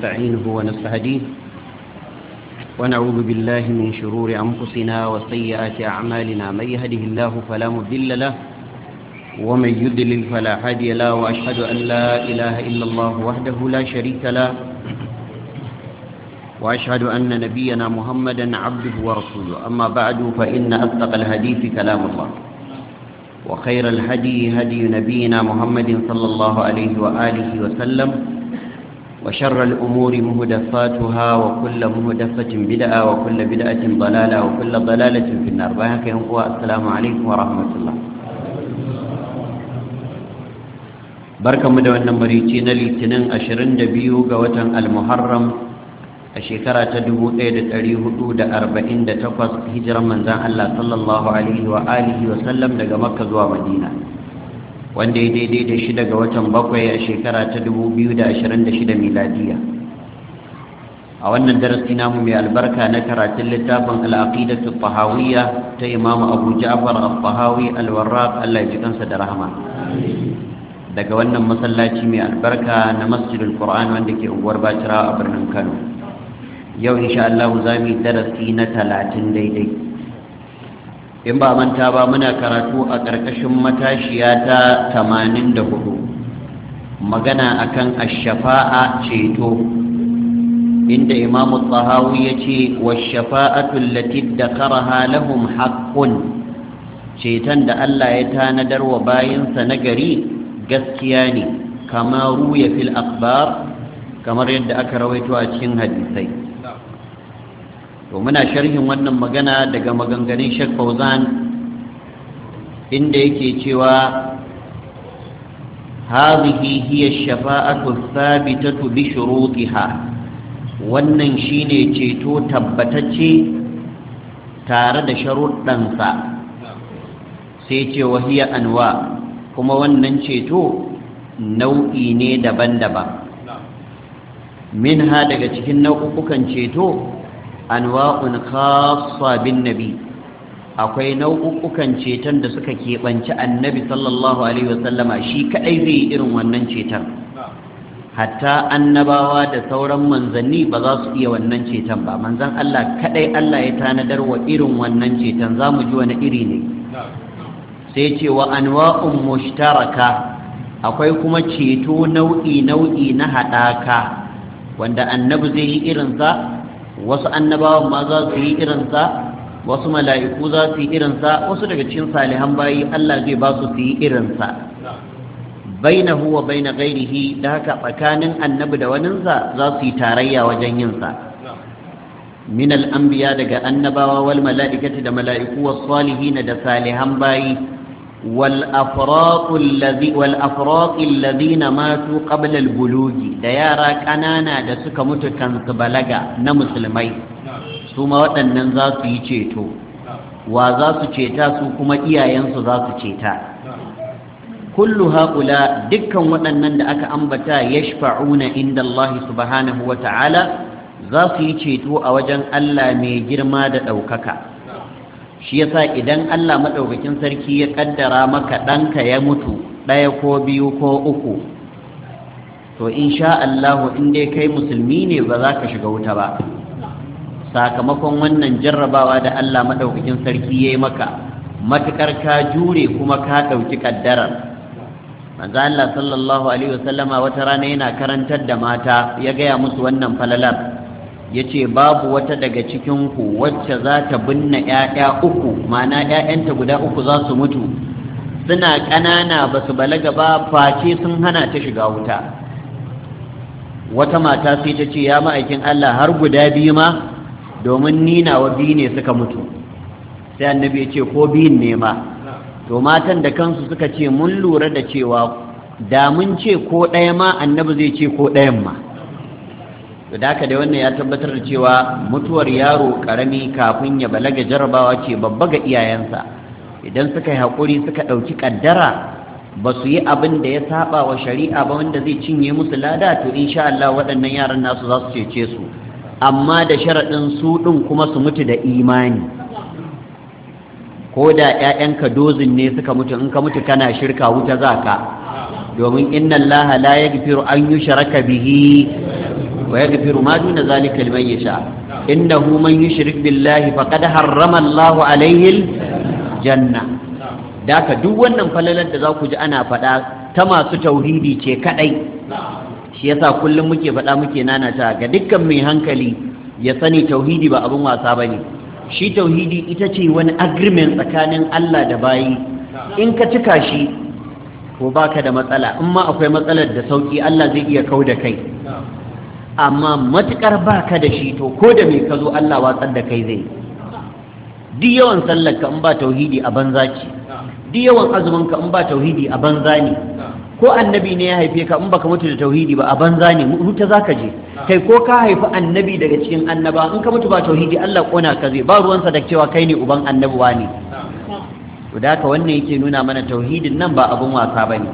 نستعينه ونستهديه ونعوذ بالله من شرور أنفسنا وسيئات أعمالنا من يهده الله فلا مذل له ومن يدلل فلا هادي له وأشهد أن لا إله إلا الله وحده لا شريك له وأشهد أن نبينا محمدا عبده ورسوله أما بعد فإن أصدق الحديث كلام الله وخير الهدي هدي نبينا محمد صلى الله عليه وآله وسلم وشر الأمور مهدفاتها وكل مهدفة بدعة وكل بدعة ضلالة وكل ضلالة في النار بحق هو السلام عليكم ورحمة الله بركة مدونة مريتين لتنين أشرين دبيو قوة المحرم الشكرة تدبو إيدة أليه دود أربعين دتقص هجرا من زعل الله صلى الله عليه وآله وسلم لقى مكة ومدينة مدينة wanda ya daidai da shi daga watan bakwai a shekara ta 2026 miladiya a wannan darasi namu mai albarka na karatun littafin al'aqidatu tahawiyya ta imamu abu ja'far al-tahawi al-warraq Allah ya ji kansa da rahama daga wannan masallaci mai albarka na masjidul qur'an wanda ke unguwar bacira a birnin kano yau insha Allah za yi darasi na talatin daidai in ba manta ba muna karatu a ƙarƙashin matashiya ta tamanin da hudu magana akan ashafa'a ceto inda imamu tsahawi ya ce washafa'atun lati da karaha lahum haƙƙun ceton da allah ya tanadar wa bayansa na gari gaskiya ne kamar ruya fil akbar kamar yadda aka rawaito a cikin hadisai to muna sharhin wannan magana daga maganganun shek Fauzan inda yake cewa hazihi hiya shafa'atu thabitatu bi shurutiha wannan shine ceto tabbatacce tare da sharuɗansa sai ce wahiya anwa kuma wannan ceto nau'i ne daban-daban min ha daga cikin nau'ukan ceto anwa'un khassa bin nabi akwai nau'ukan ceton da suka keɓanci annabi sallallahu alaihi wasallama shi kaɗai zai irin wannan ceton hatta annabawa da sauran manzanni ba za su iya wannan ceton ba manzan Allah kaɗai Allah ya tanadar wa irin wannan ceton za mu ji wani iri ne sai ce wa anwa'un mushtaraka akwai kuma ceto nau'i nau'i na haɗaka wanda annabi zai yi irinsa wasu annabawan ma za su yi irinsa wasu mala'iku za su yi irinsa wasu daga cikin salihan bayi Allah zai ba su su yi irinsa bainahu wa baina gairihi, da haka tsakanin annabi da waninsa za su yi tarayya wajen yinsa min al-anbiya daga annabawa wal mala'ikati da mala'iku wasu salihin da salihan bayi والأفراق الذين ماتوا قبل البلوغ ديارا كانانا دا سكا متكن سبلغا نمسلمي ثم وطن ذات يشيتو وذات يشيتا سوكما إيايان ذات يشيتا كل هؤلاء دكا وطن دا أكا أنبتا يشفعون عند الله سبحانه وتعالى ذات يشيتو أوجن ألا ميجرما دا أوككا shi yasa idan Allah madaukakin sarki ya ƙaddara maka ɗanka ya mutu ɗaya ko biyu ko uku to insha Allah in dai kai musulmi ne ba za ka shiga wuta ba sakamakon wannan jarrabawa da Allah madaukakin sarki ya yi maka matukar ka jure kuma ka ɗauki ƙaddarar. manzo Allah sallallahu alaihi wasallama wata rana yana karantar da mata ya gaya musu wannan falalar ya ce babu wata daga cikinku wacce za ta binne 'ya'ya uku ma'ana 'ya'yanta guda uku za su mutu suna ƙanana ba su balaga ba face sun hana ta shiga wuta wata mata sai ta ce ya ma'aikin Allah har guda biyu ma domin wa biyu ne suka mutu sai annabi ya ce ko biyun ne ma to matan da kansu suka ce mun lura da cewa da mun ce ko ɗaya ma annabi zai ce ko ɗayan ma to da dai wannan ya tabbatar da cewa mutuwar yaro karami kafin ya balaga jarabawa ce babba ga iyayensa idan suka yi haƙuri suka ɗauki ƙaddara ba su yi abin da ya saba wa shari'a ba wanda zai cinye musu lada to insha Allah waɗannan yaran nasu za su cece su amma da sharaɗin su ɗin kuma su mutu da imani ko da 'ya'yanka dozin ne suka mutu in ka mutu kana shirka wuta za ka domin inna Allah la yaghfiru an yushraka bihi ويغفر ما دون ذلك لمن يشاء إنه من يشرك بالله فقد حرم الله عليه الجنة daka duk wannan falalar da za ku ji ana faɗa ta masu tauhidi ce kaɗai shi yasa kullum muke faɗa muke nanata ga dukkan mai hankali ya sani tauhidi ba abin wasa ba ne shi tauhidi ita ce wani agreement tsakanin Allah da bayi in ka cika shi ko baka da matsala in ma akwai matsalar da sauki Allah zai iya kau da kai amma matuƙar ba ka da shi to ko da me ka zo Allah watsar da kai zai duk yawan sallar ka in ba tauhidi a banza ce duk yawan azumin ka in ba tauhidi a banza ne ko annabi ne ya haife ka in baka mutu da tauhidi ba a banza ne huta zaka je kai ko ka haifi annabi daga cikin annaba in ka mutu ba tauhidi Allah kona ka zai ba ruwansa da cewa kai ne uban annabuwa ne to da haka wannan yake nuna mana tauhidin nan ba abin wasa bane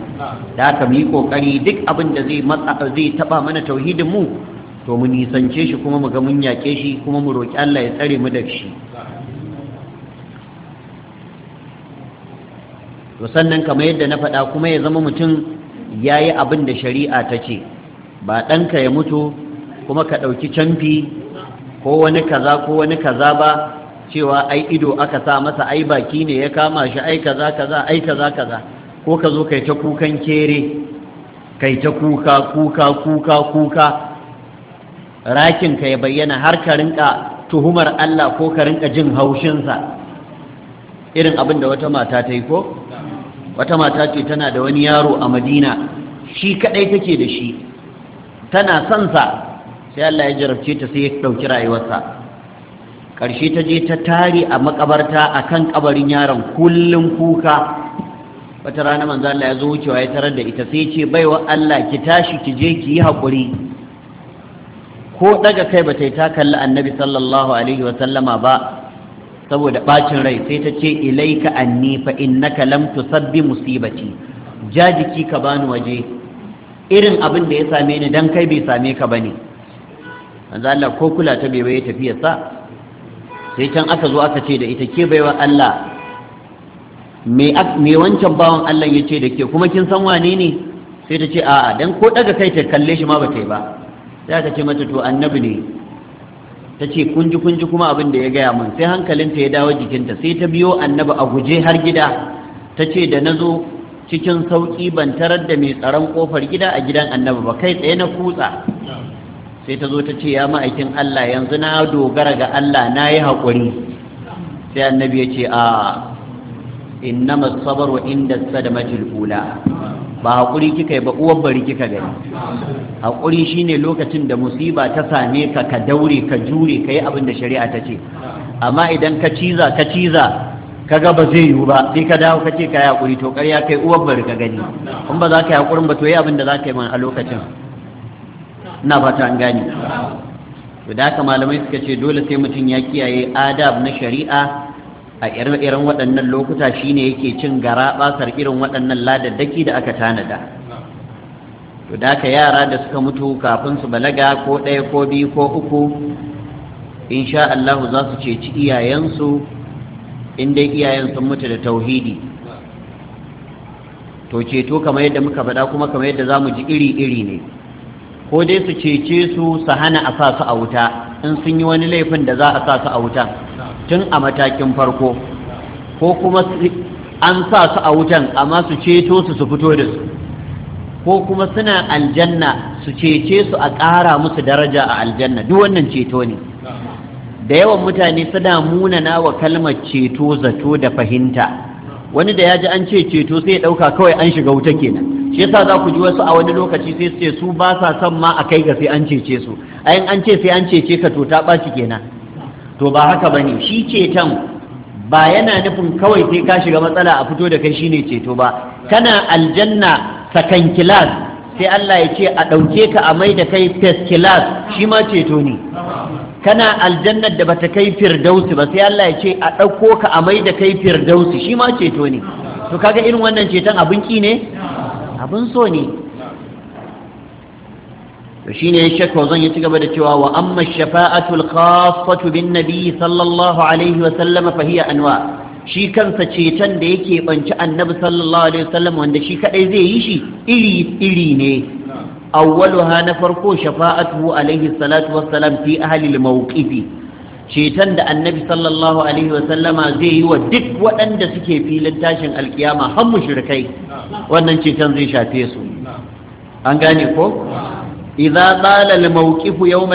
da haka mu yi kokari duk abin da zai matsa zai taba mana tauhidin mu to mu nisance shi kuma mu ga mun yake shi kuma mu roki Allah ya tsare mu da shi to sannan kamar yadda na faɗa kuma ya zama mutum ya yi abin da shari'a ta ce ba ɗanka ya mutu kuma ka ɗauki camfi ko wani kaza ko wani kaza ba cewa ai ido aka sa masa ai baki ne ya kama shi ai kaza kaza ai kaza kaza ko ka zo kai ta kukan kere kai ta kuka kuka kuka kuka rakin ka ya bayyana har ka rinka tuhumar Allah ko ka rinka jin haushinsa irin abin da wata mata ta yi ko wata mata ce tana da wani yaro a madina shi kadai take da shi tana son sa sai Allah ya jarabce ta sai ya dauki rayuwarsa ƙarshe ta je ta tare a makabarta a kan ƙabarin yaron kullum kuka wata rana manzo Allah ya zo wucewa ya tarar da ita sai ce baiwa Allah ki tashi ki je ki yi haƙuri ko daga kai ba ta yi ta kalli annabi sallallahu alaihi wa sallama ba saboda bacin rai sai ta ce ilaika anni fa innaka lam tusabbi musibati jajiki ka bani waje irin abin da ya same ni dan kai bai same ka bane manzo Allah ko kula ta bai tafi yasa. sai can aka zo aka ce da ita ke baiwa Allah me wancan bawan Allah ya ce da ke kuma kin san wane ne sai ta ce a'a dan ko daga kai ta kalle shi ma ba ta yi ba sai aka ce mata to annabi ne ta ce kunji kunji kuma abin da ya gaya mun. sai hankalinta ya dawo jikinta sai ta biyo annabi a guje har gida ta ce da na zo cikin sauƙi ban tarar da mai tsaron ƙofar gida a gidan annabi ba kai tsaye na kutsa sai ta zo ta ce ya ma'aikin Allah yanzu na dogara ga Allah na yi haƙuri sai annabi ya ce a innama wa inda sada ula ba haƙuri kika yi ba uwar bari kika gani haƙuri shine lokacin da musiba ta same ka ka daure ka jure ka yi abin da shari'a ta ce amma idan ka ciza ka ciza ka ga ba zai yiwu ba sai ka dawo ka ce ka yi haƙuri to ƙarya kai uwar bari ka gani in ba za ka yi haƙurin ba to yi abin da za ka yi a lokacin ina fata an gane to da haka malamai suka ce dole sai mutum ya kiyaye adab na shari'a a irin waɗannan lokuta shine yake cin gara basar irin waɗannan ladaddaki da aka tanada to da haka yara da suka mutu kafin su balaga ko ɗaya ko biyu ko uku insha Allah za su ceci iyayensu in dai iyayen sun mutu da tauhidi to ceto kamar yadda muka faɗa kuma kamar yadda za mu ji iri-iri ne ko dai su cece su su hana a sa su a wuta in sun yi wani laifin da za a sa su a wuta tun a matakin farko ko kuma an sa su a wutan amma su ceto su su fito da su ko kuma suna aljanna su cece su a ƙara musu daraja a aljanna duk wannan ceto ne da yawan mutane suna munana wa kalmar ceto zato da fahimta wani da ya ji an ce ceto sai ya ɗauka kawai an shiga wuta kenan shi yasa za ku ji wasu a wani lokaci sai su ce su ba sa son ma a kai ga sai an cece su ayin an ce sai an cece ka to ta ɓaci kenan to ba haka ba ne shi ceton ba yana nufin kawai sai ka shiga matsala a fito da kai shine ceto ba kana aljanna sakan kilas sai Allah ya ce a ɗauke ka a mai da kai fes kilas shi ma ceto ne kana aljannar da bata kai firdausi ba sai Allah ya ce a ɗauko ka a mai da kai firdausi shi ma ceto ne to kaga irin wannan ceton abin ki ne abin so ne to shine shek zan yi ci gaba da cewa wa amma shafa'atul khassatu bin nabi sallallahu alaihi wa sallama fa hiya anwa shi kansa ceton da yake banci annabi sallallahu alaihi wasallam wanda shi kadai zai yi shi iri iri ne awwaluha na farko shafa'atu, alaihi salatu wassalam fi ahli al ceton da annabi sallallahu alaihi wasallama zai yi wa duk waɗanda suke filin tashin alkiyama har mushrikai wannan ceton zai shafe su an gane ko idza tsala al yawm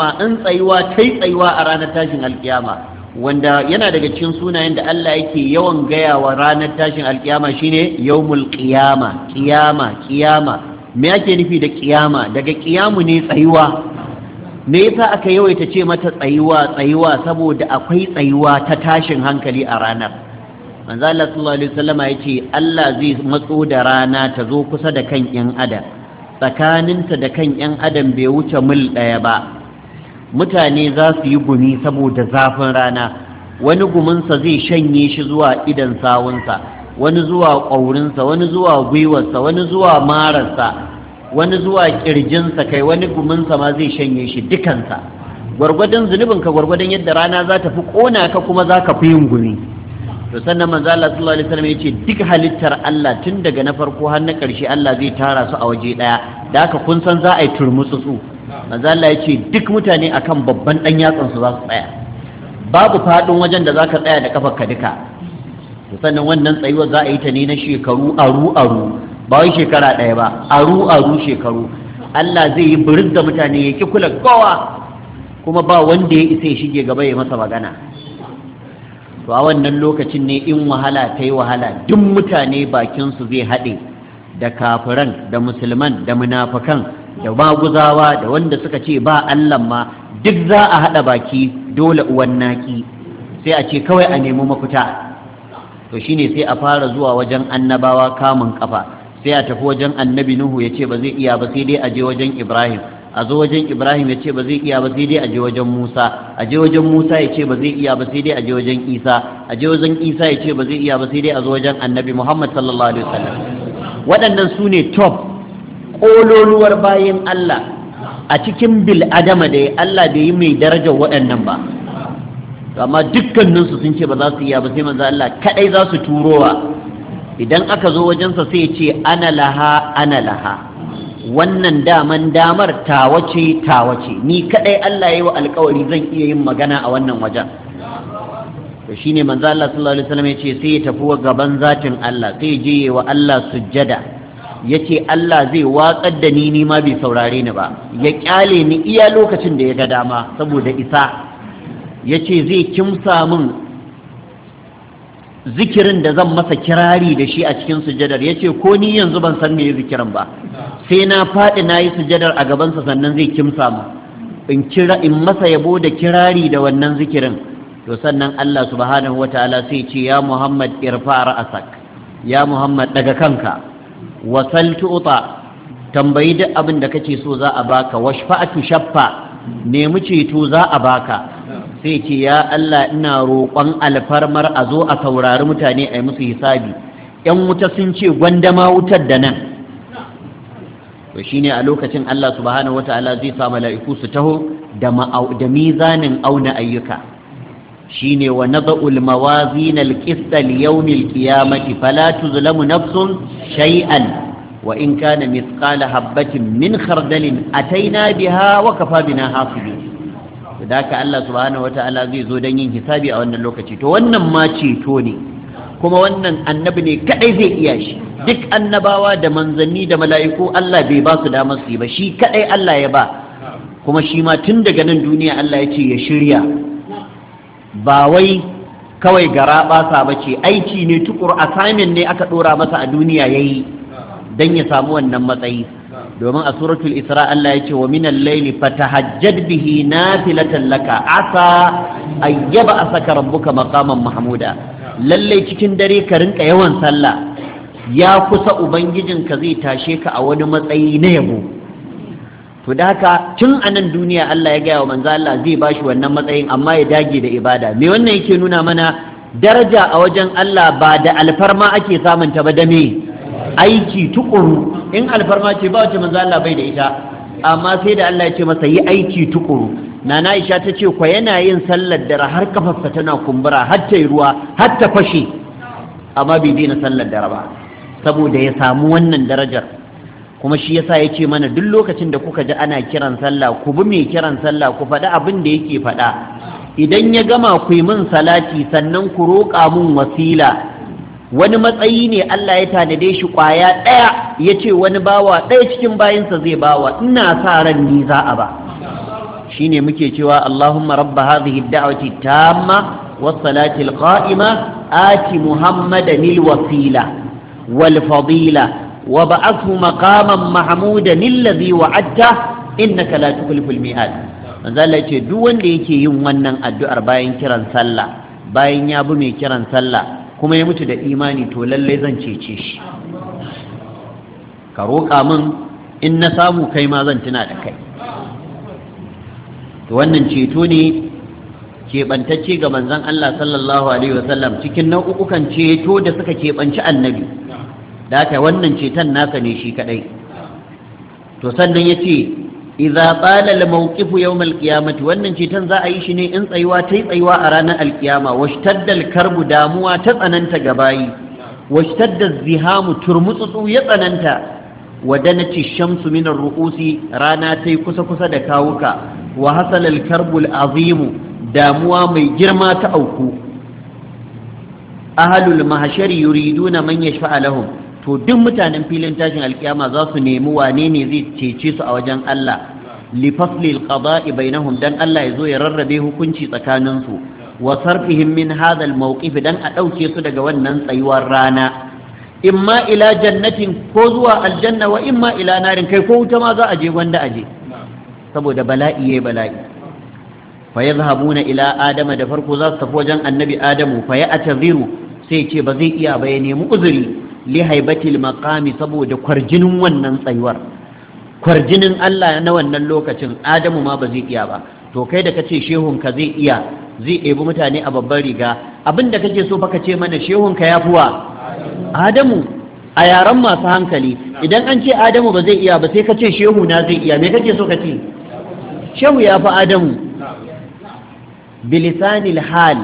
al in tsayuwa tai tsayuwa a ranar tashin alkiyama wanda yana daga cikin sunayen da Allah yake yawan gaya wa ranar tashin alkiyama shine yawmul qiyama qiyama qiyama me ake nufi da kiyama daga kiyamu ne tsayuwa me yasa aka yawaita ce mata tsayuwa tsayuwa saboda akwai tsayuwa ta tashin hankali a ranar manzo Allah sallallahu alaihi wasallama yace Allah zai matso da rana ta zo kusa da kan yan adam tsakaninta da kan yan adam bai wuce mil daya ba mutane za su yi gumi saboda zafin rana wani guminsa zai shanye shi zuwa idan sawunsa wani zuwa ƙaurinsa wani zuwa gwiwarsa wani zuwa mararsa wani zuwa ƙirjinsa kai wani guminsa ma zai shanye shi dukansa gwargwadon zunubin ka gwargwadon yadda rana za ta fi ƙona ka kuma za ka fi yin gumi to sannan manzo Allah sallallahu alaihi wasallam yace duk halittar Allah tun daga na farko har na ƙarshe Allah zai tara su a waje ɗaya da haka kun san za a yi turmutsutsu manzo Allah yace duk mutane akan babban dan yatsan su za su tsaya babu faɗin wajen da za ka tsaya da kafarka duka to sannan wannan tsayuwa za a yi ta ne na shekaru aru aru ba wai shekara ɗaya ba aru aru shekaru Allah zai yi birin da mutane ya ki kula kowa kuma ba wanda ya isa ya shige gaba ya masa magana to a wannan lokacin ne in wahala ta yi wahala duk mutane bakin su zai haɗe da kafiran da musulman da munafukan da maguzawa da wanda suka ce ba Allah ma duk za a haɗa baki dole uwan naki sai a ce kawai a nemi mafita to shine sai a fara zuwa wajen annabawa kamun kafa sai a tafi wajen annabi nuhu ya ce ba zai iya ba sai dai a je wajen ibrahim a zo wajen ibrahim ya ce ba zai iya ba sai dai a je wajen musa a je wajen musa ya ce ba zai iya ba sai dai a je wajen isa a je wajen isa ya ce ba zai iya ba sai dai a zo wajen annabi muhammad sallallahu alaihi wasallam waɗannan su ne top ƙololuwar bayan allah a cikin bil adama da Allah bai yi mai darajar waɗannan ba amma dukkaninsu sun ce ba za su iya ba sai manzo Allah kadai za su turowa idan aka zo wajensa sai ce ana laha ana laha wannan daman damar tawace tawace ni kadai Allah yayi wa alkawari zan iya yin magana a wannan wajen to shine manzo Allah sallallahu alaihi wasallam ce sai ya tafi gaban zatin Allah sai je wa Allah sujjada yace Allah zai watsar da ni ni ma bai saurare ni ba ya kyale ni iya lokacin da ya ga dama saboda isa ya ce zai kimsa min zikirin da zan masa kirari da shi a cikin sujadar ya ce ko ni yanzu ban san meye zikirin ba sai na faɗi na yi sujadar a gabansa sannan zai kimsa mu in kira in masa yabo da kirari da wannan zikirin to sannan Allah subhanahu wataala sai ce ya Muhammad irfa ra'asak ya Muhammad daga kanka wasal tu'ta tambayi duk abin da kake so za a baka washfa'atu shaffa nemi ceto za a baka sai ce ya Allah ina roƙon alfarmar a zo a saurari mutane a yi musu hisabi ‘yan wuta sun ce gwandama wutar da nan to shi ne a lokacin Allah subhanahu wa ta'ala zai sa mala'iku su taho da mizanin auna ayyuka shi ne wa naza ulmawa zinal kistal yaunil kiyamati fala tuzlamu nafsun shay'an wa in kana mithqala habbatin min khardalin ataina biha wa kafa bina hasibin da haka Allah subhanahu wata'ala zai zo don yin hisabi a wannan lokaci to wannan ma ceto ne kuma wannan annabi ne kadai zai iya shi duk annabawa da manzanni da mala'iku Allah bai ba su damar su yi ba shi kadai Allah ya ba kuma shi ma tun daga nan duniya Allah ya ce ya shirya ba wai kawai gara basa ba ce aiki ne tukur asamin ne aka dora masa a duniya yayi dan ya samu wannan matsayi domin a suratul isra Allah ya ce wa minal laili fatahajjad bihi nafilatan laka asa ayyaba asaka rabbuka maqaman mahmuda lalle cikin dare ka rinka yawan sallah ya kusa ubangijin ka zai tashe ka a wani matsayi na yabo to da haka tun a nan duniya Allah ya gaya wa manzo Allah zai bashi wannan matsayin amma ya dage da ibada me wannan yake nuna mana daraja a wajen Allah ba da alfarma ake samun ta ba da me aiki tukuru in alfarma ce ba wace manzo Allah bai da ita amma sai da Allah ya ce masa yi aiki tukuru nana Aisha ta ce ko yana yin sallar dare har kafarsa tana kumbura har ta yi ruwa har ta fashe amma bai daina sallar dare ba saboda ya samu wannan darajar kuma shi yasa ya ce mana duk lokacin da kuka ji ana kiran sallah ku bi mai kiran sallah ku faɗi abin da yake faɗa idan ya gama ku yi min salati sannan ku roƙa mun wasila wani matsayi ne Allah ya tanade shi kwaya ɗaya ya ce wani bawa ɗaya cikin bayansa zai bawa ina sa ran ni za a ba shi ne muke cewa Allahumma rabba hadhihi da'wati tamma was-salati al-qa'ima ati Muhammadan al-wasila wal-fadila وبعثه مقاما محمودا الذي وعدته انك لا تخلف الميعاد manzala yace duk wanda yake yin wannan addu'ar bayan kiran sallah bayan ya bi mai kiran sallah kuma ya mutu da imani to lallai zan cece shi ka roƙa min in na samu kai ma zan tuna da kai to wannan ceto ne keɓantacce ga manzon Allah sallallahu alaihi wasallam cikin nau'ukan ceto da suka keɓanci annabi da ta wannan ceton naka ne shi kadai to sannan ya ce idza qala al mawqif yawm al qiyamati wannan ceton za a yi shi ne in tsayuwa ta yi tsayuwa a ranar alkiyama washtadda al karbu damuwa ta tsananta gabayi washtadda az zihamu turmutsutsu ya tsananta wadanati shamsu min ru'usi rana yi kusa kusa da kawuka wa hasala al karbu al azimu damuwa mai girma ta auku ahlul mahshari yuriduna man yashfa lahum to duk mutanen filin tashin alkiyama za su nemi wane ne zai cece su a wajen Allah li fasli alqada'i bainahum dan Allah ya zo ya rarrabe hukunci tsakanin su wa sarfihim min hadha almawqif dan a dauke su daga wannan tsayuwar rana imma ila jannatin ko zuwa aljanna wa imma ila narin kai ko wuta ma za a je gwanda aje saboda bala'i yayi bala'i fa yadhhabuna ila adama da farko za su tafi wajen annabi adamu fa ya ataziru sai ce ba zai iya ba ya nemi uzuri li haibatil maqami saboda kwarjinin wannan tsayuwar kwarjinin Allah na wannan lokacin Adamu ma ba zai iya ba to kai da kace shehun ka zai iya zai ɗebi mutane a babban riga abinda kake so baka ce mana shehun ka yafuwa Adamu a yaran masu hankali idan an ce Adamu ba zai iya ba sai kace shehu na zai iya me kake so ka ce shehu ya fi Adamu bilisanil hal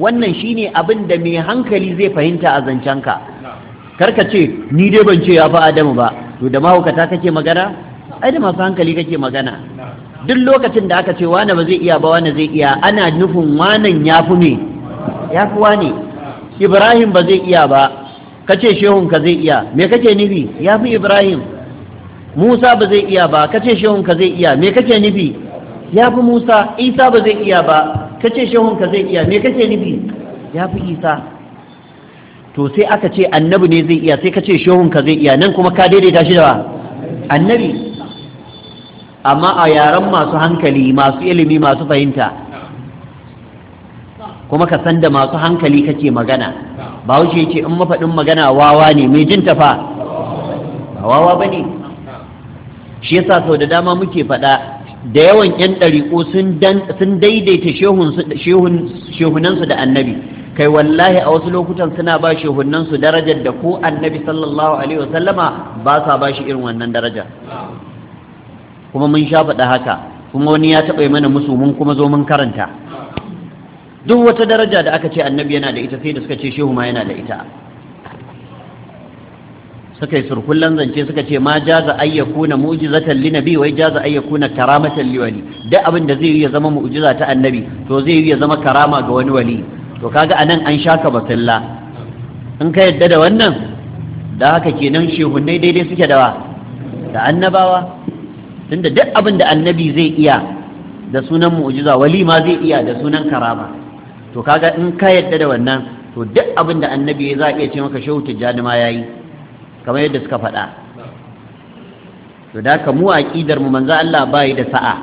wannan shine abin da mai hankali zai fahimta a zancen ka. karka ce ni dai ban ce ya fi adamu ba to da mahaukata kake magana ai da masu hankali kake magana duk lokacin da aka ce wane ba zai iya ba wane zai iya ana nufin wanan ya fi me ya fi wane ibrahim ba zai iya ba Ka ce shehun ka zai iya me kake nufi ya fi ibrahim musa ba zai iya ba Ka ce shehun ka zai iya me kake nufi ya fi musa isa ba zai iya ba Ka ce shehun ka zai iya me kake nufi ya fi isa to sai aka ce annabi ne zai iya sai ka ce shehunka zai iya nan kuma ka daidaita shi da annabi amma a yaren masu hankali masu ilimi masu fahimta kuma ka san da masu hankali kake magana ba wuce ce in mafaɗin magana wawa ne mai jin tafa ba wawa ba ne shi yasa sau da dama muke faɗa da yawan 'yan ɗariƙo sun daidaita shehunansu da annabi kai wallahi a wasu lokutan suna ba shehunan su darajar da ko annabi sallallahu alaihi wasallama ba sa ba shi irin wannan daraja kuma mun sha faɗa haka kuma wani ya taɓa mana musu mun kuma zo mun karanta duk wata daraja da aka ce annabi yana da ita sai da suka ce shehu ma yana da ita suka yi surkullan zance suka ce ma jaza ayyakuna mu'jizatan li nabi wai jaza ayyakuna karamatan li wali duk abin da zai yi ya zama mu'ujiza ta annabi to zai yi ya zama karama ga wani wali to kaga anan an shaka batalla in ka yadda da wannan da haka kenan shehunnai daidai suke dawa da annabawa tunda duk abin da annabi zai iya da sunan mu'jiza wali ma zai iya da sunan karama to kaga in ka yadda da wannan to duk abin da annabi za a iya ce maka shehu tijjani ma yayi kamar yadda suka faɗa to da ka mu aqidar mu manzo Allah bai da sa'a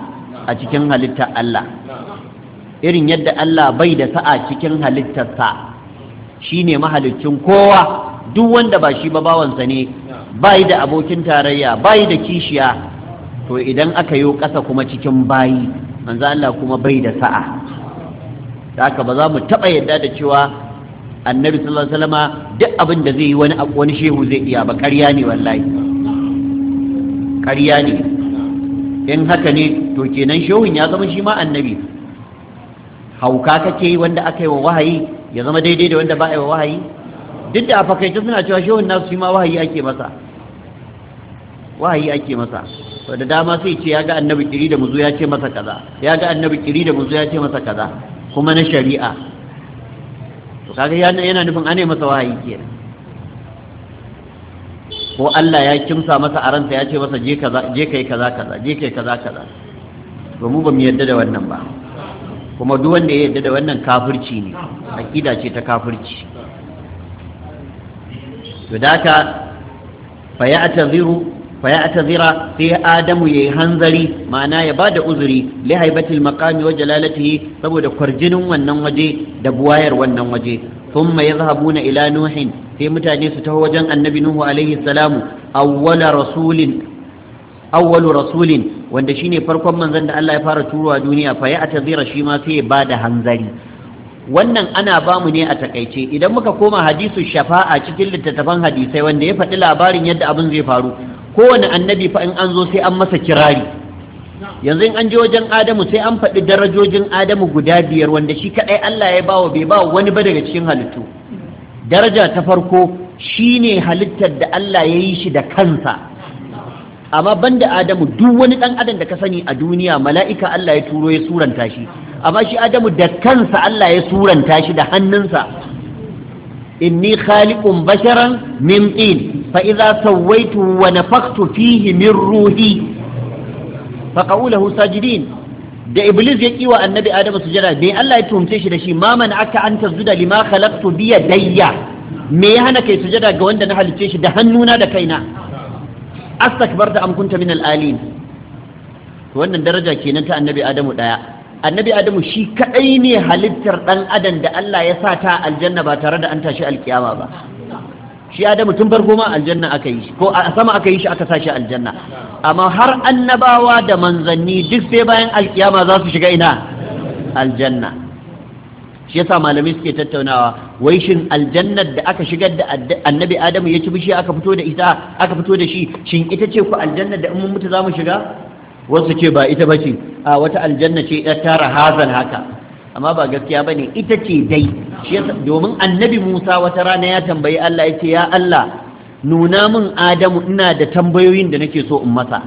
a cikin halitta Allah irin yadda Allah bai da sa'a cikin halittarsa shi ne mahaliccin kowa duk wanda ba shi ba bawansa ne bai da abokin tarayya bai da kishiya to idan aka yi ƙasa kuma cikin bayi manzo Allah kuma bai da sa'a haka ba za mu taɓa yadda da cewa annabi sallallahu alaihi wasallama duk abin da zai yi wani wani shehu zai iya ba ƙarya ne wallahi ƙarya ne in haka ne to kenan shehun ya zama shi ma annabi hauka kake yi wanda aka yi wa wahayi ya zama daidai da wanda ba a yi wa wahayi duk da afakaice suna cewa shehun nasu shi ma wahayi ake masa wahayi ake masa to da dama sai ce ya ga annabi kiri da muzu ya ce masa kaza ya ga annabi kiri da muzu ya ce masa kaza kuma na shari'a to kaga yana nufin ane masa wahayi kenan ko Allah ya kimsa masa a ransa ya ce masa je kaza je kai kaza kaza je kai kaza kaza to mu ba mu yarda da wannan ba kuma duk wanda ya yarda da wannan kafirci ne aqida ce ta kafirci to daka fa ya'taziru fa ya'tazira sai adamu yayi hanzari ma'ana ya bada uzuri li haibatil maqami wa jalalatihi saboda kwarjinin wannan waje da buwayar wannan waje thumma yadhhabuna ila nuhin sai mutane su taho wajen annabi nuhu alaihi salamu awwala rasulin awwalu rasulin wanda shine farkon manzon da Allah ya fara turowa duniya fa ya atazira shi ma sai ya bada hanzari wannan ana bamu ne a takaice idan muka koma hadisu shafa'a cikin littattafan hadisai wanda ya faɗi labarin yadda abin zai faru kowane annabi fa in an zo sai an masa kirari yanzu in an je wajen adamu sai an faɗi darajojin adamu guda biyar wanda shi kaɗai allah ya bawa bai bawa wani ba daga cikin halittu daraja ta farko shine halittar da allah ya yi shi da kansa amma banda adamu duk wani dan adam da ka sani a duniya mala'ika Allah ya turo ya suranta shi amma shi adamu da kansa Allah ya suranta shi da hannunsa inni khaliqun basharan min tin fa idza sawaitu wa nafakhtu fihi min ruhi fa qawluhu sajidin da iblis ya kiwa annabi adamu sujada me Allah ya tumce shi da shi ma man aka an tazuda lima khalaqtu bi yadayya me ya hana kai sujada ga wanda na halicce shi da hannuna da kaina astakbarta barta amkunta min al wannan daraja kenan ta annabi adamu ɗaya. annabi adamu shi kaɗai ne halittar ɗan adam da Allah ya sa ta aljanna ba tare da an tashi alkiyama ba shi adamu tun farko ma aljanna aka yi ko a sama aka yi shi aka sashi aljanna amma har annabawa da manzanni duk sai bayan alkiyama za su shiga ina aljanna shi yasa malamai suke tattaunawa wai shin aljannar da aka shigar da annabi adamu ya ci bishiya aka fito da ita aka fito da shi shin ita ce ku aljannar da in mun mutu za mu shiga wasu ce ba ita bace a wata aljanna ce ya tara hazan haka amma ba gaskiya bane ita ce dai domin annabi Musa wata rana ya tambayi Allah ya ce ya Allah nuna min Adamu ina da tambayoyin da nake so in masa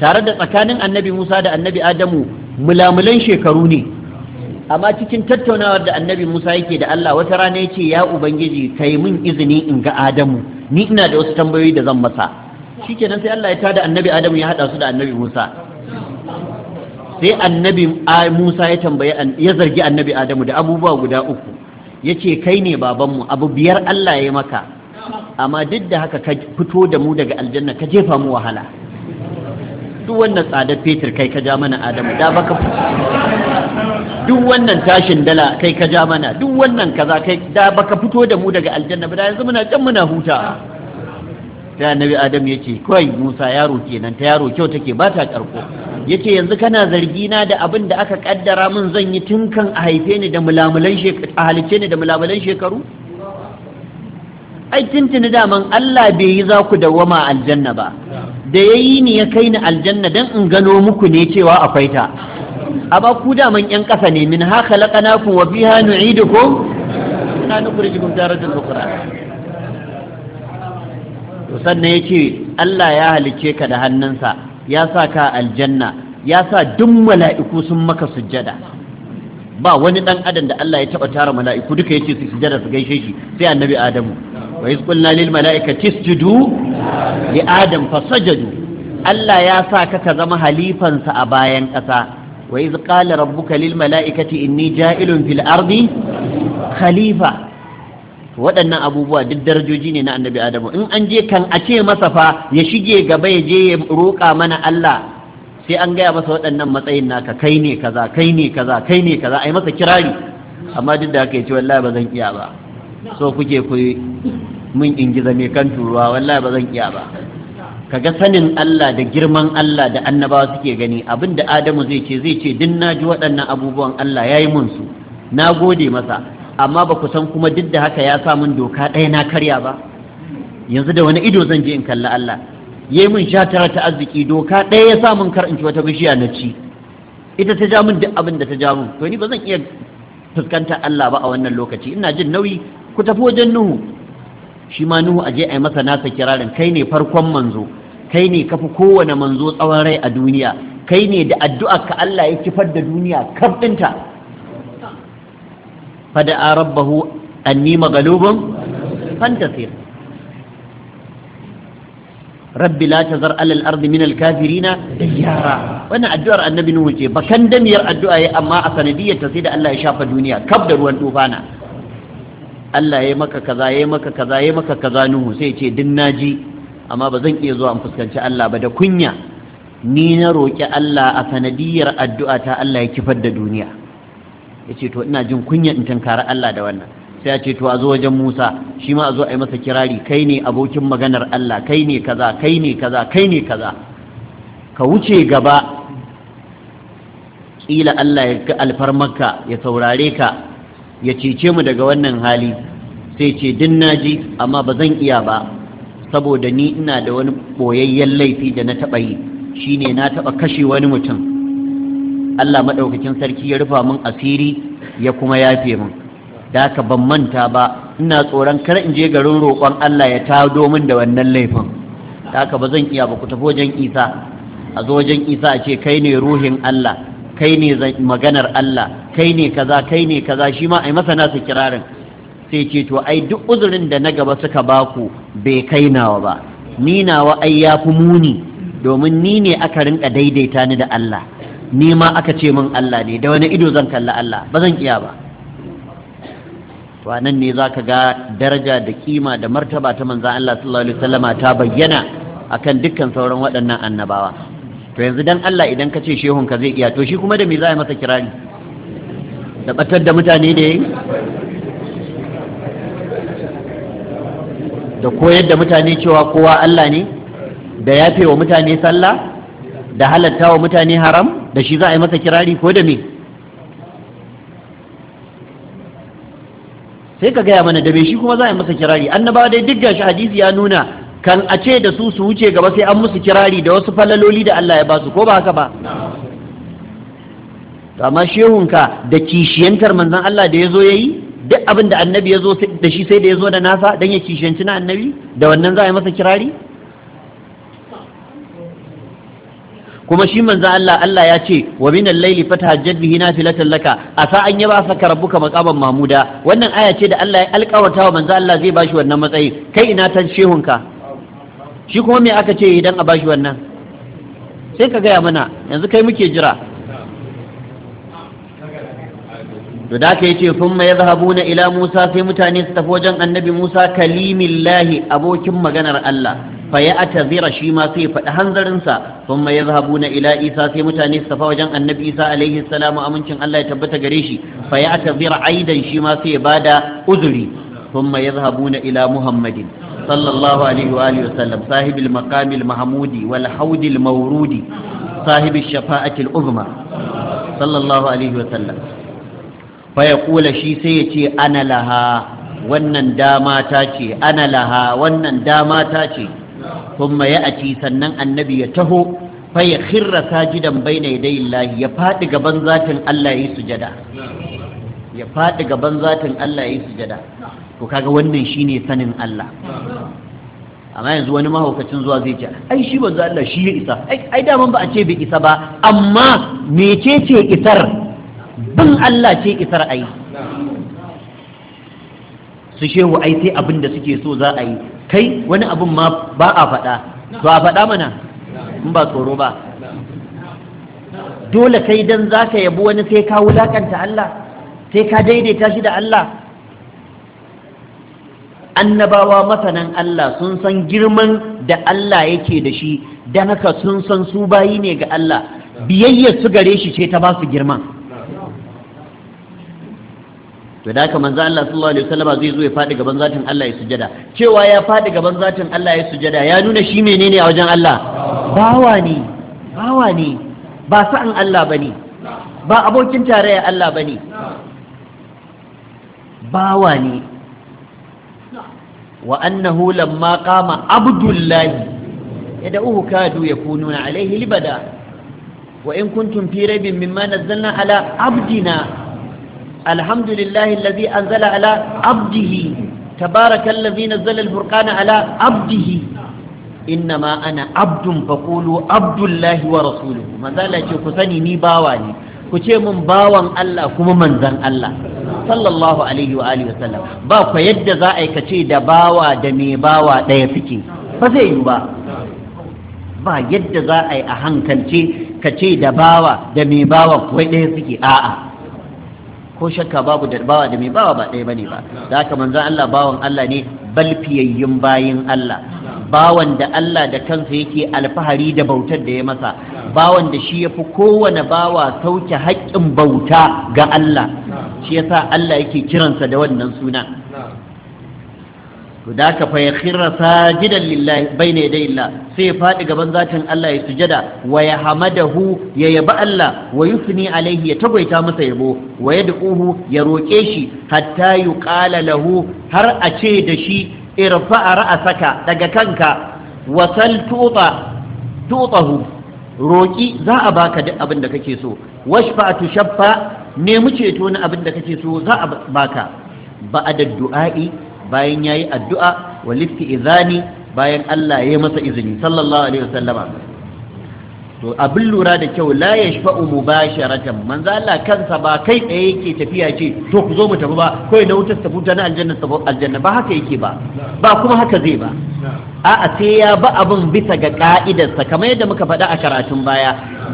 tare da tsakanin annabi Musa da annabi Adamu mulamulan shekaru ne amma cikin tattaunawar da annabi Musa yake da Allah wata rana ya ce ya ubangiji kai min izini in ga Adamu ni ina da wasu tambayoyi da zan masa shikenan sai Allah ya tada annabi Adamu ya hada su da annabi Musa sai annabi Musa ya tambaye ya zargi annabi Adamu da abubuwa guda uku yace kai ne babanmu abu biyar Allah ya yi maka amma duk da haka ka fito da mu daga aljanna ka jefa mu wahala duk wannan tsadar fetur kai ka ja mana adamu da baka duk wannan tashin dala kai ka ja mana duk wannan kaza kai da baka fito da mu daga aljanna ba yanzu muna can muna huta ta annabi adam yace kai Musa yaro kenan ta yaro kyau take ba ta karko yace yanzu kana zargi na da abin da aka kaddara min zan yi tun kan a haife ni da mulamulan halice ni da mulamulan shekaru ai tintini daman Allah bai yi za ku dawwama aljanna ba da ya yi ni ya kai ni aljanna dan in gano muku ne cewa akwai ta amma ku daman yan ƙasa ne min ha khalaqnakum wa fiha nu'idukum na nukhrijukum daratul ukhra to sannan yace Allah ya halice ka da hannunsa ya sa ka aljanna ya sa duk mala'iku sun maka sujjada ba wani dan adam da Allah ya taba tara mala'iku duka yace su sujjada su gaishe shi sai annabi Adamu wa iz qulna lil mala'ikati isjudu li adam fasajadu Allah ya sa ka ka zama halifansa a bayan ƙasa wa iz qala rabbuka lil mala'ikati inni ja'ilun fil ardi khalifa waɗannan abubuwa duk darajoji ne na annabi adamu in an je kan a ce masa fa ya shige gaba ya je ya roƙa mana Allah sai an gaya masa waɗannan matsayin naka kai ne kaza kai ne kaza kai ne kaza ai masa kirari amma duk da haka ya ce wallahi ba zan iya ba so kuke ku mun ingiza mai kan turuwa wallahi ba zan iya ba kaga sanin Allah da girman Allah da annabawa suke gani abinda Adamu zai ce zai ce din na ji waɗannan abubuwan Allah ya yi mun su na gode masa amma ba ku san kuma duk da haka ya sa mun doka ɗaya na karya ba yanzu da wani ido zan je in kalli Allah ya yi sha tara ta arziki doka ɗaya ya sa mun kar in ci wata bishiya na ci ita ta ja mun duk abin da ta ja mun. to ni ba zan iya fuskantar Allah ba a wannan lokaci ina jin nauyi ku tafi wajen Nuhu shi ma nuhu aje a yi masa nasa kirarin kai ne farkon manzo kai ne kafi kowane manzo tsawon rai a duniya kai ne da addu'a ka Allah ya kifar da duniya kaf dinta a rabbahu anni maghlubun fantasir rabbi la tazar alal ardi min alkafirina diyara wannan addu'ar annabi nuhu ce bakan damiyar addu'a ya amma a sanadiyar ta sai da Allah ya shafa duniya kaf da ruwan tufana Allah ya maka kaza ya maka kaza ya maka kaza nuhu sai ce din naji amma ba zan iya zuwa in fuskanci Allah ba da kunya ni na roƙi Allah a sanadiyar addu'a ta Allah ya kifar da duniya yace to ina jin kunya in tankara Allah da wannan sai ya ce to a zo wajen Musa shi ma a zo a yi masa kirari kai ne abokin maganar Allah kai ne kaza kai ne kaza kai ne kaza ka wuce gaba ƙila Allah ya ga alfarmarka ya saurare ka ya cece mu daga wannan hali sai ce din naji amma ba zan iya ba saboda ni ina da wani boyayyen laifi da na taɓa yi shine na taɓa kashe wani mutum Allah maɗaukakin sarki ya rufa mun asiri ya kuma yafe min da haka ban manta ba ina tsoron kar in je garin roƙon Allah ya tado min da wannan laifin da haka ba zan iya ba ku tafi wajen Isa a zo wajen Isa a ce kai ne ruhin Allah kai ne maganar Allah kai ne kaza kai ne kaza shi ma ai masa nasa kirarin sai ce to ai duk uzurin da na gaba suka baku bai kai nawa ba ni nawa ai ya fi muni domin ni ne aka rinka daidaita ni da Allah ni ma aka ce min Allah ne da wani ido zan kalla Allah ba zan iya ba to ne zaka ga daraja da kima da martaba ta manzon Allah sallallahu alaihi wasallama ta bayyana akan dukkan sauran waɗannan annabawa to yanzu dan Allah idan ka ce shehun ka zai iya to shi kuma da me za a masa kirari da batar da mutane da yi da koyar da mutane cewa kowa Allah ne da yafe wa mutane sallah da halatta wa mutane haram da shi za a yi masa kirari ko da me sai ka gaya mana da me shi kuma za a yi masa kirari Annaba dai duk gashi hadisi ya nuna kan a ce da su su wuce gaba sai an musu kirari da wasu falaloli da Allah ya ba su ko ba haka ba to amma shehunka da kishiyantar manzon Allah da yazo yayi duk abin da annabi yazo da shi sai da yazo da nasa dan ya kishiyanci na annabi da wannan za a yi masa kirari kuma shi manzon Allah Allah ya ce wa min al-layli fatahajjad bihi nafilatan laka asa an yaba saka rabbuka maqaman Mahmuda. wannan aya ce da Allah ya alƙawata wa manzon Allah zai bashi wannan matsayi kai ina tan shehunka shi kuma me aka ce idan a bashi wannan sai ka gaya mana yanzu kai muke jira to da ka ce sun zahabu na ila Musa sai mutane su tafi wajen annabi Musa kalimillahi abokin maganar Allah fa ya zira shi ma sai faɗi hanzarinsa sun zahabu na ila Isa sai mutane su tafi wajen annabi Isa alaihi salamu amincin Allah ya tabbata gare shi fa ya zira aidan shi ma sai ba da uzuri sun zahabu na ila Muhammadin sallallahu alaihi wa alihi wasallam sahibil maqamil mahmudi wal haudil mawrudi sahibi shafa'atil uzma sallallahu alaihi wa sallam faya kula shi sai ya ce ana laha wannan dama ta ce ana laha wannan dama ta ce kuma ya aci sannan annabi ya taho faya khirra sajidan baina yadayi lahi ya faɗi gaban zatin Allah ya yi sujada ya faɗi gaban zatin Allah ya yi sujada to kaga wannan shine sanin Allah amma yanzu wani mahaukacin zuwa zai ce ai shi banzu Allah shi ya isa ai daman ba a ce bai isa ba amma mecece isar bin Allah ce isar a yi su shehu ai sai abin da suke so za a yi kai wani abin ma ba a faɗa to a faɗa mana in ba tsoro ba dole kai don za ka yabi wani sai ka wulakanta Allah sai ka daidaita shi da Allah annabawa masanan Allah sun san girman da Allah yake da shi da haka sun san su bayi ne ga Allah biyayyar su gare shi ce ta ba su girman to da haka manzo Allah sallallahu alaihi wasallam zai zo ya fadi gaban zatin Allah ya sujada cewa ya fadi gaban zatin Allah ya sujada ya nuna shi menene a wajen Allah bawa ne bawa ne ba sa'an Allah bane ba abokin tarayya Allah bane bawa ne wa annahu lamma qama abdullahi yad'uhu kadu yakununa alaihi libada wa in kuntum fi raibin mimma nazzalna ala abdina الحمد لله الذي أنزل على عبده تبارك الذي نزل الفرقان على عبده إنما أنا عبد فقولوا عبد الله ورسوله ماذا لا تكسني ني باواني كتير من bawan Allah, kuma من ذن sallallahu alaihi wa alihi wasallam ba ku yadda za a aikace da bawa da mai bawa ɗaya suke ba zai yi ba ba yadda za a yi a hankalce ka ce da bawa da mai bawa kuwa ɗaya suke a'a ko shakka babu da bawa da mai bawa ba ɗaya bane ba da haka manzon Allah bawan Allah ne balfiyayyun bayin Allah bawan da Allah da kansa yake alfahari da bautar da ya masa bawan da shi yafi kowane bawa sauke haƙƙin bauta ga Allah shi yasa Allah yake kiransa da wannan suna to da ka fa yakhirra sajidan lillahi bayna yaday Allah sai faɗi fadi gaban zatin Allah ya sujada wa ya hamadahu ya yaba Allah wa yusni alaihi ya tagoita masa yabo wa yad'uhu ya roke shi hatta yuqala lahu har a ce da shi irfa'a saka daga kanka wa sal tuta tutahu roki za a baka duk abin da kake so washfa'atu shaffa nemi ceto na abin da kake so za a baka ba'adad du'a'i bayan ya yi addu'a wal izani bayan Allah ya masa izini sallallahu alaihi wasallama to abin lura da kyau la ba mubasharatan Manza Allah kansa ba kai tsaye yake tafiya ce to ku zo mu tafi ba kai na wutar tafi na aljanna tafi aljanna ba haka yake ba ba kuma haka zai ba a'a sai ya ba abin bisa ga ka'idarsa kamar yadda muka faɗa a karatun baya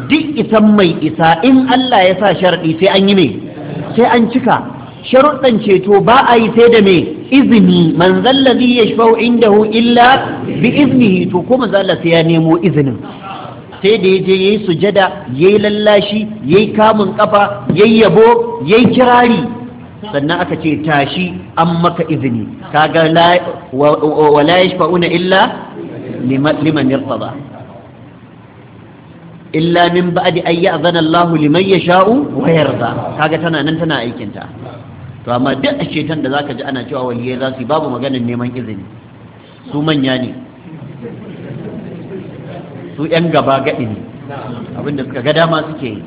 duk isan mai isa in Allah ya sa sharaɗi sai an yi me sai an cika sharuɗan ceto ba a yi sai da me izini man zallazi yashfa'u indahu illa bi izini to ko manzo Allah sai ya nemo izinin sai da yaje yayi sujada yayi lallashi yayi kamun kafa yayi yabo yayi kirari sannan aka ce tashi an maka izini kaga wa la yashfa'una illa liman yartada illa min ba'di ayya ya'zana Allahu liman yasha'u wa yarda kaga tana nan tana aikinta to amma duk a ceton da zaka ji ana cewa waliyai za su babu maganar neman izini su manya ne su yan gaba gaɗi ne abinda suka ga dama suke yi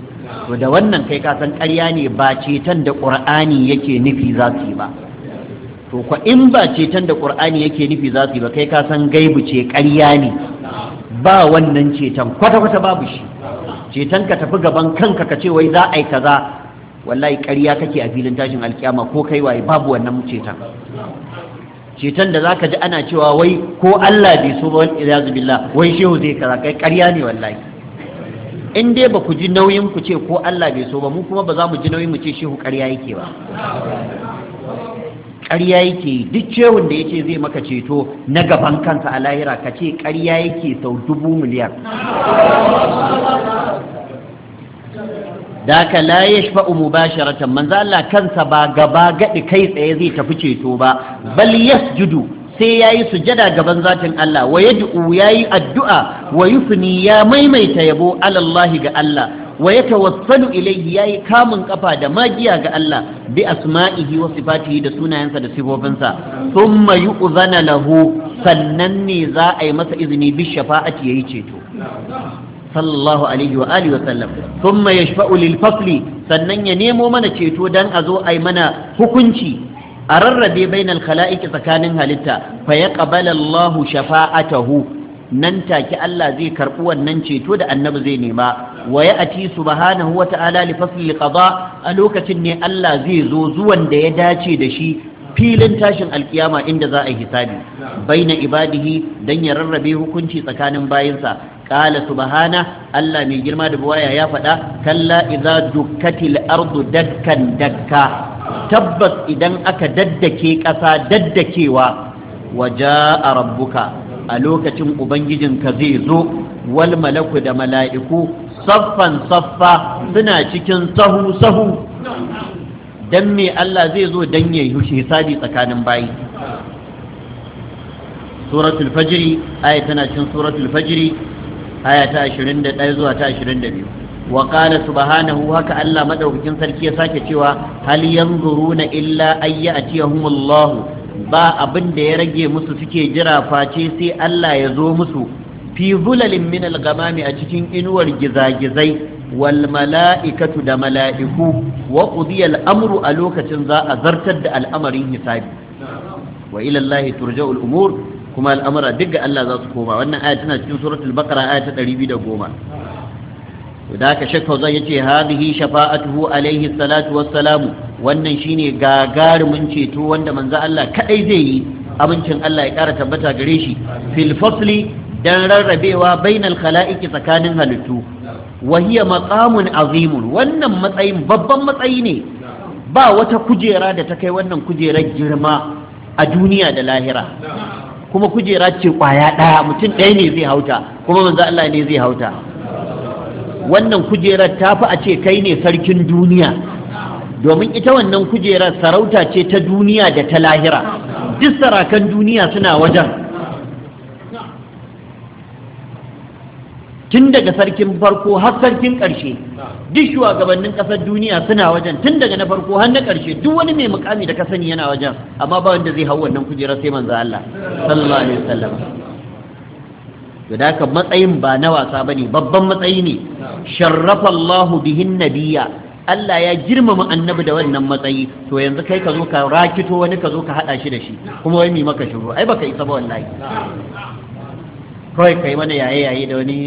to da wannan kai ka san ƙarya ne ba ceton da ƙur'ani yake nufi za su yi ba to kwa in ba ceton da ƙur'ani yake nufi za su yi ba kai ka san gaibu ce ƙarya ne ba wannan ceton kwata-kwata babu shi ceton ka tafi gaban kanka ka ce wai za a yi kaza wallahi ƙarya kake a filin tashin alkiyama ko kai waye babu wannan ceton Cetan da zaka ji ana cewa wai ko Allah bai so ba wal iyaz billah wai shehu zai kaza kai ƙarya ne wallahi in dai ba ku ji nauyin ku ce ko Allah bai so ba mu kuma ba za mu ji nauyin mu ce shehu ƙarya yake ba ƙarya yake duk cewun da yake zai maka ceto na gaban kansa a lahira ka ce ƙarya yake sau dubu miliyan da haka la yashfa'u mubasharatan manzo Allah kansa ba gaba gadi kai tsaye zai tafi ceto ba bal yasjudu sai yayi sujada gaban zatin Allah wa yad'u yayi addu'a wa ya maimaita yabo alallahi ga Allah wa yatawassalu ilayhi yayi kamun kafa da magiya ga Allah bi asma'ihi wa sifatihi da sunayensa da sifofinsa thumma yu'zana lahu sannan ne za a yi masa izini bi shafa'ati yayi ceto sallallahu alaihi wa alihi wa sallam thumma yashfa'u fasli sannan ya nemo mana ceto dan a zo yi mana hukunci a rarrabe bainal khala'iq tsakanin halitta fa yaqbalu Allahu shafa'atahu nan take Allah zai karɓi wannan ceto da annabi zai nema wa ya ati subhanahu wa ta'ala li qada a lokacin ne Allah zai zo zuwan da ya dace da shi filin tashin alkiyama inda za a yi hisabi baina ibadihi dan ya rarrabe hukunci tsakanin bayinsa qala subhana Allah mai girma da buwaya ya faɗa kalla idza dukkatil ardu dakkan dakka tabbas idan aka daddake ƙasa daddakewa a rabbuka a lokacin ubangijinka zai zo wal malaku da mala'iku saffan saffa suna cikin sahu sahu dan me Allah zai zo dan yayi hisabi tsakanin bayi suratul fajri aya tana cikin suratul fajri aya ta 21 zuwa ta 22 wa qala subhanahu haka Allah madaukakin sarki ya sake cewa hal yanzuruna illa ayyatiyahumullahu ba abin da ya rage musu suke jira face sai Allah ya zo musu fi zulalin min al-ghamami a cikin inuwar gizagizai wal da mala'iku wa qudiyal amru a lokacin za a zartar da al'amarin hisabi wa ila Allah turja'ul umur kuma al'amura duk ga Allah za su koma wannan aya tana cikin suratul baqara aya ta 210 da ka shakka zai yace hadhihi shafa'atuhu alaihi salatu wassalamu wannan shine gagarumin ceto wanda manzo Allah kadai zai yi abincin Allah ya kara tabbata gare shi fil fasli dan rarrabewa bainal khalaiqi tsakanin halittu wahiya maqamun azimun wannan matsayin babban matsayi ne ba wata kujera da ta kai wannan kujerar girma a duniya da lahira kuma kujera ce kwaya ɗaya mutum ɗaya ne zai hauta kuma manzo Allah ne zai hauta wannan kujerar ta fi a ce kai ne sarkin duniya domin ita wannan kujerar sarauta ce ta duniya da ta lahira duk sarakan duniya suna wajen tun daga sarkin farko har sarkin ƙarshe duk shugabannin ƙasar duniya suna wajen tun daga na farko har na ƙarshe duk wani mai mukami da ka sani yana wajen amma ba wanda zai hau wannan kujerar sai manzo Allah sallallahu alaihi wasallam to matsayin ba na wasa bane babban matsayi ne sharrafa Allah bihin nabiyya Allah ya girmama annabi da wannan matsayi to yanzu kai ka zo ka rakito wani ka zo ka hada shi da shi kuma wai maka shiru ai baka isa ba wallahi kawai kai mana yaye yaye da wani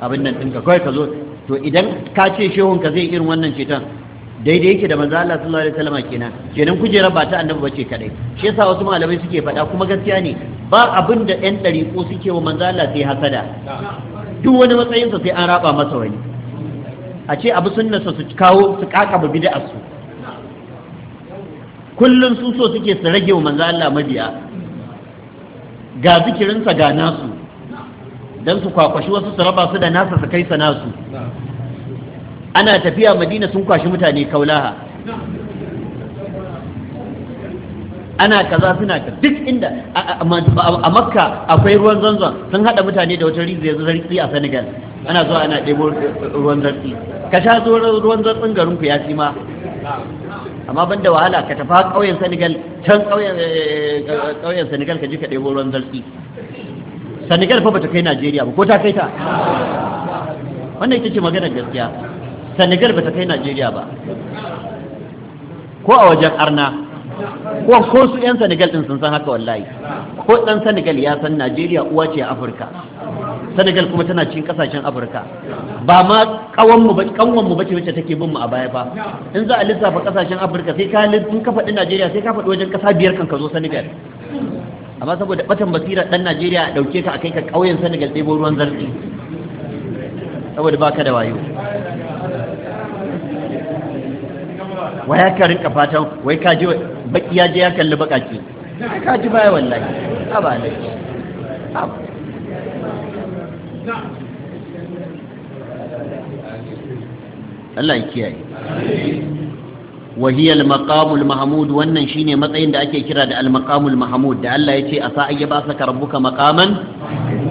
abin nan ɗinka kawai ka zo to idan ka ce shehun ka zai irin wannan ceton daidai yake da manzo Allah sallallahu alaihi wasallam kenan kenan kujerar ba ta annabi bace kadai shi yasa wasu malamai suke faɗa kuma gaskiya ne ba abin da ɗan ko suke wa manzo Allah sai hasada duk wani matsayin sa sai an raba masa wani a ce abu sunnarsa su kawo su kakaba bid'a su kullun su so suke su rage wa manzo Allah mabiya ga zikirinsa ga nasu don su kwakwashi wasu su raba su da nasa su kai sa nasu ana tafiya madina sun kwashi mutane kaulaha ana kaza suna ka duk inda a makka akwai ruwan zanzan sun hada mutane da wata riziyar zartsi a senegal ana zuwa ana ɗebo ruwan zartsi ka sha zuwa ruwan zartsin garin ku ya ci ma amma ban da wahala ka tafa ƙauyen senegal can ƙauyen eh, senegal ka ji ka ɗebo ruwan zartsi Senegal fa bata kai Najeriya ba ko ta kai ta wannan ita ce maganar gaskiya Senegal bata kai Najeriya ba ko a wajen arna ko ko su yan Senegal din sun san haka wallahi ko dan Senegal ya san Najeriya uwa ce a Afirka Senegal kuma tana cikin kasashen Afirka ba ma kawon mu ba kanwon mu bace wacce take bin mu a baya ba in za a lissafa kasashen Afirka sai ka in ka faɗi Najeriya sai ka faɗi wajen kasa biyar kan ka zo Senegal amma saboda batan basira dan Najeriya dauke ka akai ka kauyen Senegal ɗebo ruwan zarfi saboda baka da wayo waya ka rinka fatan wai ka ji baki ya je ya kalli bakaki ka ji baya wallahi aba ne Allah ya kiyaye وهي المقام المحمود wannan shine matsayin da ake kira da al-maqamul mahmud da Allah yace asa ayyabaka rabbuka maqaman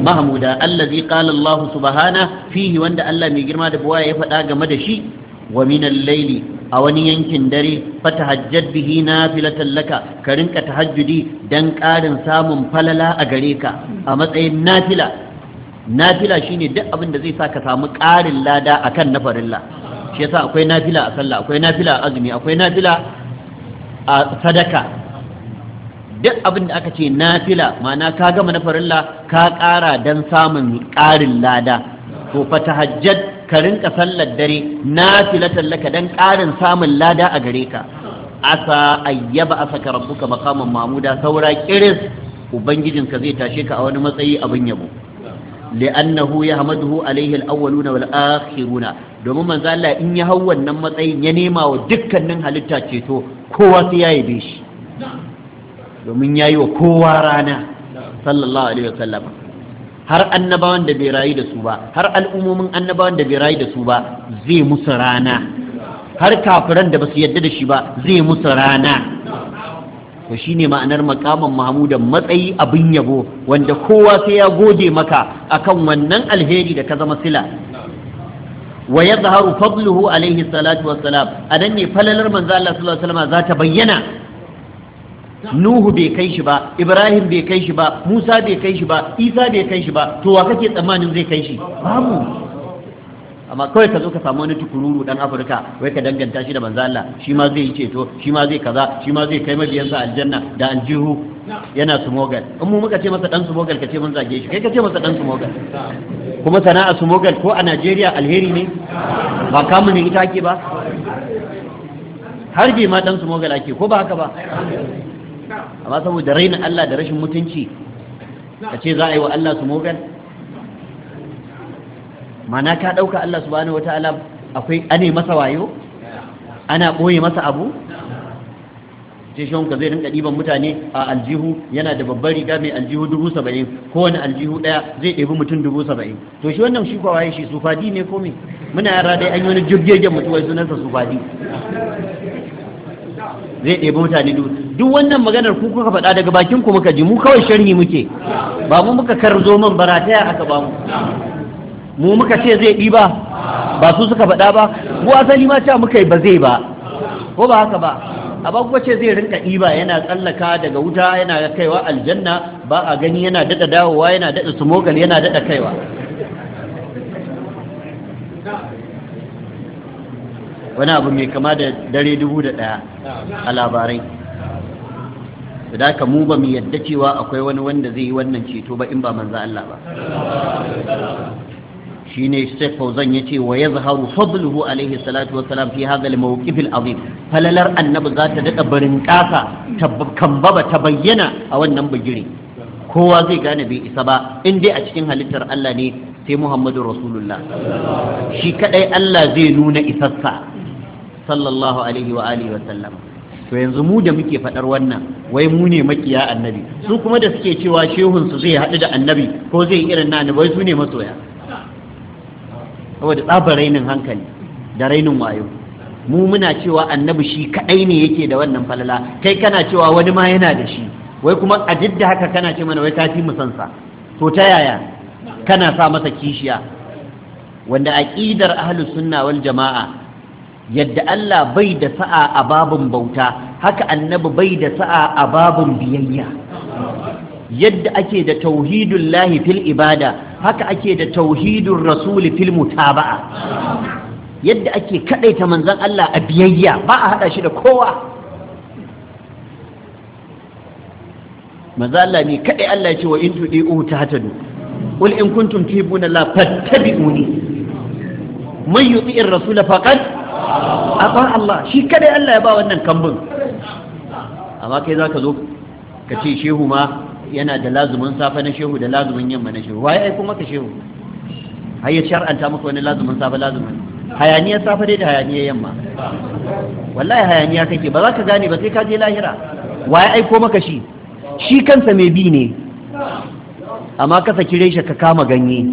mahmuda allazi qala Allah subhanahu fihi wanda Allah mai girma da buwaya ya faɗa game da shi wa min al-layli a wani yankin dare fatahajjad bihi nafilatan laka ka rinka tahajjudi dan ƙarin samun falala a gare ka a matsayin nafila nafila shine duk abin da zai sa ka samu ƙarin lada akan na farilla shi yasa akwai nafila a sallah akwai nafila a azumi akwai nafila a sadaka duk abin da aka ce nafila ma'ana ka gama na farilla ka ƙara don samun ƙarin lada to fa tahajjad ka rinka sallar dare nafila tallaka don ƙarin samun lada a gare ka asa ayyaba asaka rabbuka maqaman mamuda saura kiris ubangijinka zai tashe ka a wani matsayi abin yabo li'annahu yahmaduhu alayhi al-awwaluna wal-akhiruna domin manzo Allah in ya hau wannan matsayin ya nema wa dukkanin halitta ceto kowa sai ya yabe shi domin ya yi wa kowa rana sallallahu alaihi wasallam har annabawan da bai rayu da su ba har al'ummomin annabawan da bai rayu da su ba zai musu rana har kafiran da basu yadda da shi ba zai musu rana to shine ma'anar makaman mahmudan matsayi abin yabo wanda kowa sai ya gode maka akan wannan alheri da ka zama sila wa yadhharu fadluhu alayhi salatu wassalam adan ne falalar manzo Allah sallallahu alaihi wasallam ta bayyana Nuhu bai kai shi ba Ibrahim bai kai shi ba Musa bai kai shi ba Isa bai kai shi ba to wa kake tsammanin zai kai shi babu amma kawai ka zo ka samu wani tukururu dan afirka wai ka danganta shi da manzo Allah shi ma zai yi ceto shi ma zai kaza shi ma zai kai mabiyansa aljanna da aljihu yana sumogal in mu muka ce masa dan sumogal ka ce mun zage shi kai ka ce masa dan sumogal kuma sana'a sumogal ko a Najeriya alheri ne ba kamun ne ita ake ba bi ma dan sumogal ake ko ba haka ba amma saboda rainin Allah da rashin mutunci ka ce za a yi wa Allah sumogal mana ka ɗauka Allah subhanahu wataala akwai ane masa wayo ana ɓoye masa abu shehunka zai rinka ɗiban mutane a aljihu yana da babbar riga mai aljihu dubu saba'in kowane aljihu ɗaya zai ɗebi mutum dubu saba'in to shi wannan shi kwawaye shi sufadi ne ko muna yara dai an yi wani jirgegen mutuwar sunansa sufadi zai ɗebi mutane duk. duk wannan maganar ku kuka faɗa daga bakin ku muka ji mu kawai sharhi muke ba mu muka karzo man barataya aka ba mu mu muka ce zai ɗi ba ba su suka faɗa ba mu asali ma cewa muka yi ba zai ba ko ba haka ba a ba kuwa ce zai rinka ɗiba yana tsallaka daga wuta yana kaiwa aljanna ba a gani yana daɗa dawowa yana daɗa sumogal yana daɗa kaiwa wani abu mai kama da dare dubu da ɗaya a labarai da haka mu ba mu yadda cewa akwai wani wanda zai yi wannan ceto ba in ba manza Allah ba shine sai Fauzan yace wa yazharu fadluhu alaihi salatu wa salam fi hadha al-mawqif al-azim falalar annabi za ta dada barin kasa kambaba ta bayyana a wannan bigire kowa zai gane bai isa ba in dai a cikin halittar Allah ne sai Muhammadu Rasulullah shi kadai Allah zai nuna isassa sallallahu alaihi wa alihi wa sallam to yanzu mu da muke faɗar wannan wai mu ne makiya annabi su kuma da suke cewa shehun su zai haɗu da annabi ko zai irin na wai su ne masoya saboda tsabar rainin hankali da rainin wayo mu muna cewa annabi shi kadai ne yake da wannan falala kai kana cewa wani ma yana da shi wai kuma a didda haka kana ce mana wai ka fi mu to ta yaya kana sa masa kishiya wanda aqidar ahlus sunna wal jama'a yadda Allah bai da sa'a a babun bauta haka annabi bai da sa'a a babun biyayya yadda ake da tauhidullahi fil ibada haka ake da tauhidun rasuli fil mutaba'a yadda ake kadaita manzon Allah a biyayya ba a hada shi da kowa manzon Allah ne kadai Allah ya ce wa in tudi'u tahtadu qul in kuntum tuhibbuna Allah fattabi'uni man yuti'ir rasula faqad aba Allah shi kadai Allah ya ba wannan kambun amma kai zaka zo ka ce shehu ma yana da lazumin safe na shehu da lazumin yamma na shehu waye aiko maka shehu har ya shar'anta maka wani lazumin safe lazumin hayaniyar safe dai da hayaniyar yamma wallahi hayaniya kake ba za ka gane ba sai ka je lahira waye aiko maka shi shi kansa mai bi ne amma ka saki reshe ka kama ganye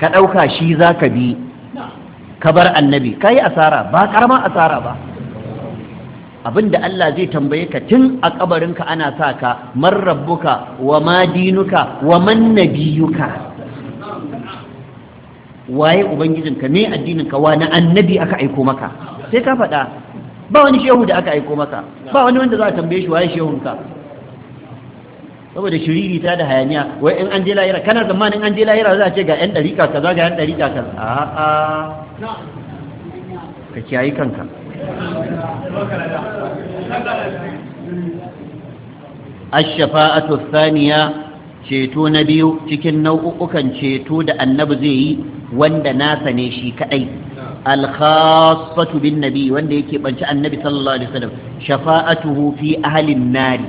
ka ɗauka shi za ka bi ka bar annabi ka yi asara ba ƙarama asara ba abinda Allah zai tambaye ka tun a kabarinka ana sa ka man rabbuka wa ma dinuka wa man nabiyuka waye ubangijinka ne addininka wa na annabi aka aiko maka sai ka faɗa ba wani shehu da aka aiko maka ba wani wanda za a tambaye shi waye shehunka saboda shiriri ta da hayaniya wai in an je lahira kana zamanin in an je lahira za a ce ga yan dariƙa kaza ga yan dariƙa kaza a'a ka kiyaye kanka ashafa'atu saniya ceto na biyu cikin nau'ukan ceto da annabi zai yi wanda nasa ne shi kadai alkhasfatu bin nabi wanda yake banci annabi sallallahu alaihi wasallam shafa'atuhu fi nari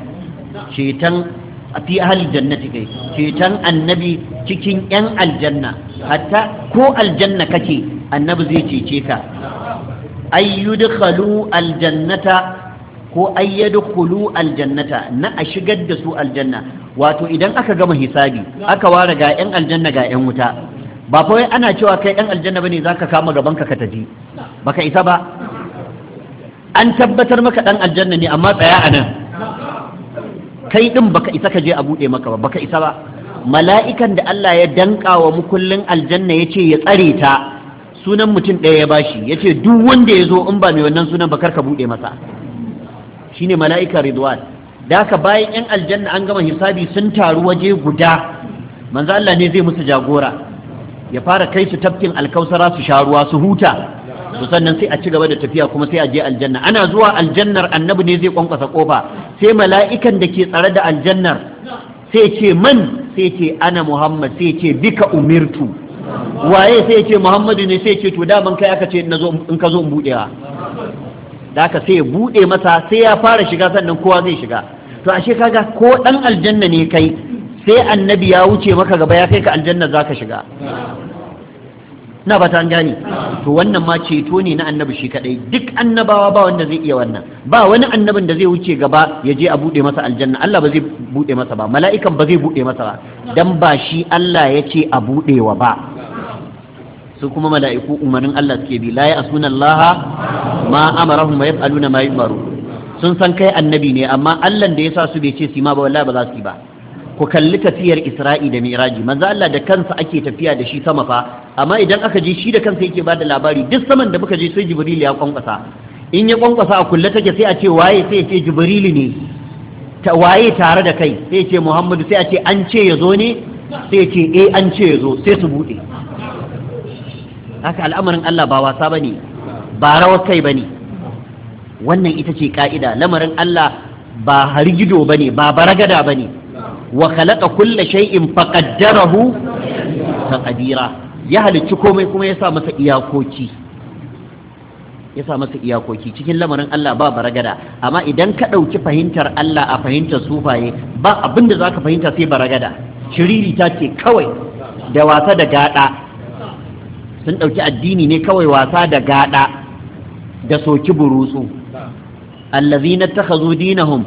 fi ahli jannati kai annabi cikin yan aljanna hatta ko aljanna kake annabi zai cece ka ay yudkhalu aljannata ko yadkhulu aljannata na a shigar da su aljanna wato idan aka gama hisabi aka ware ga yan aljanna ga yan wuta ba fa ana cewa kai yan aljanna bane zaka kama gaban ka ka tafi baka isa ba an tabbatar maka dan aljanna ne amma tsaya anan kai din baka isa ka je a bude maka ba baka isa ba mala'ikan da Allah ya danka wa mukullin aljanna ya ce ya tsare ta sunan mutum ɗaya ya bashi ya ce duk wanda ya zo in ba mai wannan sunan ba ka buɗe masa shine mala'ika ridwan da haka bayan yan aljanna an gama hisabi sun taru waje guda manzo Allah ne zai musu jagora ya fara kai su tafkin alkausara su sha ruwa su huta to sannan sai a ci gaba da tafiya kuma sai a je aljanna ana zuwa aljannar annabi ne zai kwankwasa kofa sai mala'ikan da ke tsare da aljannar sai ce man sai ce ana muhammad sai ce bika umirtu waye sai ya ce muhammadu ne sai ya ce to daman kai aka ce in ka zo in wa. da aka sai ya buɗe masa sai ya fara shiga sannan kowa zai shiga to ashe kaga ko ɗan aljanna ne kai sai annabi ya wuce maka gaba ya kai ka aljanna za ka shiga na ba ta gani to wannan ma ceto ne na annabi shi kadai duk annabawa ba wanda zai iya wannan ba wani annabin da zai wuce gaba ya je a buɗe masa aljanna Allah ba zai buɗe masa ba mala'ikan ba zai buɗe masa ba dan ba shi Allah ya ce a buɗewa ba su kuma mala'iku umarnin Allah suke bi la ya'suna Allah ma amarahum wa yaf'aluna ma yumaru sun san kai annabi ne amma Allah da ya sa su bai ce su ma ba wallahi ba za su yi ba ku kalli tafiyar Isra'i da Miraji manzo Allah da kansa ake tafiya da shi sama fa amma idan aka je shi da kansa yake bada labari duk saman da muka je sai Jibril ya kwankwasa in ya kwankwasa a kulle take sai a ce waye sai ya ce Jibril ne ta waye tare da kai sai ya ce Muhammadu sai a ce an ce ya zo ne sai ya ce eh an ce ya zo sai su bude haka al'amarin Allah ba wasa bane ba rawar kai bane wannan ita ce ka'ida lamarin Allah ba harigido bane ba baragada bane wa khalaqa kulla shay'in faqaddarahu taqdira ya halicci komai kuma ya sa masa iyakoki ya sa masa iyakoki cikin lamarin Allah ba baragada amma idan ka ɗauki fahimtar Allah a fahimtar sufaye ba abin da za ka fahimta sai baragada shiriri ta ce kawai da wasa da gada sun ɗauki addini ne kawai wasa da gaɗa da soki burutsu allazina takhazu dinahum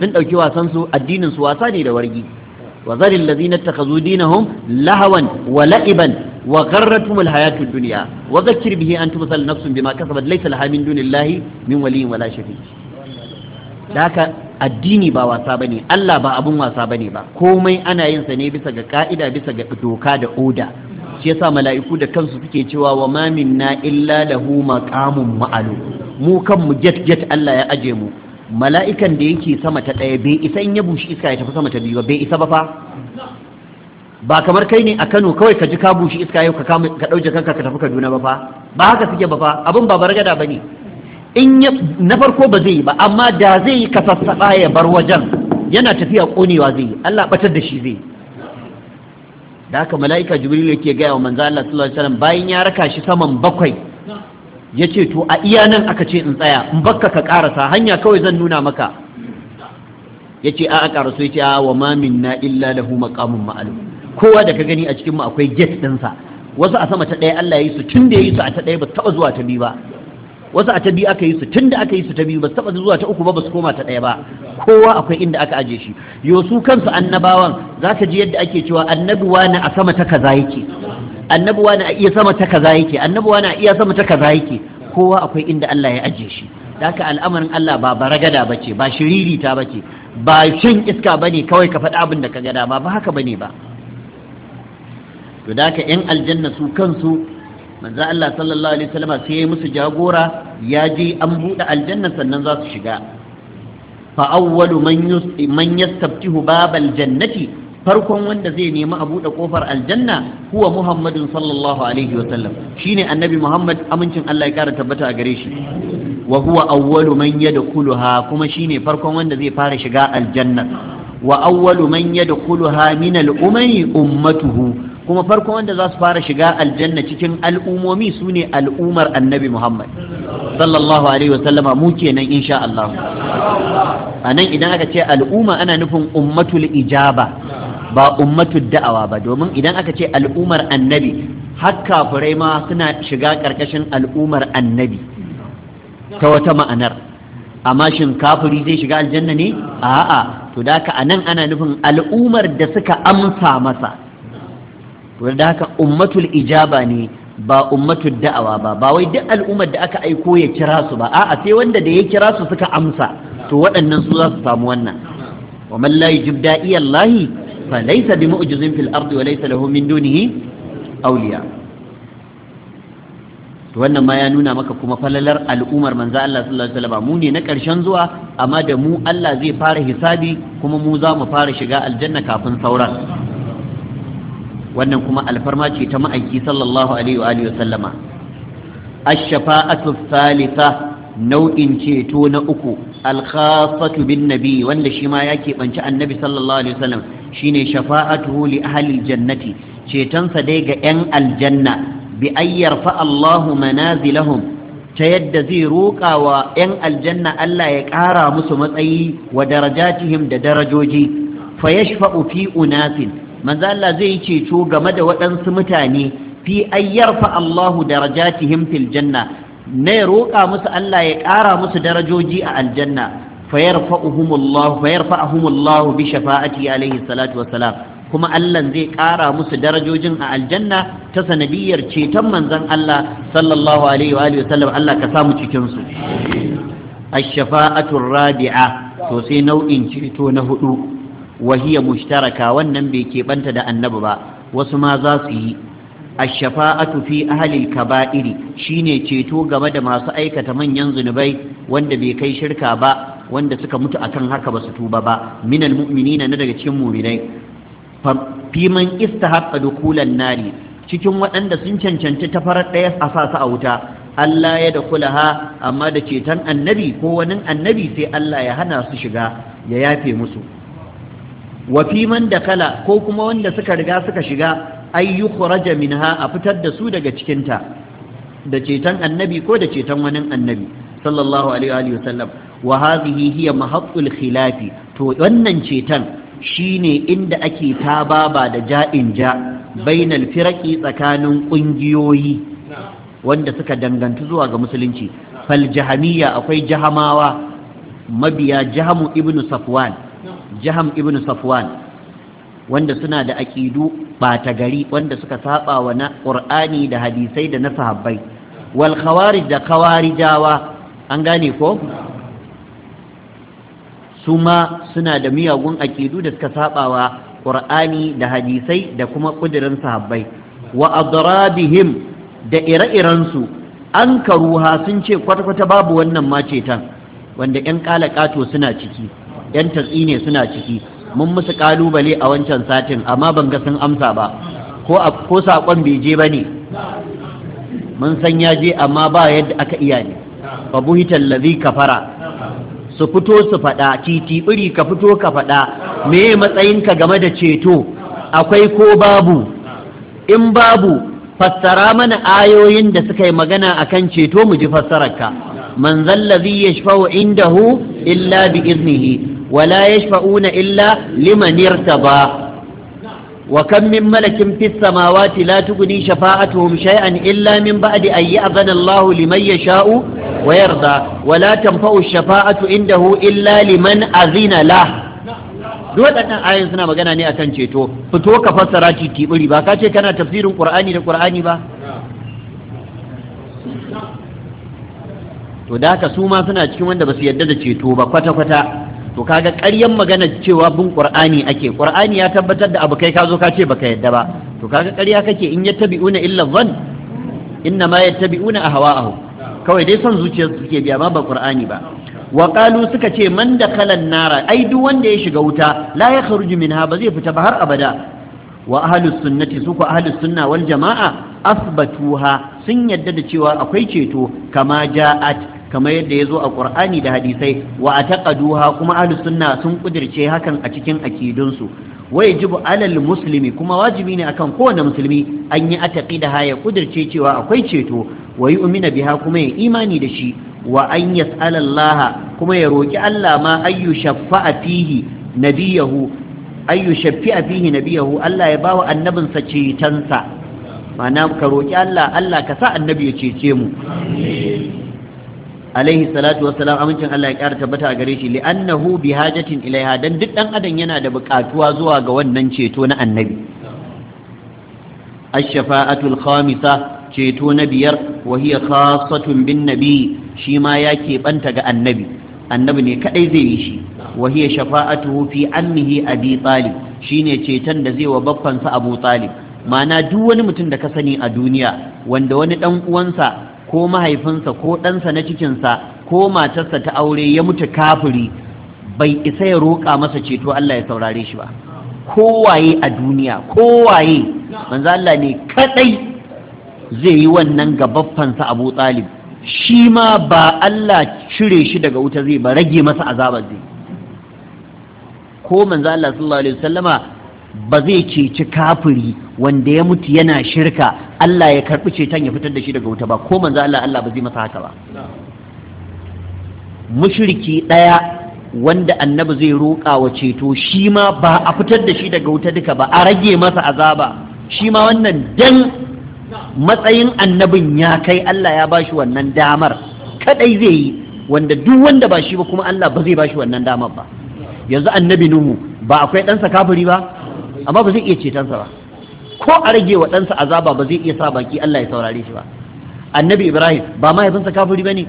sun ɗauki wasan su addinin su wasa ne da wargi wa zalil ladina takhazu dinahum lahawan wa la'iban wa gharratu al hayatid dunya wa dhakkir bihi an tusal nafsun bima kasabat laysa laha min dunillahi min waliyyin wala shafi'in addini ba wasa bane Allah ba abun wasa bane ba komai ana yin sa ne bisa ga ka'ida bisa ga doka da oda shi yasa mala'iku da kansu suke cewa wa ma minna illa lahu maqamun ma'alu mu kan mu get get Allah ya aje mu mala'ikan da yake sama ta ɗaya bai isa in ya bushi iska ya tafi sama ta biyu bai isa ba fa ba kamar kai ne a Kano kawai ka ji ka bushi iska yau ka ka dauke kanka ka tafi Kaduna ba fa ba haka suke ba fa abun ba bargada bane in ya na farko ba zai yi ba amma da zai yi kasassaba ya bar wajen yana tafiya konewa zai yi Allah batar da shi zai yi da haka mala'ika jibril yake gaya wa manzo Allah sallallahu alaihi wasallam bayan ya raka shi saman bakwai yace to a iya nan aka ce in tsaya in bakka ka karasa hanya kawai zan nuna maka yace a a karaso yace a wa ma minna illa lahu maqamun ma'lum kowa da ka gani a cikin mu akwai gate ɗinsa wasu a sama ta ɗaya Allah ya yi su tun da ya yi su a ta ɗaya ba taɓa zuwa ta biyu ba wasu a ta biyu aka yi su tun da aka yi su ta biyu ba su taɓa zuwa ta uku ba ba su koma ta ɗaya ba kowa akwai inda aka aje shi yosu kansu annabawan za ka ji yadda ake cewa annabuwa na a sama ta kaza yake annabuwa na a iya sama ta kaza yake annabuwa na a iya sama ta kaza yake kowa akwai inda Allah ya aje shi haka al'amarin Allah ba baragada ba ce ba shiririta ba ce ba shan iska bane kawai ka faɗi abin da ka gada ba ba haka bane ba to da haka 'yan aljanna su kansu manzo Allah sallallahu alaihi wasallam sai ya musu jagora ya je an bude aljanna sannan za su shiga fa awwalu man yus man yastabtihu babal jannati farkon wanda zai nemi a buɗe ƙofar aljanna huwa muhammadin sallallahu alaihi wa sallam shine annabi muhammad amincin allah ya ƙara tabbata a gare shi wa huwa awwalu man yadkhuluha kuma shine farkon wanda zai fara shiga aljanna wa awwalu man yadkhuluha min al-umami ummatuhu kuma farko wanda za su fara shiga aljanna cikin al'umomi su ne al'umar annabi muhammad sallallahu alaihi wasallama mu kenan insha Allah a nan idan aka ce al'umma ana nufin ummatul ijaba ba ummatul da'awa ba domin idan aka ce al'umar annabi har kafirai ma suna shiga karkashin al'umar annabi ta wata ma'anar amma shin kafiri zai shiga aljanna ne a'a to da haka anan ana nufin al'umar da suka amsa masa da haka ummatul ijaba ne ba ummatul da'awa ba ba wai duk al'ummar da aka aiko ya kira su ba a'a sai wanda da ya kira su suka amsa to waɗannan su za su samu wannan wa man la yujib da'i Allah fa laysa bi mu'jizin fil ardi wa laysa lahu min dunihi awliya to wannan ma ya nuna maka kuma falalar al'ummar manzo Allah sallallahu alaihi wasallam mu ne na ƙarshen zuwa amma da mu Allah zai fara hisabi kuma mu za mu fara shiga aljanna kafin sauran wannan kuma alfarma ce ta ma'aiki sallallahu alaihi wa sallama ash-shafa'atu thalitha nau'in ceto na uku al bin nabi wanda shi ma ya keɓanci annabi sallallahu alaihi wasallam shine Shafa'atu li ahli jannati cetonsa dai ga 'yan aljanna bi ayyar fa'allahu manazilahum ta yadda zai roƙa wa 'yan aljanna Allah ya ƙara musu matsayi wa darajatihim da darajoji fa yashfa'u fi unasin manzo Allah zai ceto game da waɗansu mutane fi ayyarfa Allahu darajatihim fil janna ne roƙa musu Allah ya ƙara musu darajoji a aljanna fayarfa'uhumullahu fayarfa'uhumullahu bi shafa'ati alaihi salatu wassalam kuma Allah zai ƙara musu darajojin a aljanna ta sanadiyar ceton manzon Allah sallallahu alaihi wa alihi wasallam Allah ka samu cikin su ash-shafa'atu rabi'a to sai nau'in ceto na hudu wahiya mushtaraka wannan bai keɓanta da annabi ba wasu ma za su yi ash-shafa'atu fi ahli al-kaba'iri shine ceto game da masu aikata manyan zunubai wanda bai kai shirka ba wanda suka mutu akan haka ba su tuba ba minal mu'minina na daga cikin mu'minai fi man istahaqqa dukulan nari cikin waɗanda sun cancanci ta farar ɗaya a sa su a wuta Allah ya da kulaha amma da ceton annabi ko wani annabi sai Allah ya hana su shiga ya yafe musu wa fi man dakala ko kuma wanda suka riga suka shiga ay yukhraja minha a fitar da su daga cikinta. da ceton annabi ko da ceton wani annabi sallallahu alaihi wa sallam wa hadhihi hiya mahaqqul khilafi to wannan ceton shine inda ake tababa da ja'in ja bainal firaqi tsakanin kungiyoyi wanda suka dangantu zuwa ga musulunci fal jahamiyya akwai jahamawa mabiya jahamu ibnu safwan Jiham ibn safwan wanda suna da aƙidu ɓata gari wanda suka saba wa na ƙur'ani da hadisai da na sahabbai wal khawarij da khawarijawa an gane ko su suna da miyagun aƙidu da suka saba wa ƙur'ani da hadisai da kuma ƙudirin sahabbai wa adrabihim da ire-irensu an karuha sun ce kwata-kwata babu wannan macetan wanda 'yan ƙalaƙato suna ciki yan tatsi ne suna ciki mun musu ƙalubale a wancan satin amma ban ga sun amsa ba ko ko sakon bai je bane mun san ya je amma ba yadda aka iya ne fa buhital ladhi kafara su fito su faɗa titibiri ka fito ka faɗa me matsayin ka game da ceto akwai ko babu in babu fassara mana ayoyin da suka yi magana akan ceto mu ji fassararka man zallazi yashfa'u indahu illa bi iznihi wala yashfa'una illa liman irtaba wa kam min malakin fis samawati la tughni shafa'atuhum shay'an illa min ba'di an ya'zana Allah liman yasha'u wa yarda wa la tanfa'u shafa'atu indahu illa liman azina lahu waɗannan ayoyin suna magana ne akan ceto fito ka fassara titibiri ba ka ce kana tafsirin qur'ani da qur'ani ba to da haka suma suna cikin wanda ba su yarda da ceto ba kwata-kwata to kaga ƙaryan magana cewa bin qur'ani ake qur'ani ya tabbatar da abu kai ka zo ka ce baka yadda ba to kaga ƙarya kake in yattabi'una illa dhann inna ma yattabi'una ahwa'ahum kawai dai son zuciyar su suke biya ma ba qur'ani ba wa qalu suka ce man kalan nara ai duk wanda ya shiga wuta la ya minha ba zai fita ba har abada wa ahlus sunnati su ku ahlus sunna wal jama'a asbatuha sun yadda da cewa akwai ceto kama ja'at kamar yadda ya zo a ƙur'ani da hadisai wa a taƙaduha kuma ahlu sunna sun ƙudirce hakan a cikin akidunsu wai jibu alal musulmi kuma wajibi ne akan kowane musulmi an yi ataƙi da haya ƙudirce cewa akwai ceto wa yi umina biha kuma ya imani da shi wa an yas'alallaha kuma ya roƙi Allah ma ayyu shaffa'a fihi nabiyahu ayyu shaffi'a fihi nabiyahu Allah ya bawa annabinsa cetonsa ma'ana ka roƙi Allah Allah ka sa annabi ya cece mu alaihi salatu wassalam amincin Allah ya ƙara tabbata a gare shi li'annahu Annahu hajatin ilaiha dan duk dan adam yana da buƙatuwa zuwa ga wannan ceto na annabi ash-shafa'atul khamisa ceto na biyar wa hiya khassatun bin nabi shi ma ya keɓanta ga annabi annabi ne kadai zai yi shi wa hiya shafa'atuhu fi ammihi abi talib shine ceton da zai wa baffansa abu talib ma'ana duk wani mutum da ka sani a duniya wanda wani dan uwansa ko mahaifinsa ko ɗansa na cikinsa ko matarsa ta aure ya mutu kafiri bai isa ya roƙa masa ceto Allah ya saurare shi ba kowaye a duniya kowaye manzo Allah ne kadai zai yi wannan gabaffansa Abu Talib shi ma ba Allah cire shi daga wuta zai ba rage masa azabar zai ko manzo Allah sallallahu alaihi wasallama ba zai ceci kafiri wanda ya mutu yana shirka Allah ya karɓi ceton ya fitar da shi daga wuta ba ko manzo Allah Allah ba zai masa haka ba mushriki ɗaya wanda annabi zai roƙa wa ceto shi ma ba a fitar da shi daga wuta duka ba a rage masa azaba shi ma wannan dan matsayin annabin ya kai Allah ya bashi wannan damar kadai zai yi wanda duk wanda ba shi ba kuma Allah ba zai bashi wannan damar ba yanzu annabi Nuhu ba akwai ɗansa kafiri ba amma ba zai iya cetonsa ba ko a rage wa ɗansa azaba ba zai iya sa baki Allah ya saurare shi ba annabi ibrahim ba mahaifinsa kafiri ba ne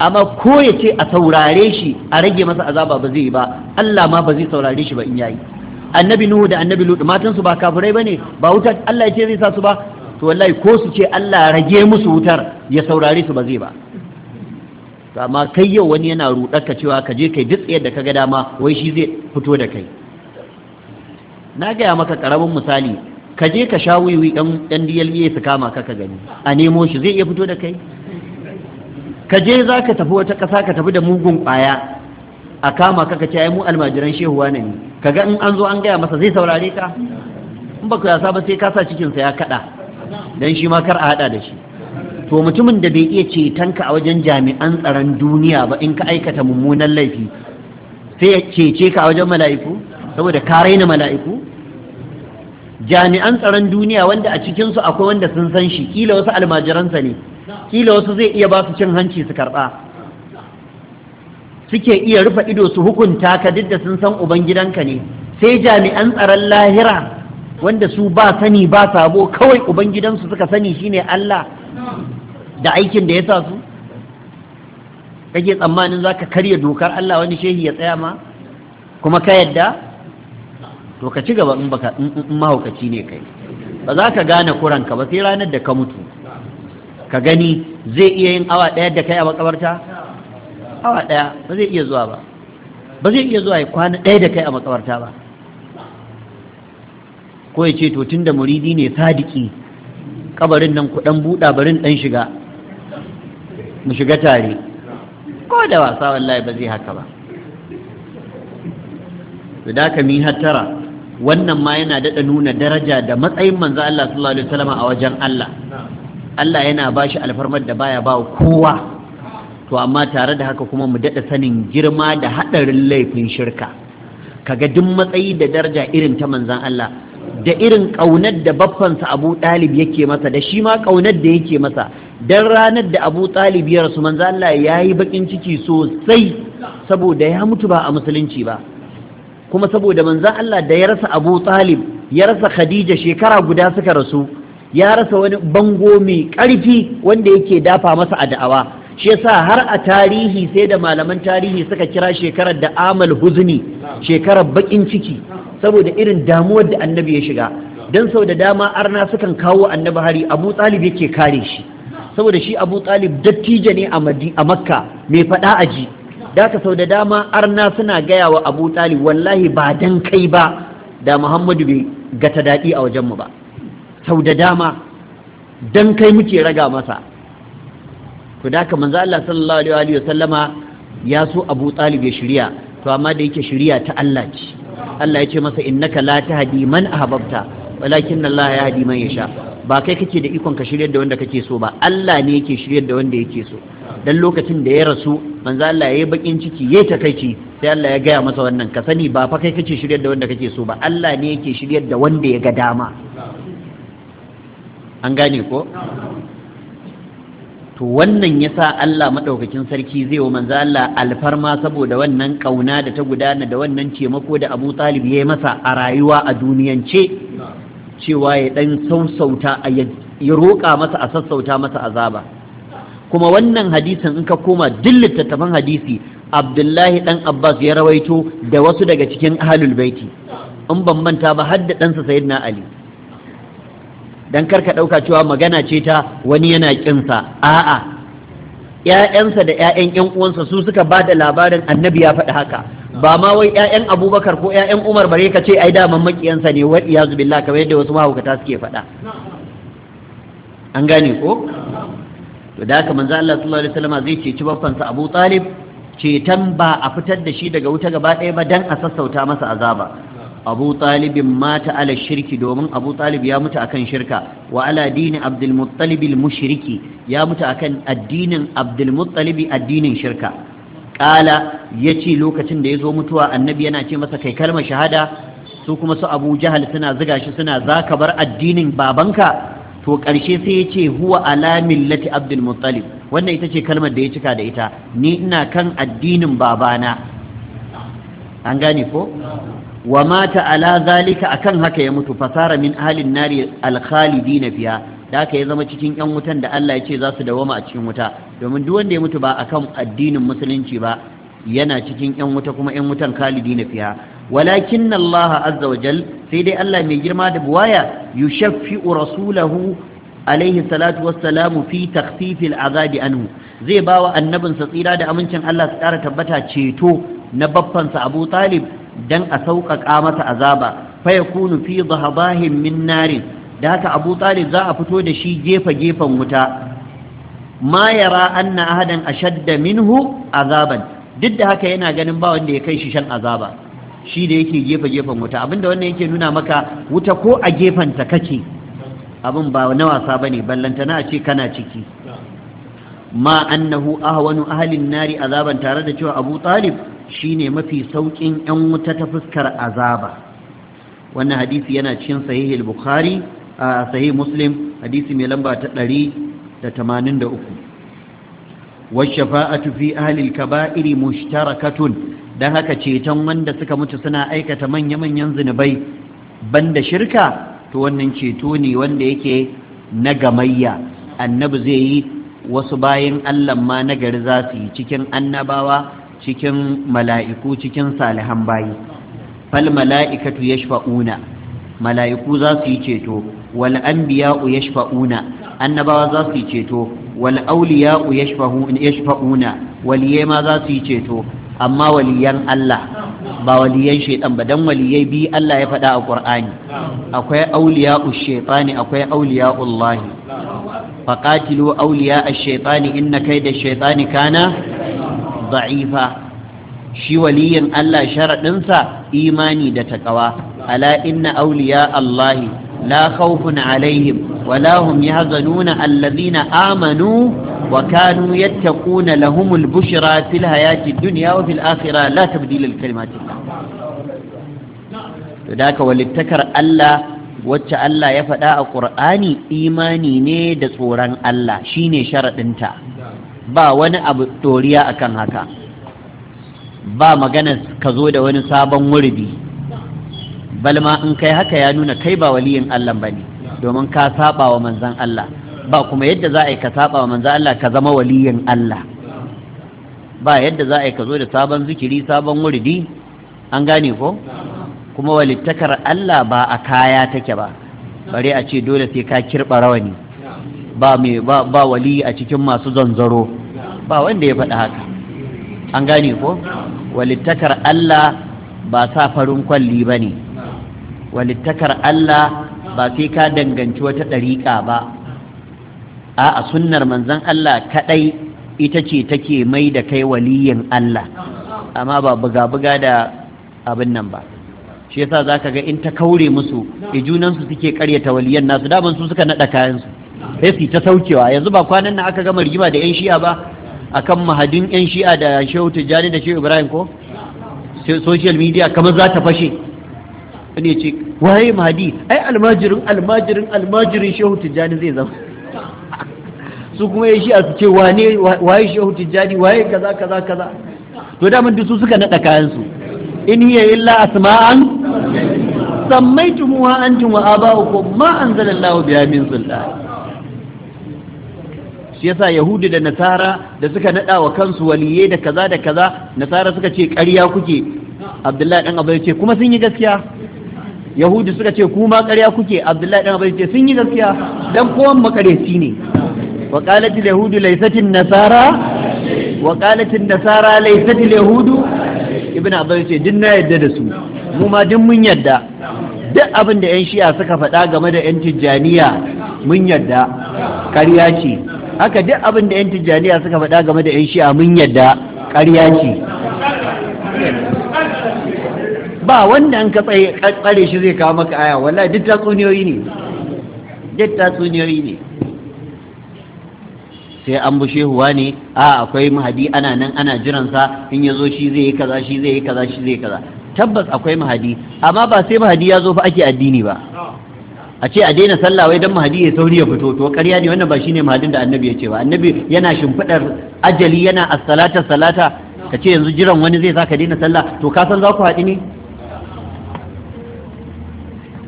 amma ko ya ce a saurare shi a rage masa azaba ba zai yi ba Allah ma ba zai saurare shi ba in yayi annabi nuhu da annabi lut matansu ba kafirai bane ba wuta Allah ya ce zai sa su ba to wallahi ko su ce Allah rage musu wutar ya saurare su ba zai ba amma kai yau wani yana ka cewa ka je kai dutse yadda ka ga dama wai shi zai fito da kai na gaya maka karamin misali ka je ka sha wiwi ɗan DLA e su kama ka ka gani a nemo shi zai iya fito da kai ka je za ka tafi wata ƙasa ka tafi da mugun ƙwaya a kama ka ka ce ai mu almajiran shehuwa ne ka ga in an zo an gaya masa zai saurare ka in ba ku yasa ba sai ka sa cikinsa ya kaɗa don shi ma kar a haɗa da shi to mutumin da bai iya cetonka a wajen jami'an tsaron duniya ba in ka aikata mummunan laifi sai ya cece ka a wajen mala'iku saboda ka raina mala'iku jami'an tsaron duniya wanda a cikinsu akwai wanda sun san shi kila wasu almajiransa ne kila wasu zai iya ba su cin hanci su karɓa suke iya rufe ido su hukunta ka duk da sun san ubangidanka ne sai jami'an tsaron lahira wanda su ba sani ba sabo kawai ubangidansu suka sani shine Allah da aikin da ya sa su kake tsammanin za ka karya dokar Allah wani shehi ya tsaya ma kuma ka yadda to ka ci gaba in baka in mahaukaci ne kai ba za ka gane kuranka ba sai ranar da ka mutu ka gani zai iya yin awa ɗaya da kai a makabarta awa ɗaya ba zai iya zuwa ba ba zai iya zuwa ya kwana ɗaya da kai a makabarta ba ko ya ce to tun da muridi ne sadiki kabarin nan ku kuɗan buɗa barin ɗan shiga mu shiga tare ko da wasa wallahi ba zai haka ba da ka mi hattara wannan ma yana daɗa nuna daraja da matsayin manzo Allah sallallahu alaihi wasallam a wajen Allah Allah yana ba shi alfarmar da baya ba kowa to amma tare da haka kuma mu daɗa sanin girma da haɗarin laifin shirka kaga duk matsayi da daraja irin ta manzan Allah da irin ƙaunar da baffansa Abu Talib yake masa da shi ma ƙaunar da yake masa dan ranar da Abu Talib ya rasu manzan Allah yayi bakin ciki sosai saboda ya mutu ba a musulunci ba kuma saboda manzan Allah da ya rasa Abu Talib ya rasa Khadija shekara guda suka rasu ya rasa wani bango mai ƙarfi wanda yake dafa masa a da'awa shi yasa har a tarihi sai da malaman tarihi suka kira shekarar da amal huzni shekarar baƙin ciki saboda irin damuwar da annabi ya shiga dan sau da dama arna sukan kawo annabi hari abu talib yake kare shi saboda shi abu talib dattijo ne a makka mai faɗa aji da sau da dama arna suna gaya wa abu talib wallahi ba dan kai ba da muhammadu bai gata daɗi a wajenmu ba sau da dama dan kai muke raga masa to da ka manzo Allah sallallahu alaihi wa sallama ya so abu talib ya shirya to amma da yake shirya ta Allah ce Allah ya ce masa innaka la tahdi man ahbabta walakin Allah ya hadi man yasha ba kai kake da ikon ka shiryar da wanda kake so ba Allah ne yake shirya da wanda yake so dan lokacin da ya rasu manzo Allah yi bakin ciki yayi takaici sai Allah ya gaya masa wannan ka sani ba fa kai kake shiryar da wanda kake so ba Allah ne yake shiryar da wanda ya ga dama an gane ko to wannan yasa Allah madaukakin sarki zai wa manzo Allah alfarma saboda wannan kauna da ta gudana da wannan cemako da Abu Talib yayi masa a rayuwa a duniyance cewa ya dan sausauta ya roƙa masa a sassauta masa azaba kuma wannan hadisin in ka koma duk littattafan hadisi abdullahi dan abbas ya rawaito da wasu daga cikin ahlul baiti in ban manta ba har da ɗansa sayyidina ali dan karka ɗauka cewa magana ce ta wani yana ƙinsa a'a ‘ya'yansa da ‘ya'yan ‘yan uwansa su suka ba da labarin annabi ya faɗi haka ba ma wai ‘ya'yan abubakar ko ‘ya'yan umar bare ka ce ai daman maƙiyansa ne wa iyazu billah kamar yadda wasu mahaukata suke faɗa an gane ko to da haka manzo Allah sallallahu alaihi wasallam zai ceci baffansa Abu Talib tan ba a fitar da shi daga wuta gaba ɗaya ba dan a sassauta masa azaba Abu Talib mata ala shirki domin Abu Talib ya mutu akan shirka wa ala dini Abdul Muttalib mushriki ya mutu akan addinin Abdul Muttalib addinin shirka kala yace lokacin da yazo mutuwa annabi yana ce masa kai kalmar shahada su kuma su Abu Jahal suna ziga shi suna zaka bar addinin babanka to ƙarshe sai ya ce huwa ala millati abdul muttalib wannan ita ce kalmar da ya cika da ita ni ina kan addinin babana an gane ko wa mata ala zalika akan haka ya mutu fasara min ahlin nari alkhalidina fiha da haka ya zama cikin yan wutan da Allah ya ce za su dawama a cikin wuta domin duk wanda ya mutu ba akan addinin musulunci ba yana cikin yan wuta kuma yan wutan khalidina fiha walakin Allah azza wa sai dai Allah mai girma da buwaya yushaffi'u rasulahu alaihi salatu wassalamu fi takhfifil azabi anhu zai bawa annabinsa tsira da amincin Allah su ƙara tabbata ceto na baffansa Abu Talib dan a sauƙaƙa masa azaba fa yakunu fi dhahabahin min narin da haka Abu Talib za a fito da shi gefa gefen wuta ma yara anna ahadan ashadda minhu azaban duk da haka yana ganin ba wanda ya kai shi shan azaba shi da yake gefe gefen wuta abinda wannan yake nuna maka wuta ko a gefenta kake abin ba na wasa bane ballantana a ce kana ciki ma annahu ahwanu ahlin nari azaban tare da cewa Abu Talib shine mafi saukin yan wuta ta fuskar azaba wannan hadisi yana cikin sahih bukhari a sahih Muslim hadisi mai lamba ta 183 والشفاعة في أهل الكبائر مشتركة don haka ceton wanda suka mutu suna aikata manya-manyan zunubai da shirka to wannan ceto ne wanda yake na gamayya annabi zai yi wasu bayan allah ma nagari za su yi cikin annabawa cikin mala'iku cikin salihan bayi fal mala'ikatu yashfa'una mala'iku za su yi ceto wal anbiya'u yashfa'una annabawa za su yi ceto wal auliya'u yashfa'una wal yema za su yi ceto amma waliyan Allah ba waliyan shaitan ba dan waliyai bi Allah ya faɗa a ƙur'ani. akwai auliya shaytani akwai auliya Allah faqatilu auliya ash-shaytani inna kai da shaytani kana da'ifa shi waliyan Allah sharaɗinsa? imani da takawa ala inna auliya Allahi. la khawfun alaihim wa la hum allazina alladhina amanu wa kanu yattaquna lahumul Bushira fil hayati dunya wa fil akhirah la tabdila li kalimatillah to da ka walittakar Allah wacce Allah ya faɗa a Qur'ani imani ne da tsoron Allah shine sharadinta ba wani abu doriya akan haka ba magana ka zo da wani sabon wurbi balma in kai haka ya nuna kai ba waliyin Allah bane domin ka saɓa wa manzon Allah ba kuma yadda za a yi ka saba wa manzo Allah ka zama waliyin Allah ba yadda za a yi ka zo da sabon zikiri sabon wuridi an gane ko kuma walittakar Allah ba a kaya take ba bare a ce dole sai ka kirɓa rawani ba mai ba, ba wali a cikin masu zanzaro ba wanda ya faɗi haka an gane ko walittakar Allah ba sa farin kwalli ba ne walittakar Allah ba sai ka danganci wata ɗariƙa ba a'a sunnar manzon Allah kaɗai. ita ce take mai da kai waliyin Allah amma ba buga-buga da abin nan ba shi yasa ka ga in ta kaure musu a junansu suke ta waliyan nasu daban su suka naɗa kayansu. sai su ta saukewa yanzu ba kwanan nan aka gama rigima da yan shi'a ba A kan mahadin yan shi'a da Shehu Tijjani da Shehu Ibrahim ko social media kamar za ta fashe ne ce waye mahadi ai almajirin almajirin almajirin Shehu Tijjani zai zama su kuma ya shi'a su ce wane waye shehu tijjani waye kaza kaza kaza to da mun su suka nada kayan su in hiya illa asma'an sammaytumuha antum wa aba'ukum ma anzalallahu biha min sultan shi yasa yahudi da nasara da suka nada wa kansu waliye da kaza da kaza nasara suka ce ƙarya kuke abdullahi dan abai ce kuma sun yi gaskiya yahudi suka ce kuma ƙarya kuke abdullahi dan abai ce sun yi gaskiya dan kowan makareci ne وقالت اليهود ليست النصارى وقالت النصارى nasara اليهود ابن عبد الله laysat na da su mu ma duk abin da yan shi'a suka faɗa game da yan tijjaniya mun yadda ƙarya ce haka duk abin da yan tijjaniya suka faɗa game da yan shi'a mun ba wanda an ka shi zai kawo maka aya wallahi duk tatsuniyoyi ne sai an bushe huwa ne a akwai mahadi ana nan ana jiransa in ya zo shi zai yi kaza shi zai yi kaza shi zai yi kaza tabbas akwai mahadi amma ba sai mahadi ya zo fa ake addini ba a ce a daina sallah wai dan mahadi ya sauri ya fito to ƙarya ne wannan ba shine mahadin da annabi ya ce ba annabi yana shimfidar ajali yana as-salata salata ka ce yanzu jiran wani zai saka daina sallah to ka san za ku haɗi ne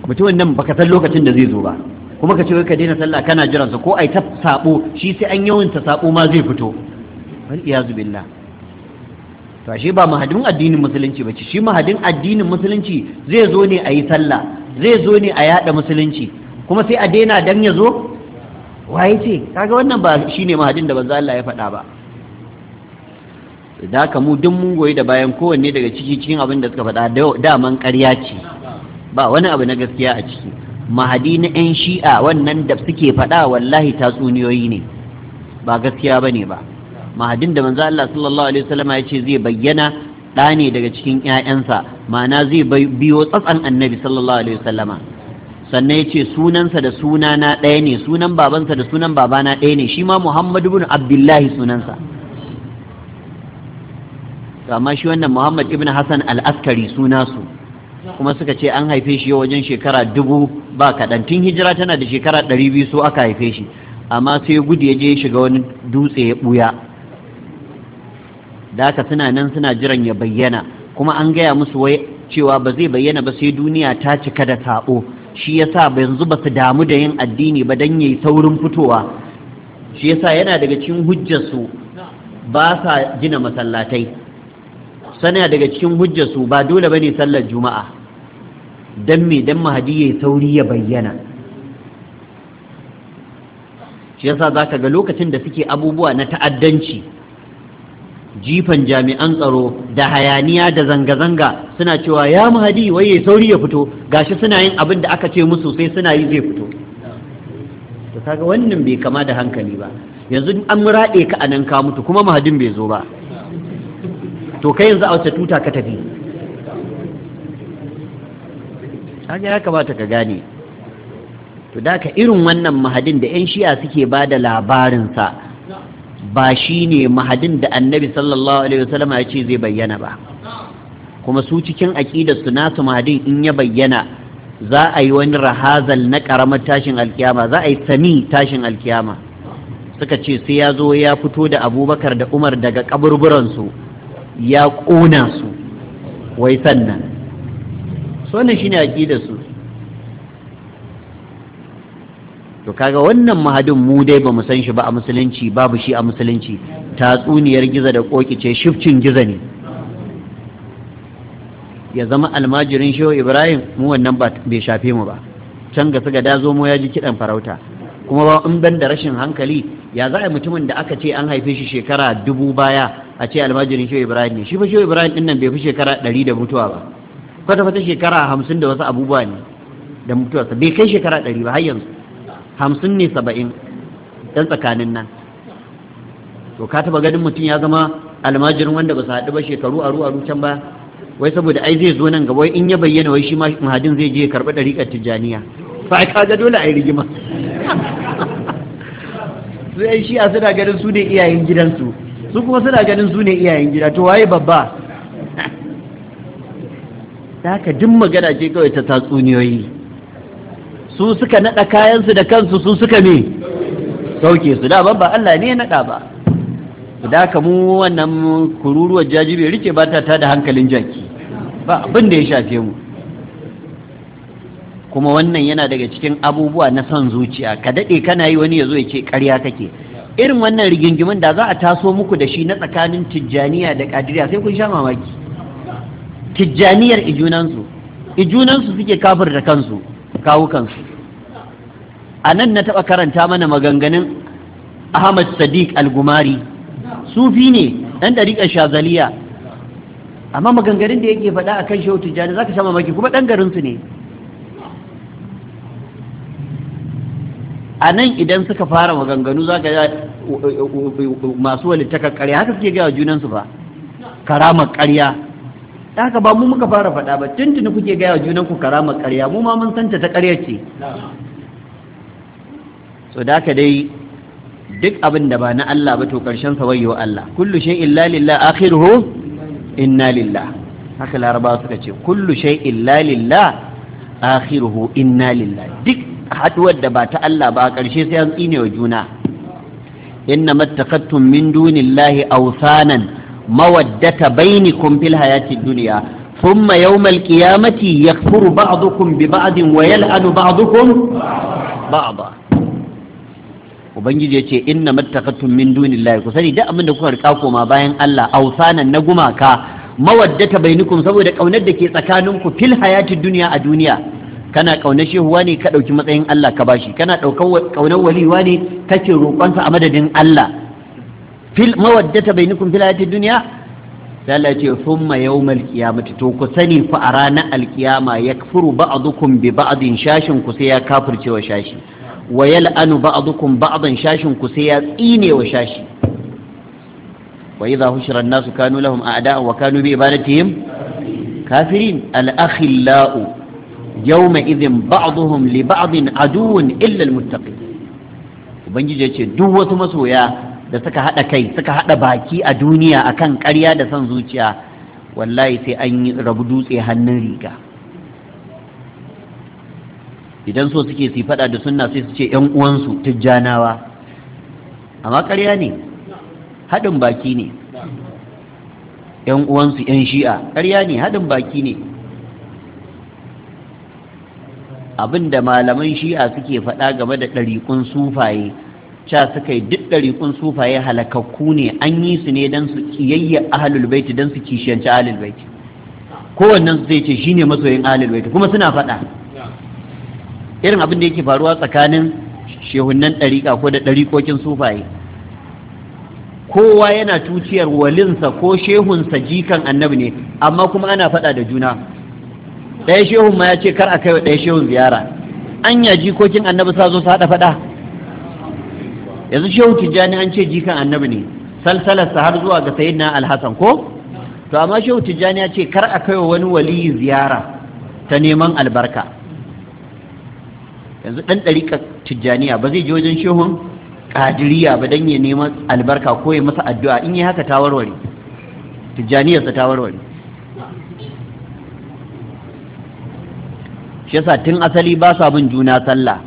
mutumin nan baka san lokacin da zai zo ba kuma ka ce ka daina sallah kana jiran sa ko ai ta sabo shi sai an yawan ta sabo ma zai fito wal iyazu billah to ashe ba mahadin addinin musulunci bace shi mahadin addinin musulunci zai zo ne a yi sallah zai zo ne a yada musulunci kuma sai a daina dan ya zo waye ce kaga wannan ba shi ne mahadin da banza Allah ya faɗa ba da haka mu duk mun goyi da bayan kowanne daga ciki cikin abin da suka faɗa daman ƙarya ce ba wani abu na gaskiya a ciki mahadi na 'yan shi'a wannan da suke faɗa wallahi tatsuniyoyi ne ba gaskiya ba ne ba mahadin da manzo Allah sallallahu alaihi wasallam ya ce zai bayyana ɗa ne daga cikin 'ya'yansa ma'ana zai biyo tsatsan annabi sallallahu alaihi wasallama sannan ya ce sunansa da sunana ɗaya ne sunan babansa da sunan babana ɗaya ne shi ma muhammadu bin abdullahi sunansa amma shi wannan muhammad ibn hassan al-askari suna su kuma suka ce an haife shi yau wajen shekara dubu ba kaɗan tun hijira tana da shekara ɗari biyu so aka haife shi amma sai gudu ya je shiga wani dutse ya ɓuya da haka suna nan suna jiran ya bayyana kuma an gaya musu wai cewa ba zai bayyana ba sai duniya ta cika da saɓo shi ya ba yanzu ba su damu da yin addini ba don yayi saurin fitowa shi ya sa yana daga cikin hujjarsu ba sa gina masallatai sana daga cikin hujjarsu ba dole bane sallar juma'a dan me dan mahadi ya sauri ya bayyana shi yasa zaka ga lokacin da suke abubuwa na ta'addanci jifan jami'an tsaro da hayaniya da zanga-zanga suna cewa ya mahadi ya sauri ya fito gashi suna yin abin da aka ce musu sai suna yi zai fito to kaga wannan bai kama da hankali ba yanzu an muraɗe ka a nan ka mutu kuma mahadin bai zo ba to kai yanzu a wace tuta ka tafi haka ya kamata ka gane to da ka irin wannan mahadin da 'yan shi'a suke ba da labarinsa ba shi ne mahadin da annabi sallallahu alaihi wasallam ya ce zai bayyana ba kuma su cikin aƙidarsu nasu mahadin in ya bayyana za a yi wani rahazal na ƙaramar tashin alkiyama za a yi sami tashin alkiyama suka ce sai ya zo ya fito da abubakar da umar daga kaburburansu ya ƙona su wai sannan sonin shi ne da su to kaga wannan mahadin mu dai ba san shi ba a musulunci babu shi a musulunci tatsuniyar giza da ce shifcin giza ne ya zama almajirin shehu ibrahim mu wannan bai shafe mu ba can ga suga dazo mu ya ji kiɗan farauta kuma ba in ban da rashin hankali ya za a mutumin da aka ce an haife shi shekara dubu baya a ce almajirin shehu ibrahim ne shi fa shehu ibrahim din nan bai fi shekara ɗari da mutuwa ba kwata kwata shekara hamsin da wasu abubuwa ne da mutuwa sa bai kai shekara ɗari ba har yanzu hamsin ne saba'in ɗan tsakanin nan to ka taɓa ganin mutum ya zama almajirin wanda ba su haɗu ba shekaru aru aru can ba wai saboda ai zai zo nan gaba wai in ya bayyana wai shi ma mahadin zai je ya karɓi ɗariƙar tijjaniya fa ka ga dole a yi rigima sai shi a suna ganin su ne iyayen gidansu su kuma suna ganin su ne iyayen gida to waye babba da haka duk magana ce kawai ta tatsuniyoyi su suka naɗa kayansu da kansu su suka me sauke su da babba Allah ne naɗa ba da haka mu wannan kururuwar jajibe rike ba ta tada hankalin jaki ba abin da ya shafe mu kuma wannan yana daga cikin abubuwa na son zuciya ka daɗe kana yi wani ya zo ya ce ƙarya kake irin wannan rigingimin da za a taso muku da shi na tsakanin tijjaniya da kadiriya sai kun sha mamaki tijjaniyar ijunansu ijunansu suke kafir da kansu kawukansu a nan na taɓa karanta mana maganganun ahmad sadiq al-gumari sufi ne ɗan ɗariƙar shazaliya amma maganganun da yake faɗa a kan shehu tijjani za ka sha mamaki kuma ɗan garinsu ne a nan idan suka fara maganganu za ka masu walittakar karya haka suke gaya junansu ba karamar karya haka ba mu muka fara faɗa ba tuntuni kuke gaya junanku karamar karya mu ma mun santa ta karya ce so da haka dai duk abin da ba na Allah ba to karshen sa wayo Allah kullu shay'in la lillah akhiruhu inna lillah haka larabawa suka ce kullu shay'in la lillah akhiruhu inna lillah duk haduwar da ba ta Allah ba ƙarshe sai an tsine wa juna inna mattaqattum min dunillahi awsanan mawaddata bainakum fil hayatid dunya thumma yawmal qiyamati yakfuru ba'dukum bi ba'din wa yal'anu ba'dukum ba'da ubangiji yace inna mattaqattum min dunillahi ku sani duk da kuka rika koma bayan Allah awsanan na gumaka mawaddata bainakum saboda kaunar da ke tsakaninku fil hayatid dunya a duniya kana ƙaunar shehuwa ne ka ɗauki matsayin Allah ka bashi kana ƙaunar waliwa ne kake roƙonsa a madadin Allah fil mawaddata bainakum fil hayatid dunya sai Allah ya ce thumma yawmal qiyamati to ku sani fa a ranar alkiyama yakfuru ba'dukum bi ba'din shashin ku sai ya kafirce wa shashi wa yal'anu ba'dukum ba'dan shashin ku sai ya tsine wa shashi wa idha hushira an-nasu kanu lahum a'da'a wa kanu bi ibadatihim kafirin al-akhillau yawma idhin ba'dhum li ba'din aduwwun illa almuttaqin ubangiji ya ce duk wasu masoya da suka haɗa kai suka haɗa baki a duniya akan ƙarya da son zuciya wallahi sai an yi rabu dutse hannun riga idan so suke su faɗa da sunna sai su ce ‘yan uwansu tijjanawa amma ƙarya ne haɗin baki ne ‘yan uwansu ‘yan shi'a ƙarya ne haɗin baki ne abin da malaman shi'a suke faɗa game da ɗariƙun sufaye ca suka yi duk ɗariƙun sufaye halakakku ne an yi su ne don su kiyayya ahalul baiti don su kishiyanci ahalul baiti kowannen zai ce shine masoyin ahalul baiti kuma suna faɗa irin abin da yake faruwa tsakanin shehunan ɗariƙa ko da ɗariƙokin sufaye kowa yana tuciyar walinsa ko shehunsa jikan annabi ne amma kuma ana faɗa da juna ɗaya shehu ma ya ce kar a kai wa ɗaya shehun ziyara an ya jikokin annabi sa zo su haɗa faɗa yanzu shehu tijjani an ce jikan annabi ne salsalarsa har zuwa ga na alhassan ko to amma shehu tijjani ya ce kar a kai wa wani waliyi ziyara ta neman albarka yanzu ɗan ɗariƙar tijjaniya ba zai je wajen shehun kadiriya ba don ya neman albarka ko ya masa addu'a in yi haka ta warware tijjaniyarsa ta warware shi yasa tun asali ba sa bin juna sallah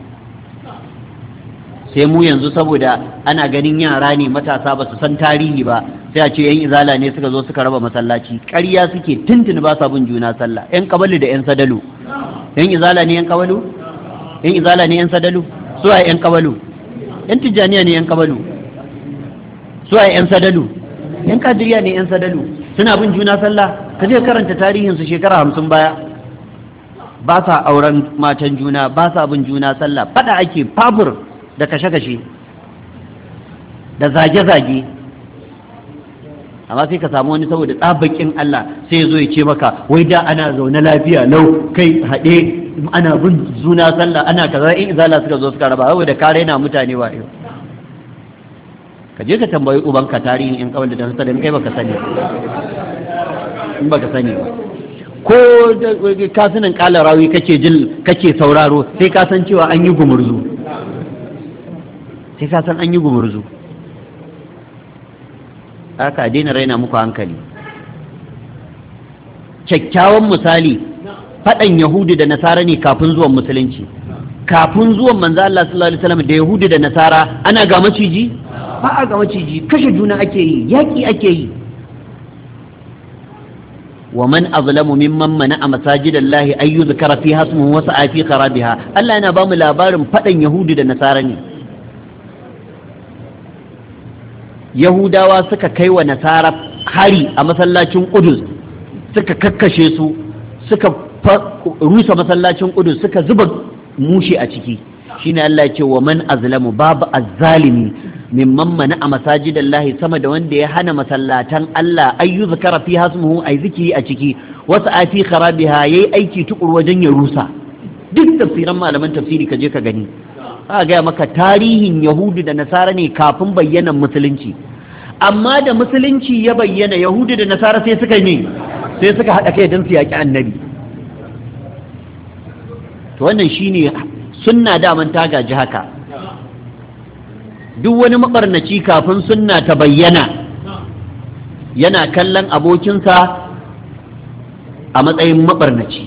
sai mu yanzu saboda ana ganin yara ne matasa ba su san tarihi ba sai a ce yan izala ne suka zo suka raba masallaci ƙarya suke tuntun ba sa bin juna sallah yan kabalu da yan sadalu yan izala ne yan kabalu yan izala ne yan sadalu su a yan kabalu yan tijjaniya ne yan kabalu su a yan sadalu yan kadiriya ne yan sadalu suna bin juna sallah ka je karanta tarihin su shekara hamsin baya ba sa auren matan juna ba sa bin juna sallah fada ake fabur da kashe-kashe da zage-zage amma sai ka samu wani saboda tsabakin Allah sai zo ya ce maka wai da ana zaune lafiya lau kai haɗe ana bin juna sallah ana kaza in izala suka zo suka raba saboda kare na mutane wa yau ka je ka tambayi uban ka tarihin in kawai da ta kai baka sani ba in baka sani ba ko kasunan kala rawi kake jin kake sauraro sai ka san cewa an yi gumurzu sai ka san an yi gumurzu aka daina raina muku hankali kyakkyawan misali faɗan yahudu da nasara ne kafin zuwan musulunci kafin zuwan manzo Allah sallallahu alaihi wasallam da yahudu da nasara ana ga maciji ba a ga maciji kashe juna ake yi yaki ake yi ومن أظلم ممن منع مساجد الله أن يذكر فيها اسمه وسعى في خرابها الله أنا بام لابار فتن يهود da nasarani yahudawa suka kai wa nasara hari a masallacin ƙudus suka kakkashe su suka rusa masallacin ƙudus suka zuba mushi a ciki shine Allah ce wa man azlamu babu azzalimi mimman mana a masajidan lahi sama da wanda ya hana masallatan Allah ayyu zakara fi hasmuhu ay a ciki wasu afi kharabiha yayi aiki tukur wajen ya rusa duk tafsiran malaman tafsiri ka je ka gani a gaya maka tarihin yahudu da nasara ne kafin bayyanan musulunci amma da musulunci ya bayyana yahudu da nasara sai suka ne sai suka haɗa kai don su yaƙi annabi to wannan shine sunna daman ta gaji haka duk wani maɓarnaci kafin sunna ta bayyana yana kallon abokinsa a matsayin maɓarnaci,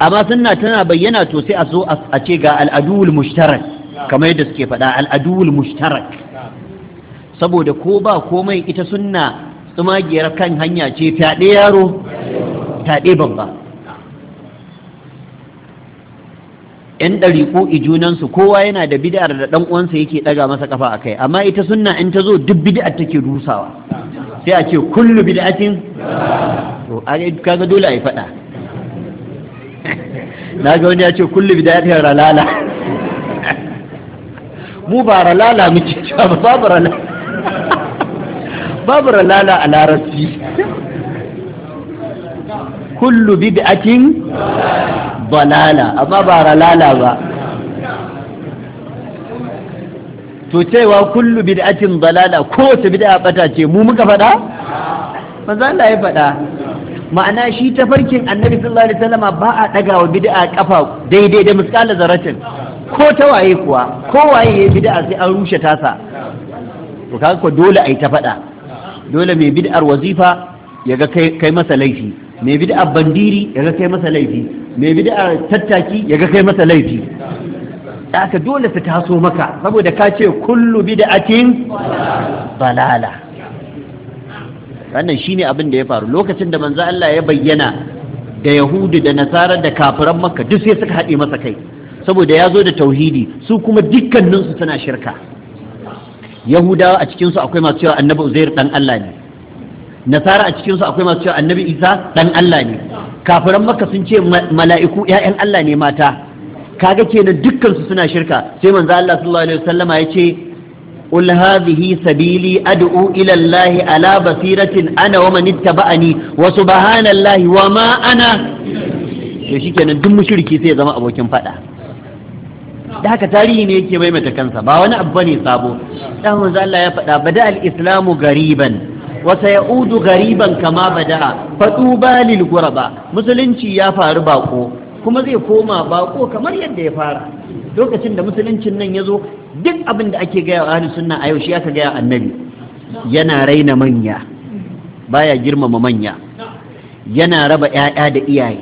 amma sunna tana bayyana to sai a so a ce ga al'adul mushtarak kamar yadda suke faɗa al'adul mushtarak saboda ko ba komai ita sunna tsumagiyar kan hanya ce fyaɗe yaro fyaɗe babba yan ɗariƙo junansu kowa yana da bid'ar da ɗan uwansa yake ɗaga masa kafa a kai amma ita sunna in ta zo duk bid'ar take rusawa sai a ce kullu bid'atin to kaga dole a yi faɗa na ga wani ya ce kullu bid'atin ralala mu ba ralala mu cewa ba babu ralala babu ralala a larabci kullu bid'atin balala amma ba ralala ba to cewa kullu bid'atin dalala kowace bid'a bata ce mu muka faɗa manzo Allah ya faɗa ma'ana shi ta farkin annabi sallallahu alaihi wasallam ba a daga wa bid'a kafa daidai da miskala zaratin ko ta waye kuwa ko waye ya bid'a sai an rushe tasa to kaga ko dole ai ta faɗa dole mai bid'ar wazifa ya ga kai masa laifi mai bid'ar bandiri ya ga kai masa laifi mai bid'a tattaki ya ga kai masa laifi aka dole su taso maka saboda ka ce kullu bid'atin balala wannan ne abin da ya faru lokacin da manzo Allah ya bayyana da yahudu da nasara da kafiran maka, duk sai suka haɗe masa kai saboda ya zo da tauhidi su kuma dukkaninsu suna shirka yahudawa a cikinsu akwai masu cewa annabi uzair ɗan Allah ne nasara a cikinsu akwai masu cewa annabi isa dan allah ne kafiran maka sun ce mala'iku 'ya'yan allah ne mata kaga kenan dukkansu suna shirka sai manzo allah sallallahu alaihi wasallama ya ce قل هذه سبيلي أدعو إلى الله على بصيرة أنا ومن اتبعني وسبحان الله وما kenan duk mushriki sai zama abokin faɗa? da haka tarihi ne yake maimaita kansa ba wani abu bane sabo dan manzo Allah ya fada bada al-islamu gariban wasa ya udu gariban kama bada faɗu balil ba. musulunci ya faru bako kuma zai koma bako kamar yadda ya fara lokacin da musuluncin nan ya zo duk abin da ake gaya wa sunna a yau shi aka gaya annabi yana raina manya baya girmama manya yana raba 'ya'ya da iyaye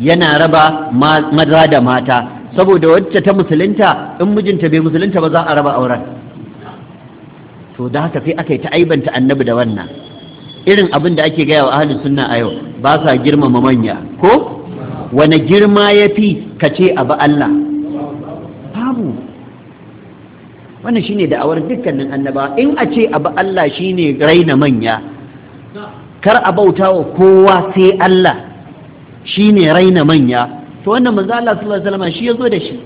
yana raba maza da mata saboda wacce ta musulunta in mijinta bai musulunta ba za a raba auren to da haka sai aka yi ta aibanta annabi da wannan irin abin da ake gaya wa ahli sunna a yau ba sa girmama manya ko wani girma ya fi ka ce abu Allah babu wannan shine awar dukkanin annaba in a ce abu Allah shine raina manya kar a bauta wa kowa sai Allah shine raina manya to wannan manzo Allah sallallahu alaihi wasallam shi zo da shi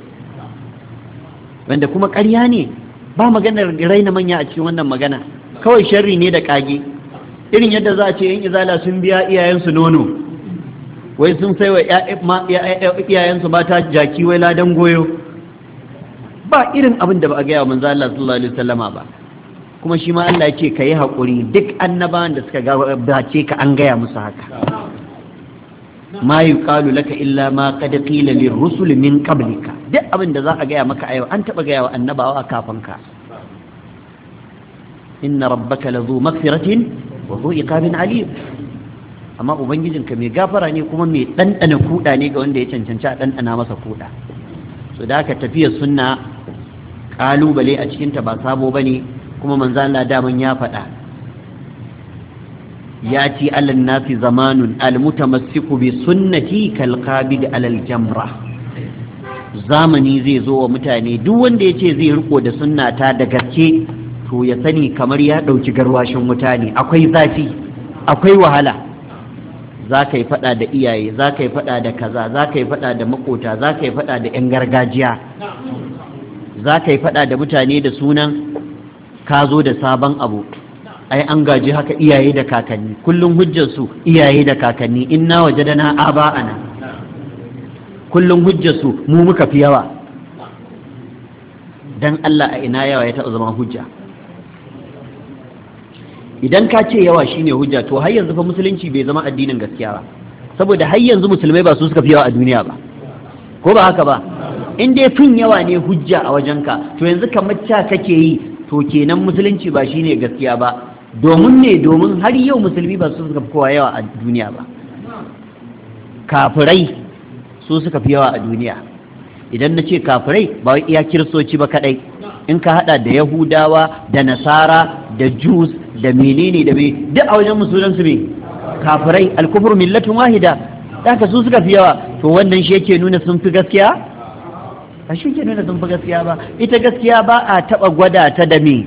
wanda kuma karya ne ba maganar raina manya a cikin wannan magana kawai sharri ne da kage irin yadda za a ce yan izala sun biya iyayensu nono wai sun sai wa iyayensu ta jaki wai ladan goyo ba irin abin da ba a gaya wa manzo Allah sallallahu alaihi wasallama ba kuma shi ma Allah ya ce ka yi haƙuri duk annabawan da suka ce ka an gaya musu haka ma yuqalu laka illa ma qad qila lirrusul min qablika duk abin da za a gaya maka a yau an taba gaya wa annabawa kafin ka inna rabbaka lazu maghfiratin wa zu iqabin alim amma ubangijinka mai gafara ne kuma mai ɗanɗana kuɗa ne ga wanda ya cancanci a ɗanɗana masa kuɗa so da aka tafiya sunna ƙalubale a cikinta ba sabo ba ne kuma manzan Allah daman ya faɗa Ya zamanun al الناس زمان sunnati بسنتي كالقابض alal الجمره zamani zai zo wa mutane duk wanda ya ce zai riko da sunna ta da gaske to ya sani kamar ya ɗauki garwashin mutane akwai zafi akwai wahala za ka yi faɗa da iyaye za ka yi faɗa da kaza za ka yi faɗa da makota za ka yi faɗa da 'yan gargajiya za ka yi faɗa da mutane da sunan ka zo da sabon abu ai an gaji haka iyaye da kakanni kullum hujjarsu iyaye da kakanni inna wajadana aba'ana kullum hujjarsu mu muka fi yawa dan Allah a ina yawa ya taɓa zama hujja idan ka ce yawa shine hujja to har yanzu fa musulunci bai zama addinin gaskiya ba saboda har yanzu musulmai ba su suka fi yawa a duniya ba ko ba haka ba in dai fin yawa ne hujja a wajenka to yanzu kamar ca kake yi to kenan musulunci ba shine gaskiya ba domin ne domin har yau musulmi ba su suka fi kowa yawa a duniya ba kafirai su suka fi yawa a duniya idan na ce kafirai ba iya kiristoci ba kadai in ka hada da yahudawa da nasara da jews da menene da me duk a wajen su ne kafirai alkufur millatu wahida ka su suka fi yawa to wannan shi yake nuna sun fi gaskiya a shi ke nuna sun fi gaskiya ba ita gaskiya ba a taba gwada ta da me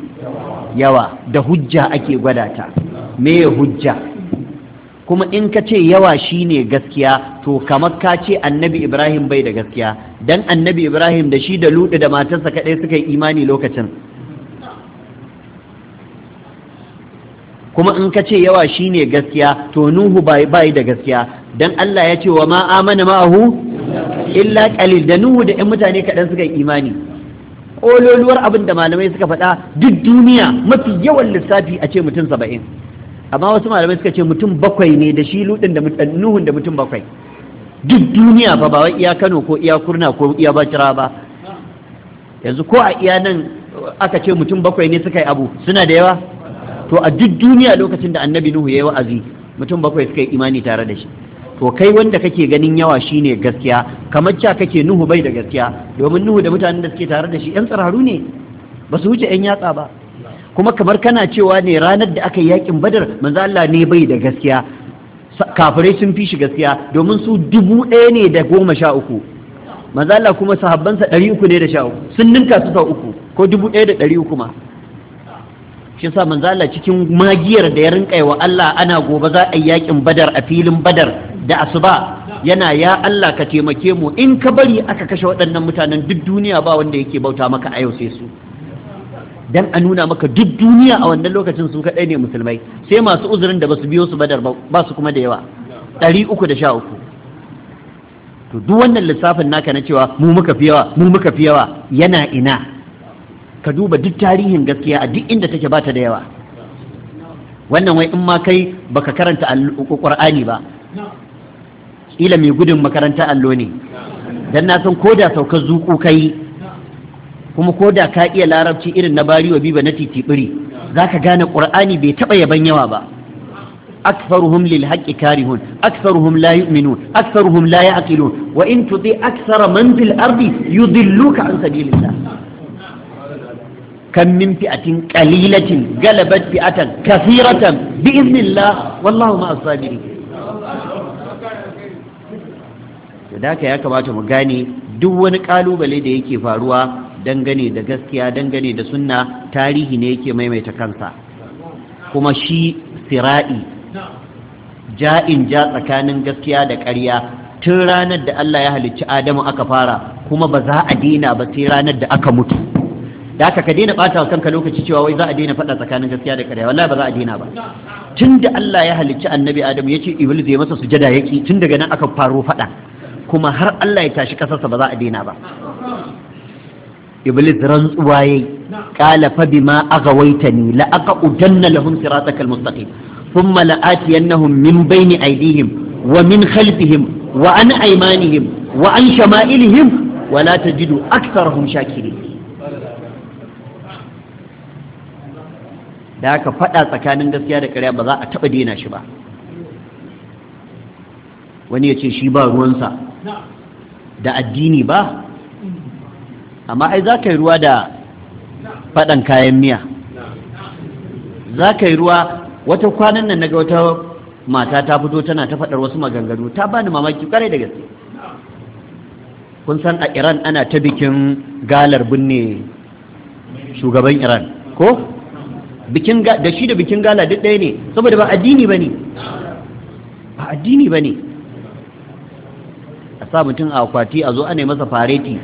yawa da hujja ake gwada ta me hujja kuma in ka ce yawa shine gaskiya to kamar ka ce annabi ibrahim bai da gaskiya dan annabi ibrahim da shi da luɗu da matarsa kaɗai suka yi imani lokacin kuma in ka ce yawa shine gaskiya to nuhu bai da gaskiya dan allah ya ce wa ma amana ma'ahu illa ƙalil da nuhu da 'yan mutane kaɗan suka yi imani ƙololuwar abin da malamai suka faɗa duk duniya mafi yawan lissafi a ce mutum saba'in amma wasu malamai suka ce mutum bakwai ne da shi ludin da nuhun da mutum bakwai duk duniya fa ba wai iya Kano ko iya Kurna ko iya Bacira ba yanzu ko a iya nan aka ce mutum bakwai ne suka yi abu suna da yawa to a duk duniya lokacin da annabi Nuhu ya yi wa'azi mutum bakwai suka yi imani tare da shi to kai wanda kake ganin yawa shine gaskiya kamar ca kake nuhu bai da gaskiya domin nuhu da mutanen da suke tare da shi yan tsiraru ne ba su wuce yan yatsa ba kuma kamar kana cewa ne ranar da aka yi yakin badar manzo Allah ne bai da gaskiya kafirai sun fi shi gaskiya domin su dubu ɗaya ne da goma sha uku manzo Allah kuma sahabbansa ɗari uku ne da sha uku sun ninka su sau uku ko dubu ɗaya da ɗari uku ma shi sa manzo Allah cikin magiyar da ya rinka wa Allah ana gobe za a yi yakin badar a filin badar da asuba yana ya Allah ka taimake mu in ka bari aka kashe waɗannan mutanen duk duniya ba wanda yake bauta maka a yau sai su dan a nuna maka duk duniya a wannan lokacin su kaɗai ne musulmai sai masu uzurin da basu biyo su badar ba su kuma da yawa ɗari uku da sha uku to duk wannan lissafin naka na cewa mu muka fi yawa mu muka fi yawa yana ina ka duba duk tarihin gaskiya a duk inda take bata da yawa wannan wai in ma kai baka karanta qur'ani ba ila mai gudun makaranta allo ne dan na san koda saukar zuku kai kuma koda ka iya larabci irin na bari wa biba na titibiri zaka gane qur'ani bai taba yaban yawa ba أكثرهم للحق كارهون أكثرهم لا يؤمنون أكثرهم لا يعقلون وإن تطيع أكثر من في الأرض يضلوك عن سبيل الله kan min fi'atin qalilatin galabat fi'atan kathiratan bi idnillah wallahu ma'as sabirin to da ya kamata mu gane duk wani kalubale da yake faruwa dangane da gaskiya dangane da sunna tarihi ne yake maimaita kansa kuma shi sira'i ja'in ja tsakanin gaskiya da ƙarya tun ranar da Allah ya halicci Adamu aka fara kuma ba za a dina ba sai ranar da aka mutu da haka ka daina bata wa kanka lokaci cewa wai za a daina faɗa tsakanin gaskiya da ƙarya wallahi ba za a daina ba tunda Allah ya halicci annabi Adam ya ce iblis ya masa sujada yaki tun daga nan aka faro faɗa kuma har Allah ya tashi kasarsa ba za a daina ba iblis rantsuwa yayi qala fa bima aghawaitani la aqudanna lahum siratakal mustaqim thumma la'atiyannahum min bayni aydihim wa min khalfihim wa an aymanihim wa an shama'ilihim wa la tajidu aktharahum shakirin da aka faɗa tsakanin gaskiya da ƙarya ba za a taɓa daina shi ba wani ya ce shi ba ruwansa da addini ba amma ai za ka yi ruwa da faɗan kayan miya za ka yi ruwa wata kwanan nan ga wata mata ta fito tana ta faɗar wasu maganganu ta bani mamaki ƙwarai da gaske kun san a iran ana ta bikin galar binne shugaban iran ko bikin da shi da bikin gala duk ɗaya ne saboda ba addini ba ne, ba addini ba ne. a sa mutum a akwati a zo ana masa fareti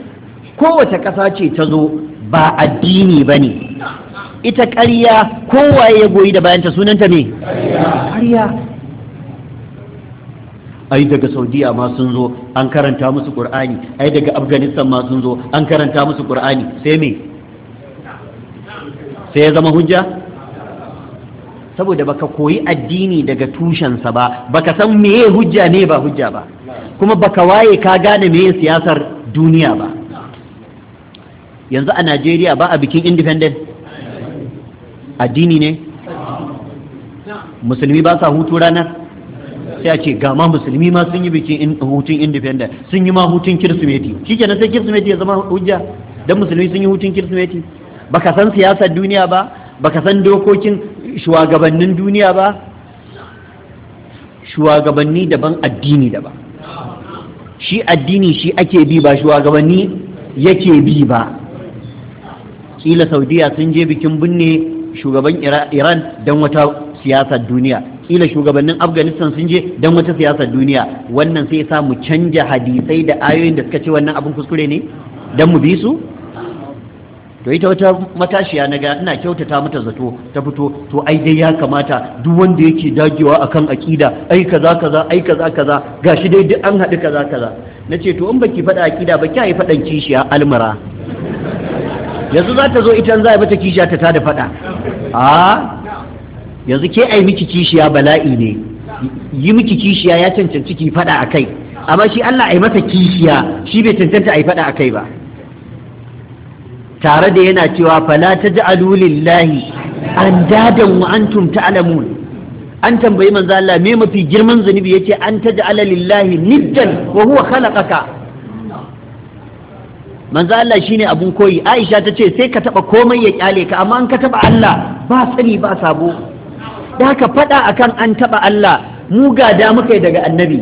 kowace ƙasa ce ta zo ba addini ba ne. ita ƙarya kowaye ya goyi da bayanta sunanta ne ƙarya ai daga saudiya ma sun zo an karanta musu ƙur'ani, ai daga afghanistan ma sun zo an karanta musu ƙur'ani, sai me sai ya zama hujja saboda baka koyi addini daga tushensa ba baka san meye hujja ne ba hujja ba kuma baka waye ka gane meye siyasar duniya ba yanzu a najeriya ba a bikin independent addini ne musulmi ba sa hutu ranar sai a ce ga ma musulmi ma sun yi bikin hutun independent sun yi ma hutun kirsimeti shi kenan sai kirsimeti ya zama hujja don musulmi sun yi hutun kirsimeti baka san siyasar duniya ba baka san dokokin shugabannin duniya ba shugabanni daban addini daban shi addini shi ake bi ba shugabanni yake bi ba kila saudiya sun je bikin binne shugaban iran don wata siyasar duniya kila shugabannin afghanistan sun je don wata siyasar duniya wannan sai sa mu canja hadisai da ayoyin da suka ce wannan abin kuskure ne don mu bi su to ita wata matashiya na ga ina kyautata mata zato ta fito to ai dai ya kamata duk wanda yake dagewa akan akida ai kaza kaza ai kaza kaza gashi dai duk an haɗu kaza kaza nace to in baki faɗa akida ba kiyaye faɗan kishiya almara yanzu za ta zo ita za a mata kishiya ta tada faɗa a yanzu ke ai miki kishiya bala'i ne yi miki kishiya ya cancanci ki faɗa akai amma shi Allah ai mata kishiya shi bai cancanta ai faɗa akai ba tare da yana cewa fala taj'alu an dadan wa antum ta'lamun an tambayi manzo Allah me mafi girman zunubi yace an taj'ala lillahi niddan wa huwa khalaqaka manzo Allah shine abun koyi Aisha ta ce sai ka taba komai ya kyale ka amma an ka taba Allah ba sani ba sabo da haka faɗa akan an taba Allah mu ga da muka daga annabi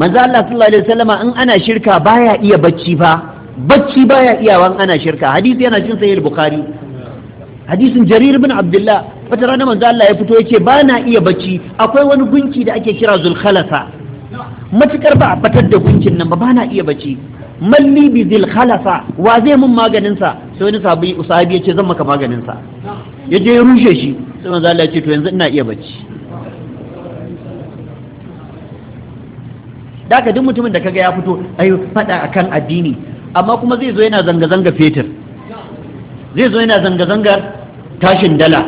manzo Allah sallallahu alaihi wasallama in ana shirka baya iya bacci ba, bacci baya iyawan ana shirka hadisi yana cin sahih bukhari hadisin jarir bin abdullah wata rana manzo Allah ya fito yace ba na iya bacci akwai wani gunki da ake kira zulkhalasa matukar ba a batar da gunkin nan ba ba na iya bacci malli bi zulkhalasa wa zai mun maganin sa sai wani sahabi usahabi yace zan maka maganin sa yaje ya rushe shi sai manzo Allah ya ce to yanzu ina iya bacci da ka duk mutumin da kaga ya fito ai fada akan addini amma kuma zai zo yana zanga-zanga fetur zai zo yana zanga-zangar tashin dala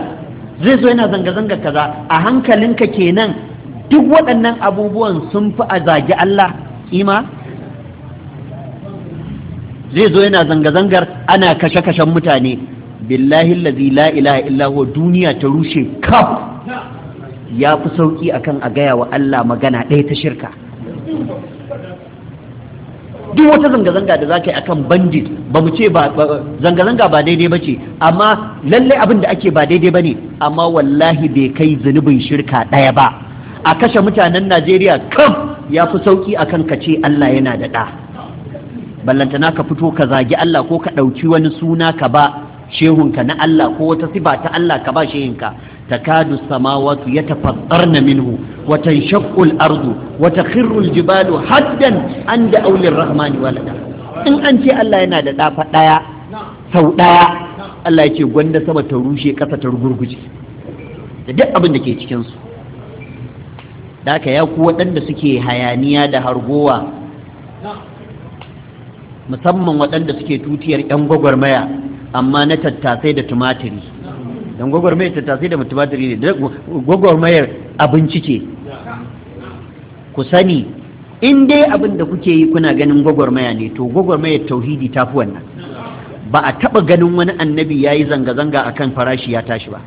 zai zo yana zanga zanga kaza a hankalinka kenan duk waɗannan abubuwan sun fi a zagi Allah kima? zai zo yana zanga-zangar ana kashe-kashen mutane billahi lazi la ilaha illa huwa duniya ta rushe kaf ya fi sauƙi akan a gaya wa Allah magana ɗaya ta shirka duk wata zanga-zanga da za ka yi akan bandit ba mu ce zanga-zanga ba daidai ba ce amma lallai abin da ake ba daidai ba ne amma wallahi bai kai zunubin shirka ɗaya ba a kashe mutanen najeriya kam ya fi sauki akan ka ce allah yana da ɗa ballantana ka fito ka zagi allah ko ka ɗauki wani suna ka ba shehunka na allah ko wata sifa ta allah ka ba ka. takadu samawatu yatafassarna minhu wa tanshaqqu al-ardu wa takhirru jibalu haddan an da'u lir-rahmani in an ce Allah yana da dafa daya sau daya Allah ya gwanda sama ta rushe ƙasa ta rugurguje da duk abin da ke cikin su waɗanda suke hayaniya da hargowa musamman waɗanda suke tutiyar 'yan gwagwarmaya amma na tattasai da tumatiri don ta tattasai da mutumatiri ne gwagwarmayar abinci ce ku sani in dai abin da kuke yi kuna ganin gwagwarmaya ne to gwagwarmayar tauhidi ta fi wannan ba a taɓa ganin wani annabi ya yi zanga-zanga a kan farashi ya tashi ba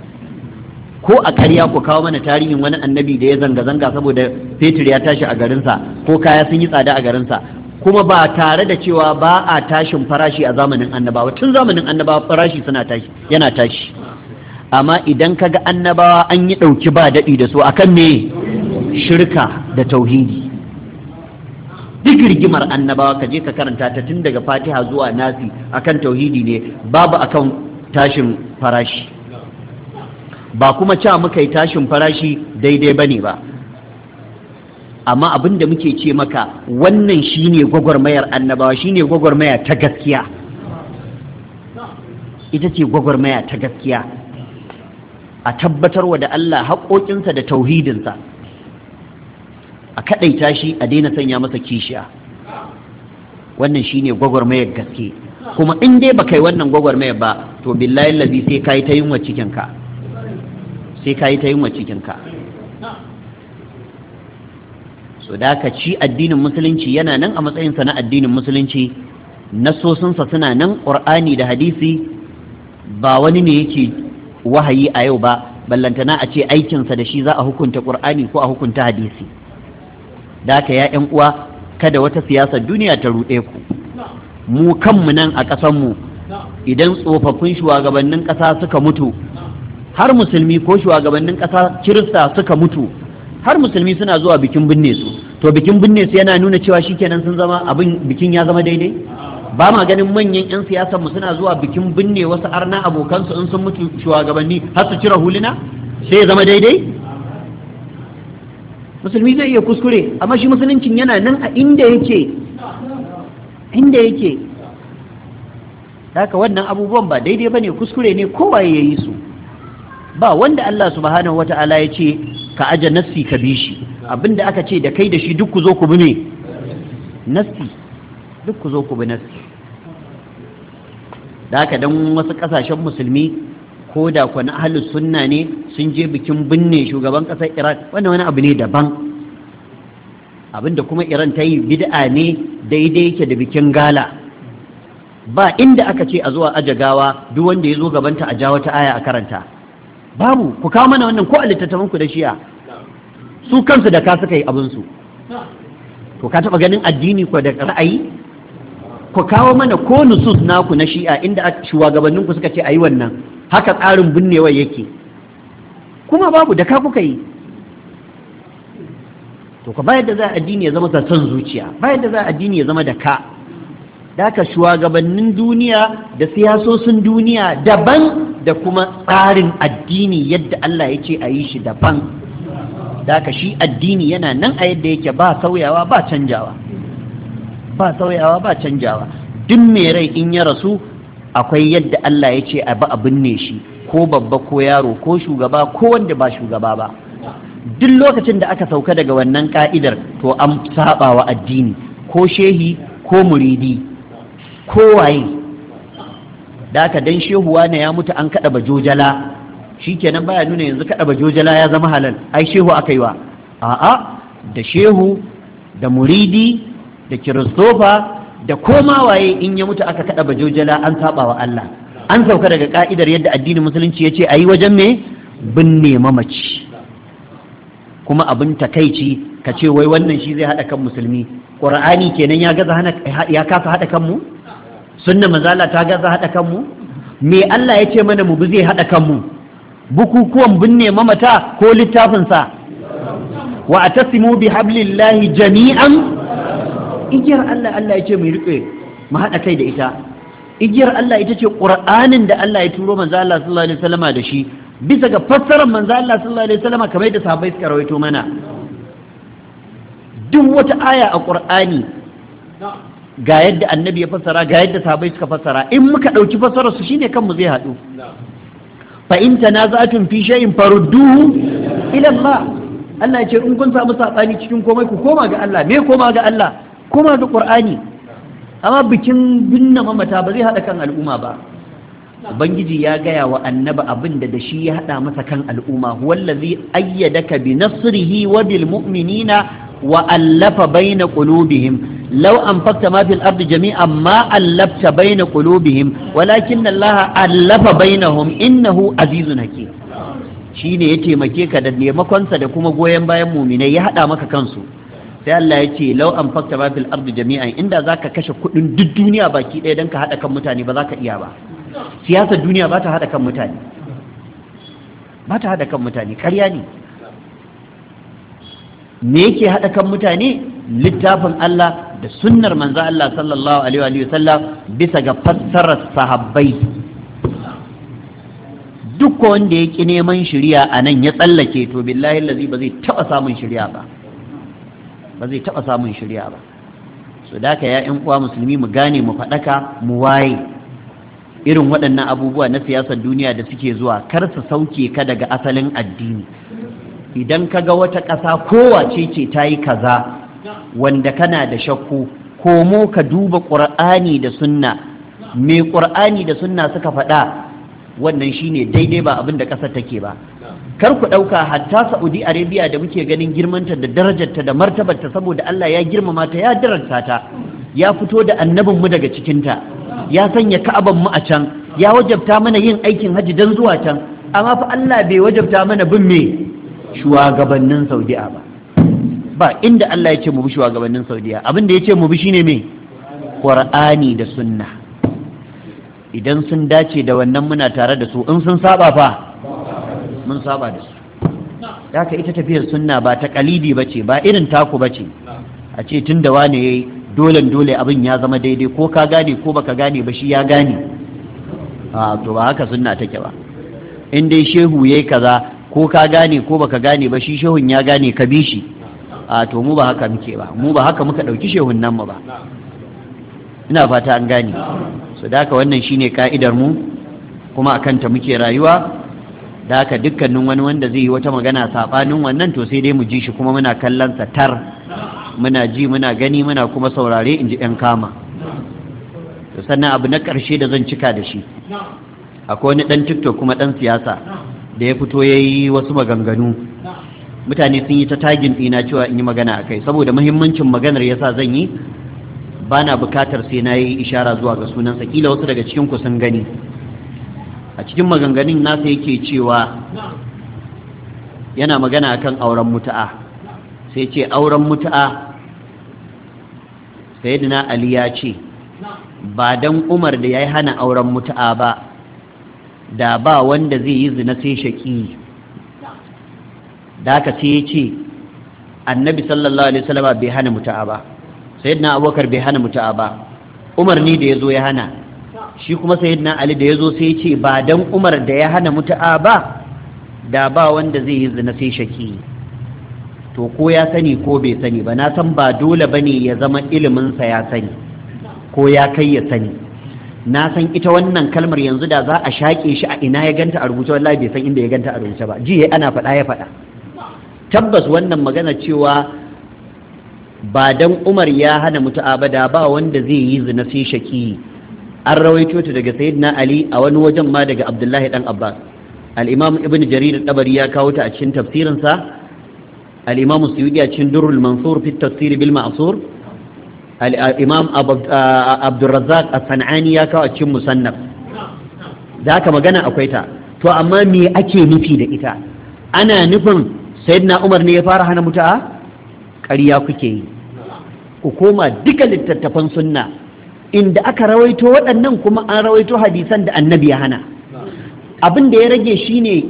ko a karya ku kawo mana tarihin wani annabi da ya zanga-zanga saboda fetur ya tashi a garinsa ko kaya sun yi tsada a garinsa kuma ba tare da cewa ba a tashin farashi a zamanin annabawa tun zamanin annabawa farashi suna tashi yana tashi amma idan ka ga annabawa an yi ɗauki ba daɗi da su akan me shirka da tauhidi duk rigimar annabawa ka je ka karanta ta tun daga fatiha zuwa nasi akan tauhidi ne babu akan tashin farashi ba kuma ca muka yi tashin farashi daidai ba ne ba amma abin da muke ce maka wannan shine gwagwarmayar annabawa shine gwagwarmaya ta gaskiya ita ce gwagwarmaya ta gaskiya a tabbatar wa da Allah haƙoƙinsa da tauhidinsa a kaɗaita shi a daina sanya masa kishiya wannan shi ne gwagwarmayar gaske kuma in dai ba kai wannan gwagwarmayar ba to billahi lazi sai ka yi ta yunwa cikinka sai ka yi ta yunwa cikinka so da ka ci addinin musulunci yana nan a matsayinsa na addinin musulunci nasosinsa suna nan ƙur'ani da hadisi ba wani ne yake wahayi a yau ba ballantana a ce aikinsa da shi za a hukunta ƙur'ani ko a hukunta hadisi da ka ya 'yan uwa kada wata siyasar duniya ta ruɗe ku mu kanmu nan a ƙasanmu idan tsofaffin shugabannin ƙasa suka mutu har musulmi ko shugabannin ƙasa kirista suka mutu har musulmi suna zuwa bikin binne su to bikin binne su yana nuna cewa shikenan sun zama abin bikin ya zama daidai ba ma ganin manyan 'yan siyasar mu suna zuwa bikin binne wasu arna abokansu in sun mutu shugabanni har su cire hulina sai ya zama daidai musulmi zai iya kuskure amma shi musuluncin yana nan a inda yake inda yake haka wannan abubuwan ba daidai bane kuskure ne kowa ya yi su ba wanda Allah subhanahu wata'ala ya ce ka aja nassi ka bi shi abinda aka ce da kai da shi duk ku zo ku bi me nassi duk ku zo ku bi nassi da haka dan wasu kasashen musulmi ko da kwana ahlus sunna ne sun je bikin binne shugaban kasar iraq wannan wani abu ne daban abinda kuma iran ta yi bid'a ne daidai yake da bikin gala ba inda aka ce a zuwa aje gawa duk wanda ya zo gabanta a ja wata aya a karanta babu ku kawo mana wannan ko a littattafan ku da shiya su kansu da ka suka yi abinsu to ka taɓa ganin addini ko da ra'ayi ku kawo mana ko nusus naku na shi'a inda a shugabanninku suka ce a yi wannan haka tsarin binnewa yake kuma babu da ka kuka yi to ka bayar da addini ya zama son zuciya bayar da za addini ya zama da ka Da ka shugabannin duniya da siyasosin duniya daban da kuma tsarin addini yadda Allah ya ce a yi shi daban da ka shi addini yana nan a yadda yake ba sauyawa ba canjawa ba sauyawa ba canjawa duk mai rai in ya rasu akwai yadda Allah ya ce a bi abin ne shi ko babba ko yaro ko shugaba ko wanda ba shugaba ba duk lokacin da aka sauka daga wannan ka'idar to an saba wa addini ko shehi ko muridi ko waye da aka dan shehuwa ne ya mutu an kada bajojala shikenan baya nuna yanzu kada bajojala ya zama halal ai shehu aka yi wa a'a da shehu da muridi da kiristofa da koma waye in ya mutu aka kaɗa bajojala an saba wa Allah an sauka daga ka'idar yadda addinin musulunci ya ce a yi wajen me binne mamaci kuma abin takaici ka ce wai wannan shi zai haɗa kan musulmi ƙur'ani kenan ya gaza ya kasa haɗa kanmu sunna mazala ta gaza haɗa kanmu me Allah ya ce mana mu bi zai haɗa kanmu bukukuwan binne mamata ko littafinsa wa atasimu bi hablillahi jami'an igiyar Allah Allah ya ce mu riƙe mu haɗa kai da ita igiyar Allah ita ce ƙur'anin da Allah ya turo manzo Allah sallallahu alaihi wasallama da shi bisa ga fassarar manzo Allah sallallahu alaihi wasallama kamar da sahabbai suka rawaito mana duk wata aya a ƙur'ani ga yadda annabi ya fassara ga yadda sahabbai suka fassara in muka ɗauki fassarar su shine kanmu zai haɗu fa in tanaza'tum fi shay'in farudduhu ila Allah Allah ya ce in kun samu sabani cikin komai ku koma ga Allah me koma ga Allah kuma da ƙur'ani amma bikin binne mamata ba zai haɗa kan al'umma ba ubangiji ya gaya wa annaba abin da da shi ya haɗa masa kan al'umma wallazi ayyadaka bi nasrihi wa bil mu'minina wa allafa baina qulubihim law anfaqta ma fil ardi jami'an ma allafta baina qulubihim walakin allaha allafa bainahum innahu azizun hakim shine ya taimake ka da nemakonsa da kuma goyon bayan mu'minai ya haɗa maka kansu sai Allah ya ce lau an fakta ma fil ardi jami'an inda za ka kashe kuɗin duk duniya baki ɗaya don ka haɗa kan mutane ba za ka iya ba siyasar duniya ba ta haɗa kan mutane ba ta haɗa kan mutane ƙarya ne me yake haɗa kan mutane littafin Allah da sunnar manzo Allah sallallahu alaihi wa sallam bisa ga fassarar sahabbai duk wanda ki neman shari'a anan ya tsallake to billahi allazi ba zai taba samun shari'a ba ba zai taɓa samun shirya ba su da ka uwa musulmi mu gane mu faɗaka mu waye irin waɗannan abubuwa na siyasar duniya da suke zuwa kar su sauke ka daga asalin addini idan ka ga wata ƙasa kowace ce ta yi kaza wanda kana da shakku komo ka duba ƙur'ani da sunna me ƙur'ani da sunna suka faɗa wannan shine daidai ba abin da ƙasar take ba kar ku ɗauka hatta saudi arabia da muke ganin girmanta da darajarta da martabarta saboda allah ya girmama ta ya darajarta ta ya fito da annabin mu daga cikinta ya sanya mu a can ya wajabta mana yin aikin haji dan zuwa can amma fa allah bai wajabta mana bin me shugabannin saudiya ba ba inda allah ya ce mu bi shugabannin saudiya abin da ya ce mu bi shine me qur'ani da sunna idan sun dace da wannan muna tare da su in sun saba fa mun saba da su ka ita tafiyar sunna ba ta kalidi ba ce ba irin taku ba ce a ce tun da wane ya yi dole dole abin ya zama daidai ko ka gane ko baka gane ba shi ya gane a to ba haka sunna take ba in dai shehu yayi kaza ko ka gane ko baka gane ba shi shehun ya gane ka bi shi a to mu ba haka muke ba mu ba haka muka dauki shehun nan mu ba ina fata an gane so da haka wannan shine ka'idar mu kuma akan ta muke rayuwa da haka dukkanin wani wanda zai yi wata magana saɓanin wannan to sai dai mu ji shi kuma muna kallon sa tar muna ji muna gani muna kuma saurare in ji 'yan kama sannan abu na ƙarshe da zan cika da shi akwai wani ɗan tiktok kuma ɗan siyasa da ya fito ya yi wasu maganganu mutane sun yi ta tagin ɗina cewa in yi magana a kai saboda muhimmancin maganar ya sa zan yi ba na bukatar sai na yi ishara zuwa ga sunansa kila wasu daga cikin ku sun gani a cikin maganganun nasa yake cewa yana magana akan auren mutu'a sai ce auren mutu'a sayyidina ali ya ce ba dan umar da ya hana auren mutu'a ba da ba wanda zai yi zina sai shaki da aka sai ya ce annabi sallallahu alaihi wasallama bai hana mutu'a ba sayyidina abubakar bai hana mutu'a ba umar ne da ya zo ya hana shi kuma sayyidina ali da ya zo sai ce ba dan umar da ya hana mutu'a ba da ba wanda zai yi zina sai shaki to ko ya sani ko bai sani ba na san ba dole bane ya zama iliminsa ya sani ko ya kai ya sani na san ita wannan kalmar yanzu da za a shaƙe shi a ina ya ganta a rubuce wallahi bai san inda ya ganta a rubuce ba jiya ana faɗa ya faɗa tabbas wannan magana cewa ba dan umar ya hana mutu'a ba da ba wanda zai yi zina sai shaki an rawaito ta daga sayyidina ali a wani wajen ma daga abdullahi dan abbas al-imam ibn jarir tabari ya kawo ta a cikin tafsirinsa. sa al-imam suyuti a cikin durrul mansur fi tafsir bil ma'sur al-imam abdurrazzaq as-sanani ya kawo a cikin musannaf da haka magana akwai ta to amma me ake nufi da ita ana nufin sayyidina umar ne ya fara hana mutu'a ƙarya kuke yi ku koma duka littattafan sunna inda aka rawaito waɗannan kuma an rawaito hadisan da annabi ya hana abin da ya rage shi ne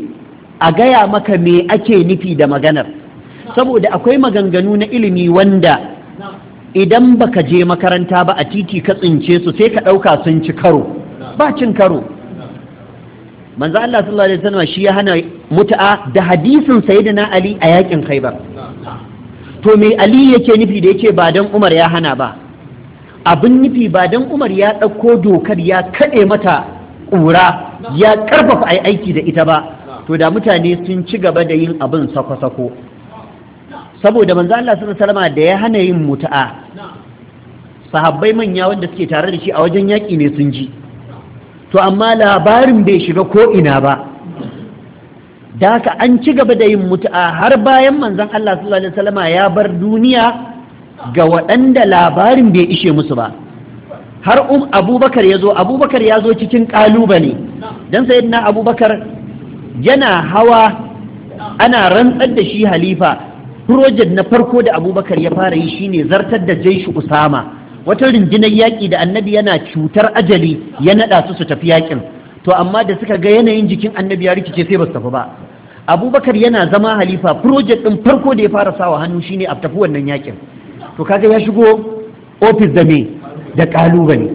a gaya maka me ake nufi da maganar saboda akwai maganganu na ilimi wanda idan baka je makaranta ba a titi ka tsince su sai ka ɗauka sun ci karo ba cin karo manzo Allah sallallahu alaihi wasallam shi ya hana mut'a da hadisin sayyidina Ali a yakin Khaibar to me Ali yake nufi da yake ba dan Umar ya hana ba abin nufi ba don umar ya ɗauko dokar ya kaɗe mata ƙura ya ƙarfafa a aiki da ita ba to da mutane sun ci gaba da yin abin sako-sako saboda manzo Allah sun salama da ya hana yin mutu'a sahabbai manya wanda suke tare da shi a wajen yaƙi ne sun ji to amma labarin bai shiga ko ina ba da haka an ci gaba da yin mutu'a har bayan manzon Allah sallallahu alaihi ya bar duniya ga waɗanda labarin bai ishe musu ba har um abubakar ya zo abubakar ya zo cikin ƙalubale don sayyidina abubakar yana hawa ana rantsar da shi halifa projet na farko da abubakar ya fara yi shine zartar da jaishi usama wata rundunar yaƙi da annabi yana cutar ajali ya naɗa su su tafi yaƙin to amma da suka ga yanayin jikin annabi ya rikice sai ba su tafi ba abubakar yana zama halifa projet ɗin farko da ya fara sawa hannu shine a tafi wannan yaƙin to kaga ya shigo ofis da me da kalubale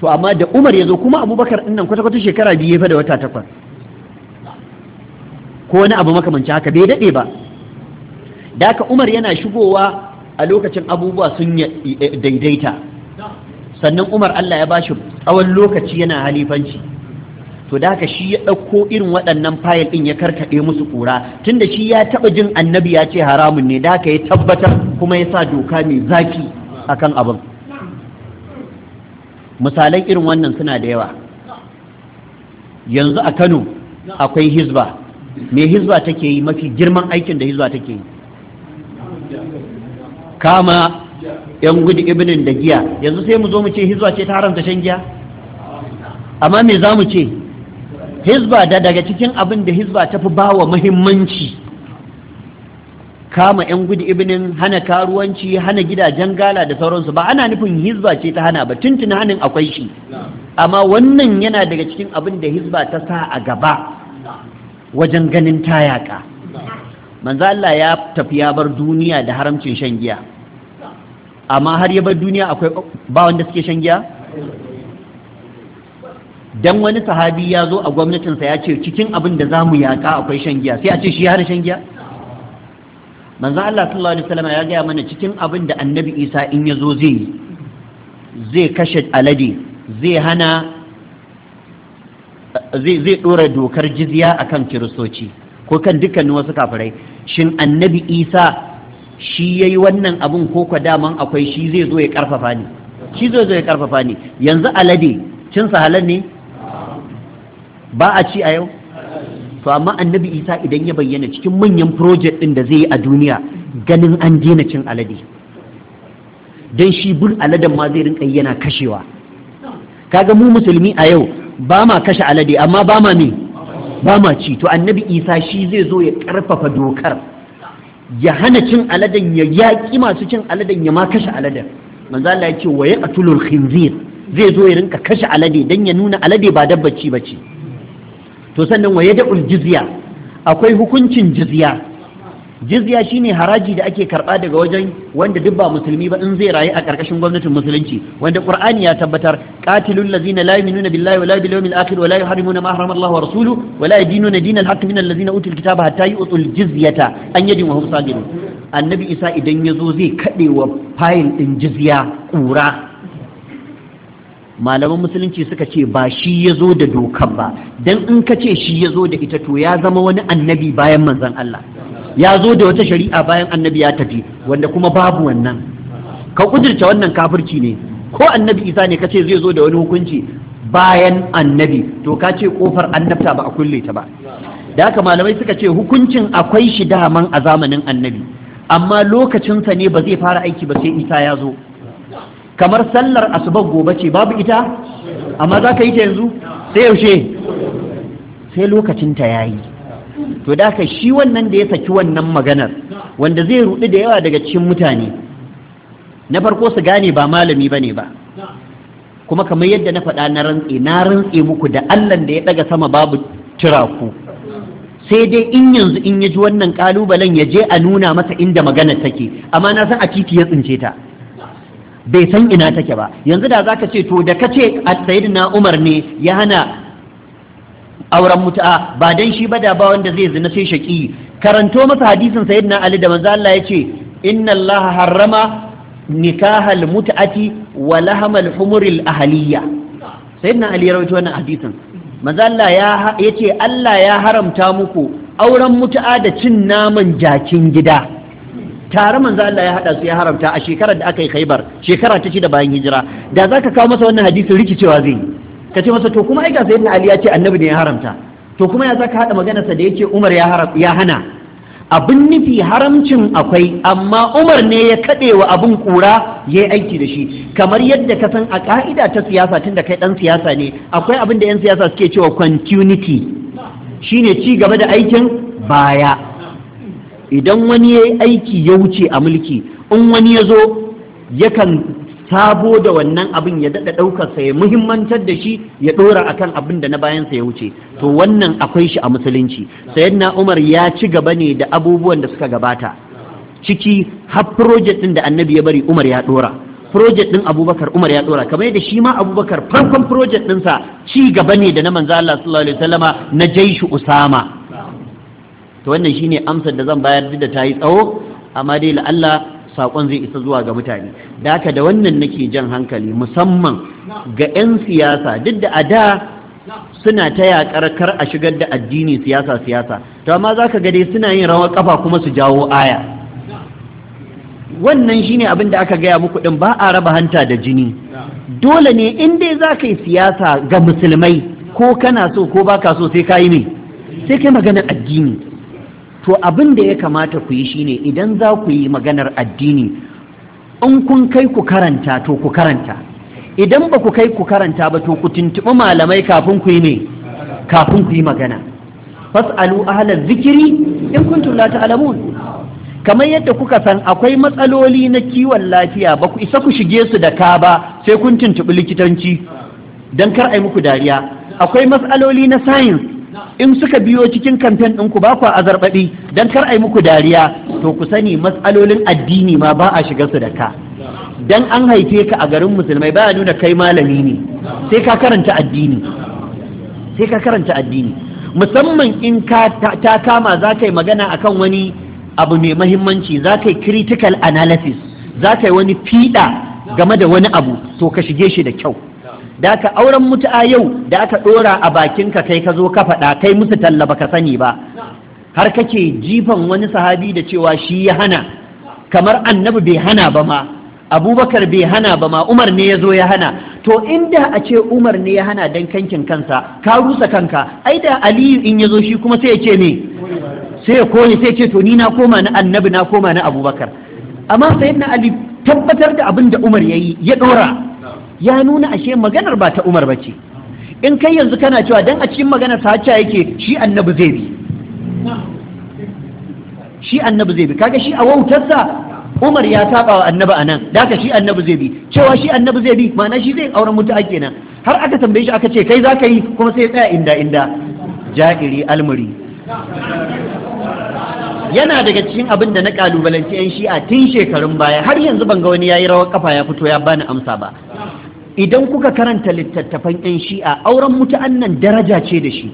to amma da umar ya zo kuma abubakar ɗin nan kwata-kwata shekara biyu fa da wata takwas ko wani abu makamanci haka bai daɗe ba da haka umar yana shigowa a lokacin abubuwa sun daidaita sannan umar allah ya bashi tsawon lokaci yana halifanci to da haka shi ya ɗauko irin waɗannan fayil ɗin ya karkaɗe musu kura da shi ya taɓa jin annabi ya ce haramun ne da haka ya tabbatar kuma ya sa doka mai zaki kan abin misalan irin wannan suna da yawa yanzu a kano akwai hizba me hizba take yi mafi girman aikin da hizba take yi kama yan gudu ibinin da giya yanzu sai mu zo mu ce hizba ce ta haramta shan giya amma me za mu ce hizba da daga cikin abin da hizba ta fi bawa muhimmanci kama 'yan gudu ibinin hana karuwanci hana gidajen gala da sauransu ba ana nufin hizba ce ta hana ba tuntun hannun akwai shi amma wannan yana daga cikin abin da hizba ta sa a gaba wajen ganin tayaka manza Allah ya tafi ya bar duniya da haramcin shan giya amma har ya bar duniya akwai ba wanda suke shan giya dan wani sahabi ya zo a gwamnatinsa ya ce cikin abin da za mu yaƙa akwai shan giya sai a ce shi ya shan giya manzo Allah sallallahu alaihi wasallam ya gaya mana cikin abin da annabi Isa in ya zo zai zai kashe alade zai hana zai zai dora dokar jizya akan kiristoci ko kan dukkanin wasu kafirai shin annabi Isa shi yayi wannan abin ko kwa daman akwai shi zai zo ya karfafa ni shi zai zo ya karfafa ni yanzu alade cin sahalan ne ba a ci a yau to amma annabi isa idan ya bayyana cikin manyan project ɗin da zai yi a duniya ganin an daina cin alade don shi bul aladen ma zai rinka yana kashewa kaga mu musulmi a yau ba ma kashe alade amma ba ma me ba ma ci to annabi isa shi zai zo ya karfafa dokar ya hana cin aladen ya yaƙi masu cin aladen ya ma kashe aladen manzo Allah ya ce waye atulul khinzir zai zo ya rinka kashe alade dan ya nuna alade ba dabbaci bace to sannan wa yada'ul jizya akwai hukuncin jiziya. Jiziya shine haraji da ake karba daga wajen wanda duk ba musulmi ba in zai rayu a karkashin gwamnatin musulunci wanda qur'ani ya tabbatar qatilul ladzina la yu'minuna billahi wala bil yawmil akhir wala yuharrimuna ma harrama Allah wa rasuluhu wala yadinuna dinal haqq min alladzina utul kitaba hatta yu'tul jizyata an yadin wa hum sagirun annabi isa idan yazo zai kade wa fayil din jizya kura malaman musulunci suka ce ba shi ya zo da dokan ba dan in ka ce shi ya zo da ita to ya zama wani annabi bayan manzon Allah ya zo da wata shari'a bayan annabi ya tafi wanda kuma babu wannan ka kudirce wannan kafirci ne ko annabi isa ne ka ce zai zo da wani hukunci bayan annabi to ka ce kofar annabta ba a kulle ta ba da haka malamai suka ce hukuncin akwai shi daman a zamanin annabi amma lokacinsa ne ba zai fara aiki ba sai isa ya zo kamar sallar asuba gobe ce babu ita amma za ka yi ta yanzu sai yaushe sai lokacinta ya yi to da ka shi wannan da ya saki wannan maganar wanda zai rudu da yawa daga cikin mutane na farko su gane ba malami ba ne ba kuma kamar yadda na faɗa na rantse na rantse muku da allan da ya ɗaga sama babu turaku sai dai in yanzu in ya ji wannan ƙalubalen ya je a nuna masa inda magana take amma na san a titi ya tsince ta bai san ina take ba yanzu da zaka ce to da kace at-sayyidina Umar ne ya hana auren mutu'a ba dan shi ba da ba wanda zai zina sai shaki karanto masa hadisin sayyidina Ali da manzo Allah yace inna Allah harrama nikahal mut'ati wa lahamal humuril ahliya sayyidina Ali ya rawaito wannan hadisin manzo Allah ya yace Allah ya haramta muku auren mutu'a da cin naman jakin gida tare manzo Allah ya hada su ya haramta a shekarar da aka yi Khaibar shekara ta da bayan hijira da zaka kawo masa wannan hadisin rikicewa zai ka ce masa to kuma ai ga ibn Ali ya ce annabi ne ya haramta to kuma ya zaka hada sa da yake Umar ya haram ya hana abin nufi haramcin akwai amma Umar ne ya kadewa wa abin kura ya yi aiki da shi kamar yadda ka san a ka'ida ta siyasa tunda kai dan siyasa ne akwai abin da yan siyasa suke cewa continuity shine ci gaba da aikin baya idan wani ya yi aiki ya wuce a mulki in wani ya zo yakan sabo da wannan abin ya daɗa ɗaukarsa ya muhimmantar da shi ya ɗora a kan abin da na bayansa ya wuce to wannan akwai shi a musulunci sayyidina umar ya ci gaba ne da abubuwan da suka gabata ciki har project ɗin da annabi ya bari umar ya ɗora project ɗin abubakar umar ya ɗora kamar yadda shi ma abubakar farkon project ɗinsa ci gaba ne da na manzo Allah sallallahu alaihi wasallama na jaishu usama to wannan shine amsar da zan bayar duk da ta yi tsawo amma dai la'alla sakon zai isa zuwa ga mutane da haka da wannan nake jan hankali musamman ga 'yan siyasa duk da ada suna ta yakar kar a shigar da addini siyasa siyasa to amma za ka dai suna yin rawar kafa kuma su jawo aya wannan shine abin da aka gaya muku din ba a raba hanta da jini dole ne in dai za ka yi siyasa ga musulmai ko kana so ko baka so sai ka yi ne sai kai maganar addini to abin da ya kamata ku yi shine idan za ku yi maganar addini in kun kai ku karanta to ku karanta idan ba ku kai ku karanta ba to ku tuntuɓi malamai kafin ku yi ne kafin ku yi magana fas'alu Ahlal, zikiri in kuntum la ta'lamun kamar yadda kuka san akwai matsaloli na kiwon lafiya ba ku isa ku shige su da ka ba sai kun tuntuɓi likitanci don kar ai muku dariya akwai matsaloli na science in suka biyo cikin kamfen ɗinku ba kwa azarbaɗi don kar a yi muku dariya to ku sani matsalolin addini ma ba a shiga su da ka dan an haife ka a garin musulmai ba nuna kai malami ne sai ka karanta addini sai ka karanta addini musamman in ka ta kama za ka yi magana akan wani abu mai mahimmanci za ka yi critical analysis za ka yi wani fiɗa game da wani abu to ka shige shi da kyau da ka auren mutu'a yau da aka ɗora a bakinka kai ka zo ka faɗa kai musu talla baka sani ba har kake jifan wani sahabi da cewa shi ya hana kamar annabi bai hana ba ma abubakar bai hana ba ma umar ne ya zo ya hana to inda a ce umar ne ya hana dan kankin kansa ka rusa kanka ai da aliyu in ya zo shi kuma sai ya ce me sai ya koyi sai ce to ni na koma na annabi na koma na abubakar amma sai na ali tabbatar da abin da umar ya yi ya ɗora ya nuna ashe maganar ba ta umar ba ce in kai yanzu kana cewa dan a cikin maganar ta hacca yake shi annabi zai bi shi annabi zai bi kaga shi a wautarsa umar ya taba wa annabi anan da shi annabi zai bi cewa shi annabi zai bi ma'ana shi zai auren ake kenan har aka tambaye shi aka ce kai za ka yi kuma sai ya tsaya inda inda ja'iri almuri yana daga cikin abin da na kalubalanci 'yan shi'a tun shekarun baya har yanzu ban ga wani yi rawar kafa ya fito ya bani amsa ba idan kuka karanta littattafan 'yan shi'a auren mutu'an nan daraja ce da shi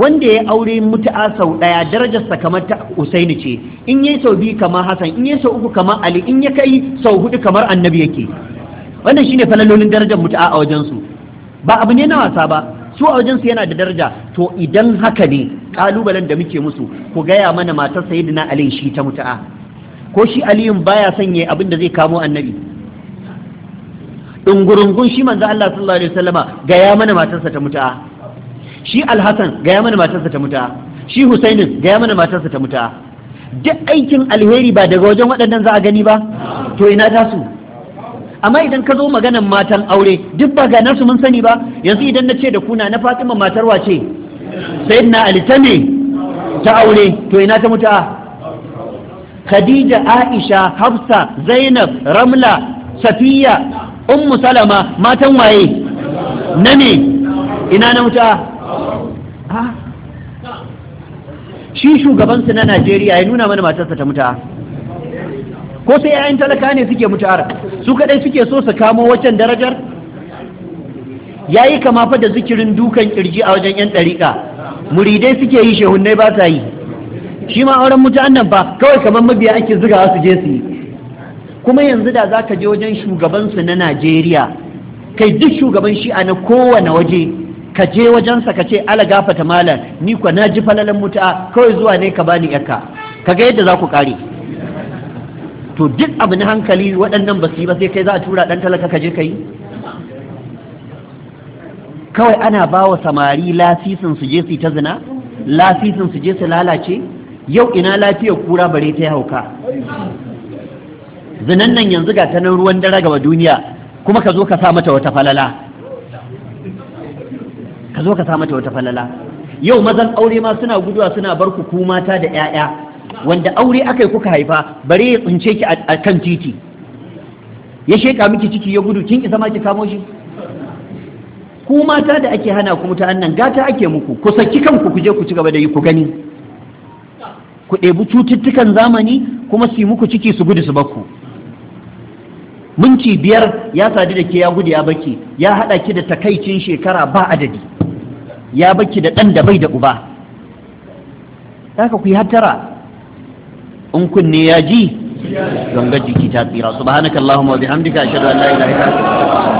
wanda ya aure mutu'a sau ɗaya darajarsa kamar ta usaini ce in yi sau biyu kamar hassan in yi sau uku kamar ali in ya kai sau hudu kamar annabi yake wannan shine falalolin darajar mutu'a a wajensu ba abu ne na wasa ba su a wajensu yana da daraja to idan haka ne kalubalen da muke musu ku gaya mana matar sayyidina ali shi ta mutu'a ko shi aliyun baya son yayi abin da zai kamo annabi dungurungun shi manzo Allah sallallahu alaihi wasallama ga ya mana matarsa ta muta shi alhasan ga ya mana matarsa ta muta shi husainin ga ya mana matarsa ta muta duk aikin alheri ba daga wajen waɗannan za a gani ba to ina ta su amma idan ka zo maganan matan aure duk ba ganar su mun sani ba yanzu idan na ce da kuna na Fatima matar wace sayyidina Ali ta ne ta aure to ina ta muta Khadija Aisha Hafsa Zainab Ramla Safiya ummu salama matan waye na me ina na wuta shi shugabansu na najeriya ya nuna mana matarsa ta muta ko sai 'ya'yan talaka ne suke mutuwar su kadai suke so su kamo waccan darajar ya yi kama fa da zikirin dukan kirji a wajen 'yan ɗariƙa muridai suke yi shehunnai ba sa yi shi ma auren mutu annan ba kawai kamar mabiya ake zuga su je su yi kuma yanzu da za ka je wajen shugabansu na Najeriya kai duk shugaban shi'a na kowane waje ka je wajensa ka ce ala gafata malam ni kwa na ji falalan mutu'a kawai zuwa ne ka bani yaka ka ga yadda za ku kare to duk abu na hankali waɗannan ba su yi ba sai kai za a tura ɗan talaka ka je ka yi kawai ana ba wa samari lasisin su je su ta zina lasisin su je su lalace yau ina lafiyar kura bare ta yi hauka zinan nan yanzu ga ta nan ruwan dare gaba duniya kuma ka zo ka sa mata wata falala ka zo ka sa mata wata falala yau mazan aure ma suna guduwa suna bar ku mata da 'ya'ya wanda aure aka kuka haifa bare ya tsince ki a kan titi ya sheka miki ciki ya gudu kin isa ma ki samo shi ku mata da ake hana ku mutanen nan gata ake muku ku saki kanku ku je ku ci gaba da yi ku gani ku ɗebi cututtukan zamani kuma su yi muku ciki su gudu su bakku minti biyar ya sadu da ke ya gudu ya baki ya haɗa ki da takaicin shekara ba adadi ya baki da ɗan da bai da uba haka ku yi hattara in kunne ya ji ganga jiki ta tsira subhanakallahumma wa bihamdika ashhadu an la ilaha illa anta